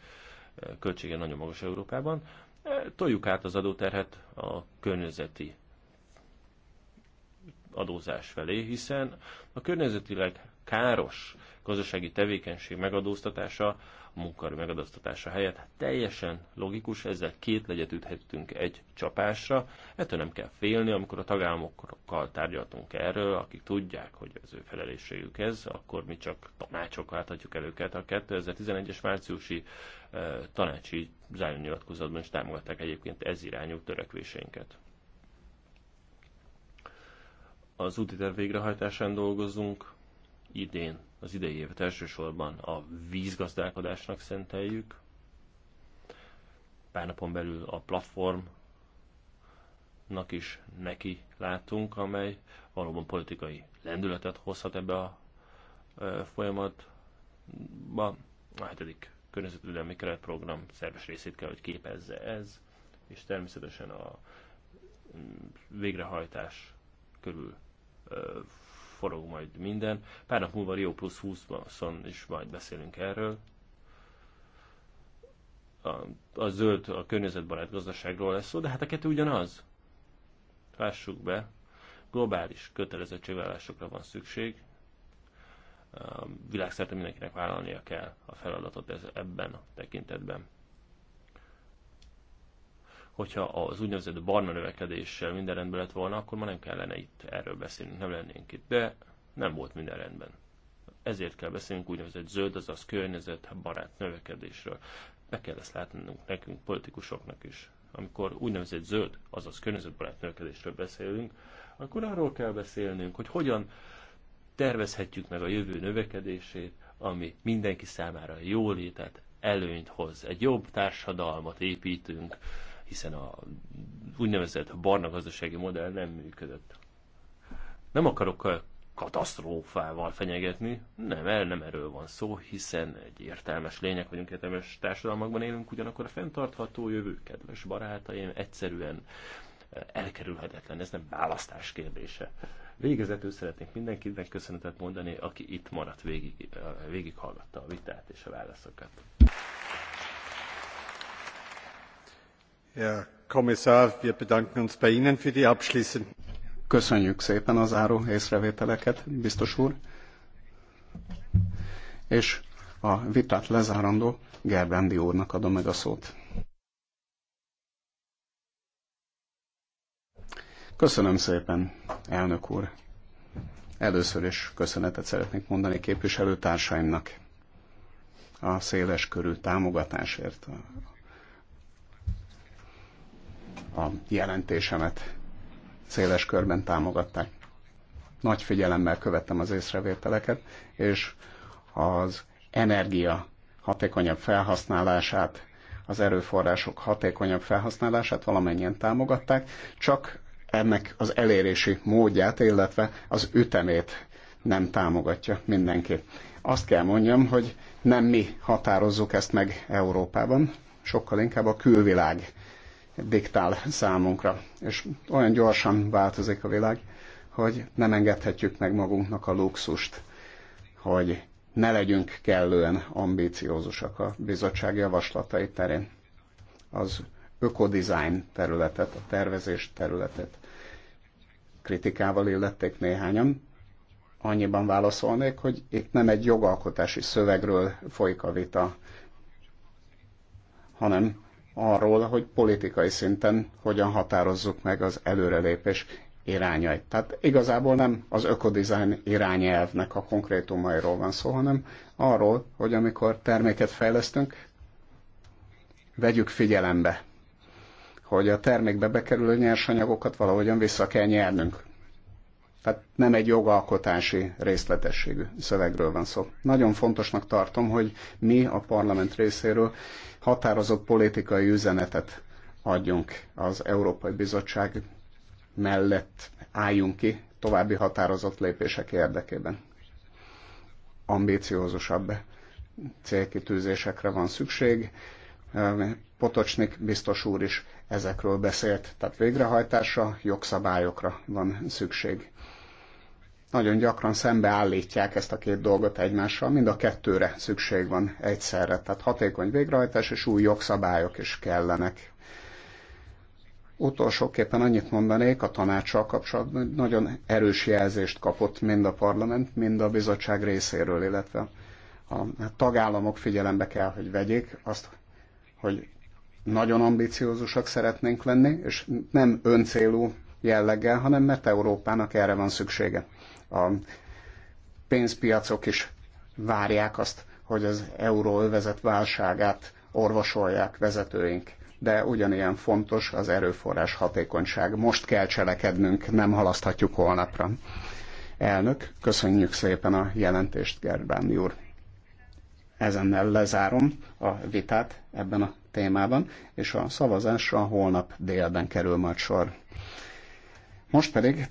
költsége nagyon magas Európában. E, toljuk át az adóterhet a környezeti adózás felé, hiszen a környezetileg káros gazdasági tevékenység megadóztatása, a munkaerő megadóztatása helyett teljesen logikus, ezzel két legyet üthetünk egy csapásra. Ettől nem kell félni, amikor a tagállamokkal tárgyaltunk erről, akik tudják, hogy az ő felelősségük ez, akkor mi csak tanácsokkal adhatjuk el őket. A 2011-es márciusi eh, tanácsi zájonnyilatkozatban is támogatták egyébként ez irányú törekvéseinket az úti terv végrehajtásán dolgozunk idén, az idei évet elsősorban a vízgazdálkodásnak szenteljük. Pár napon belül a platformnak is neki látunk, amely valóban politikai lendületet hozhat ebbe a folyamatba. A hetedik környezetvédelmi keretprogram szerves részét kell, hogy képezze ez, és természetesen a végrehajtás körül forog majd minden. Pár nap múlva Rio Plus 20 is majd beszélünk erről. A, a zöld, a környezetbarát gazdaságról lesz szó, de hát a kettő ugyanaz. Lássuk be, globális kötelezettségvállásokra van szükség, világszerte mindenkinek vállalnia kell a feladatot ez, ebben a tekintetben hogyha az úgynevezett barna növekedéssel minden rendben lett volna, akkor ma nem kellene itt erről beszélnünk, nem lennénk itt. De nem volt minden rendben. Ezért kell beszélnünk úgynevezett zöld, azaz környezet, barát növekedésről. Be kell ezt látnunk nekünk, politikusoknak is. Amikor úgynevezett zöld, azaz környezetbarát növekedésről beszélünk, akkor arról kell beszélnünk, hogy hogyan tervezhetjük meg a jövő növekedését, ami mindenki számára jólétet, előnyt hoz. Egy jobb társadalmat építünk, hiszen a úgynevezett barna gazdasági modell nem működött. Nem akarok katasztrófával fenyegetni, nem, el nem erről van szó, hiszen egy értelmes lények vagyunk, értelmes társadalmakban élünk, ugyanakkor a fenntartható jövő, kedves barátaim, egyszerűen elkerülhetetlen, ez nem választás kérdése. Végezetül szeretnék mindenkinek köszönetet mondani, aki itt maradt, végig, végighallgatta a vitát és a válaszokat. Herr Kommissar, wir bedanken uns bei Ihnen für die abschließenden. Köszönjük szépen az záró észrevételeket, biztos úr. És a vitát lezárandó Gerbendi úrnak adom meg a szót. Köszönöm szépen, elnök úr. Először is köszönetet szeretnék mondani képviselőtársaimnak a széles körű támogatásért a jelentésemet széles körben támogatták. Nagy figyelemmel követtem az észrevételeket, és az energia hatékonyabb felhasználását, az erőforrások hatékonyabb felhasználását valamennyien támogatták, csak ennek az elérési módját, illetve az ütemét nem támogatja mindenki. Azt kell mondjam, hogy nem mi határozzuk ezt meg Európában, sokkal inkább a külvilág diktál számunkra. És olyan gyorsan változik a világ, hogy nem engedhetjük meg magunknak a luxust, hogy ne legyünk kellően ambíciózusak a bizottság javaslatai terén. Az ökodizájn területet, a tervezés területet kritikával illették néhányan. Annyiban válaszolnék, hogy itt nem egy jogalkotási szövegről folyik a vita, hanem arról, hogy politikai szinten hogyan határozzuk meg az előrelépés irányait. Tehát igazából nem az ökodizájn irányelvnek a konkrétumairól van szó, hanem arról, hogy amikor terméket fejlesztünk, vegyük figyelembe, hogy a termékbe bekerülő nyersanyagokat valahogyan vissza kell nyernünk. Tehát nem egy jogalkotási részletességű szövegről van szó. Nagyon fontosnak tartom, hogy mi a parlament részéről határozott politikai üzenetet adjunk az Európai Bizottság mellett, álljunk ki további határozott lépések érdekében. Ambíciózusabb célkitűzésekre van szükség. Potocsnik biztos úr is ezekről beszélt, tehát végrehajtásra, jogszabályokra van szükség nagyon gyakran szembeállítják ezt a két dolgot egymással, mind a kettőre szükség van egyszerre. Tehát hatékony végrehajtás és új jogszabályok is kellenek. Utolsóképpen annyit mondanék a tanácssal kapcsolatban, hogy nagyon erős jelzést kapott mind a parlament, mind a bizottság részéről, illetve a tagállamok figyelembe kell, hogy vegyék azt, hogy nagyon ambiciózusak szeretnénk lenni, és nem öncélú jelleggel, hanem mert Európának erre van szüksége a pénzpiacok is várják azt, hogy az euróövezet válságát orvosolják vezetőink. De ugyanilyen fontos az erőforrás hatékonyság. Most kell cselekednünk, nem halaszthatjuk holnapra. Elnök, köszönjük szépen a jelentést, Gerbándi úr. Ezennel lezárom a vitát ebben a témában, és a szavazásra holnap délben kerül majd sor. Most pedig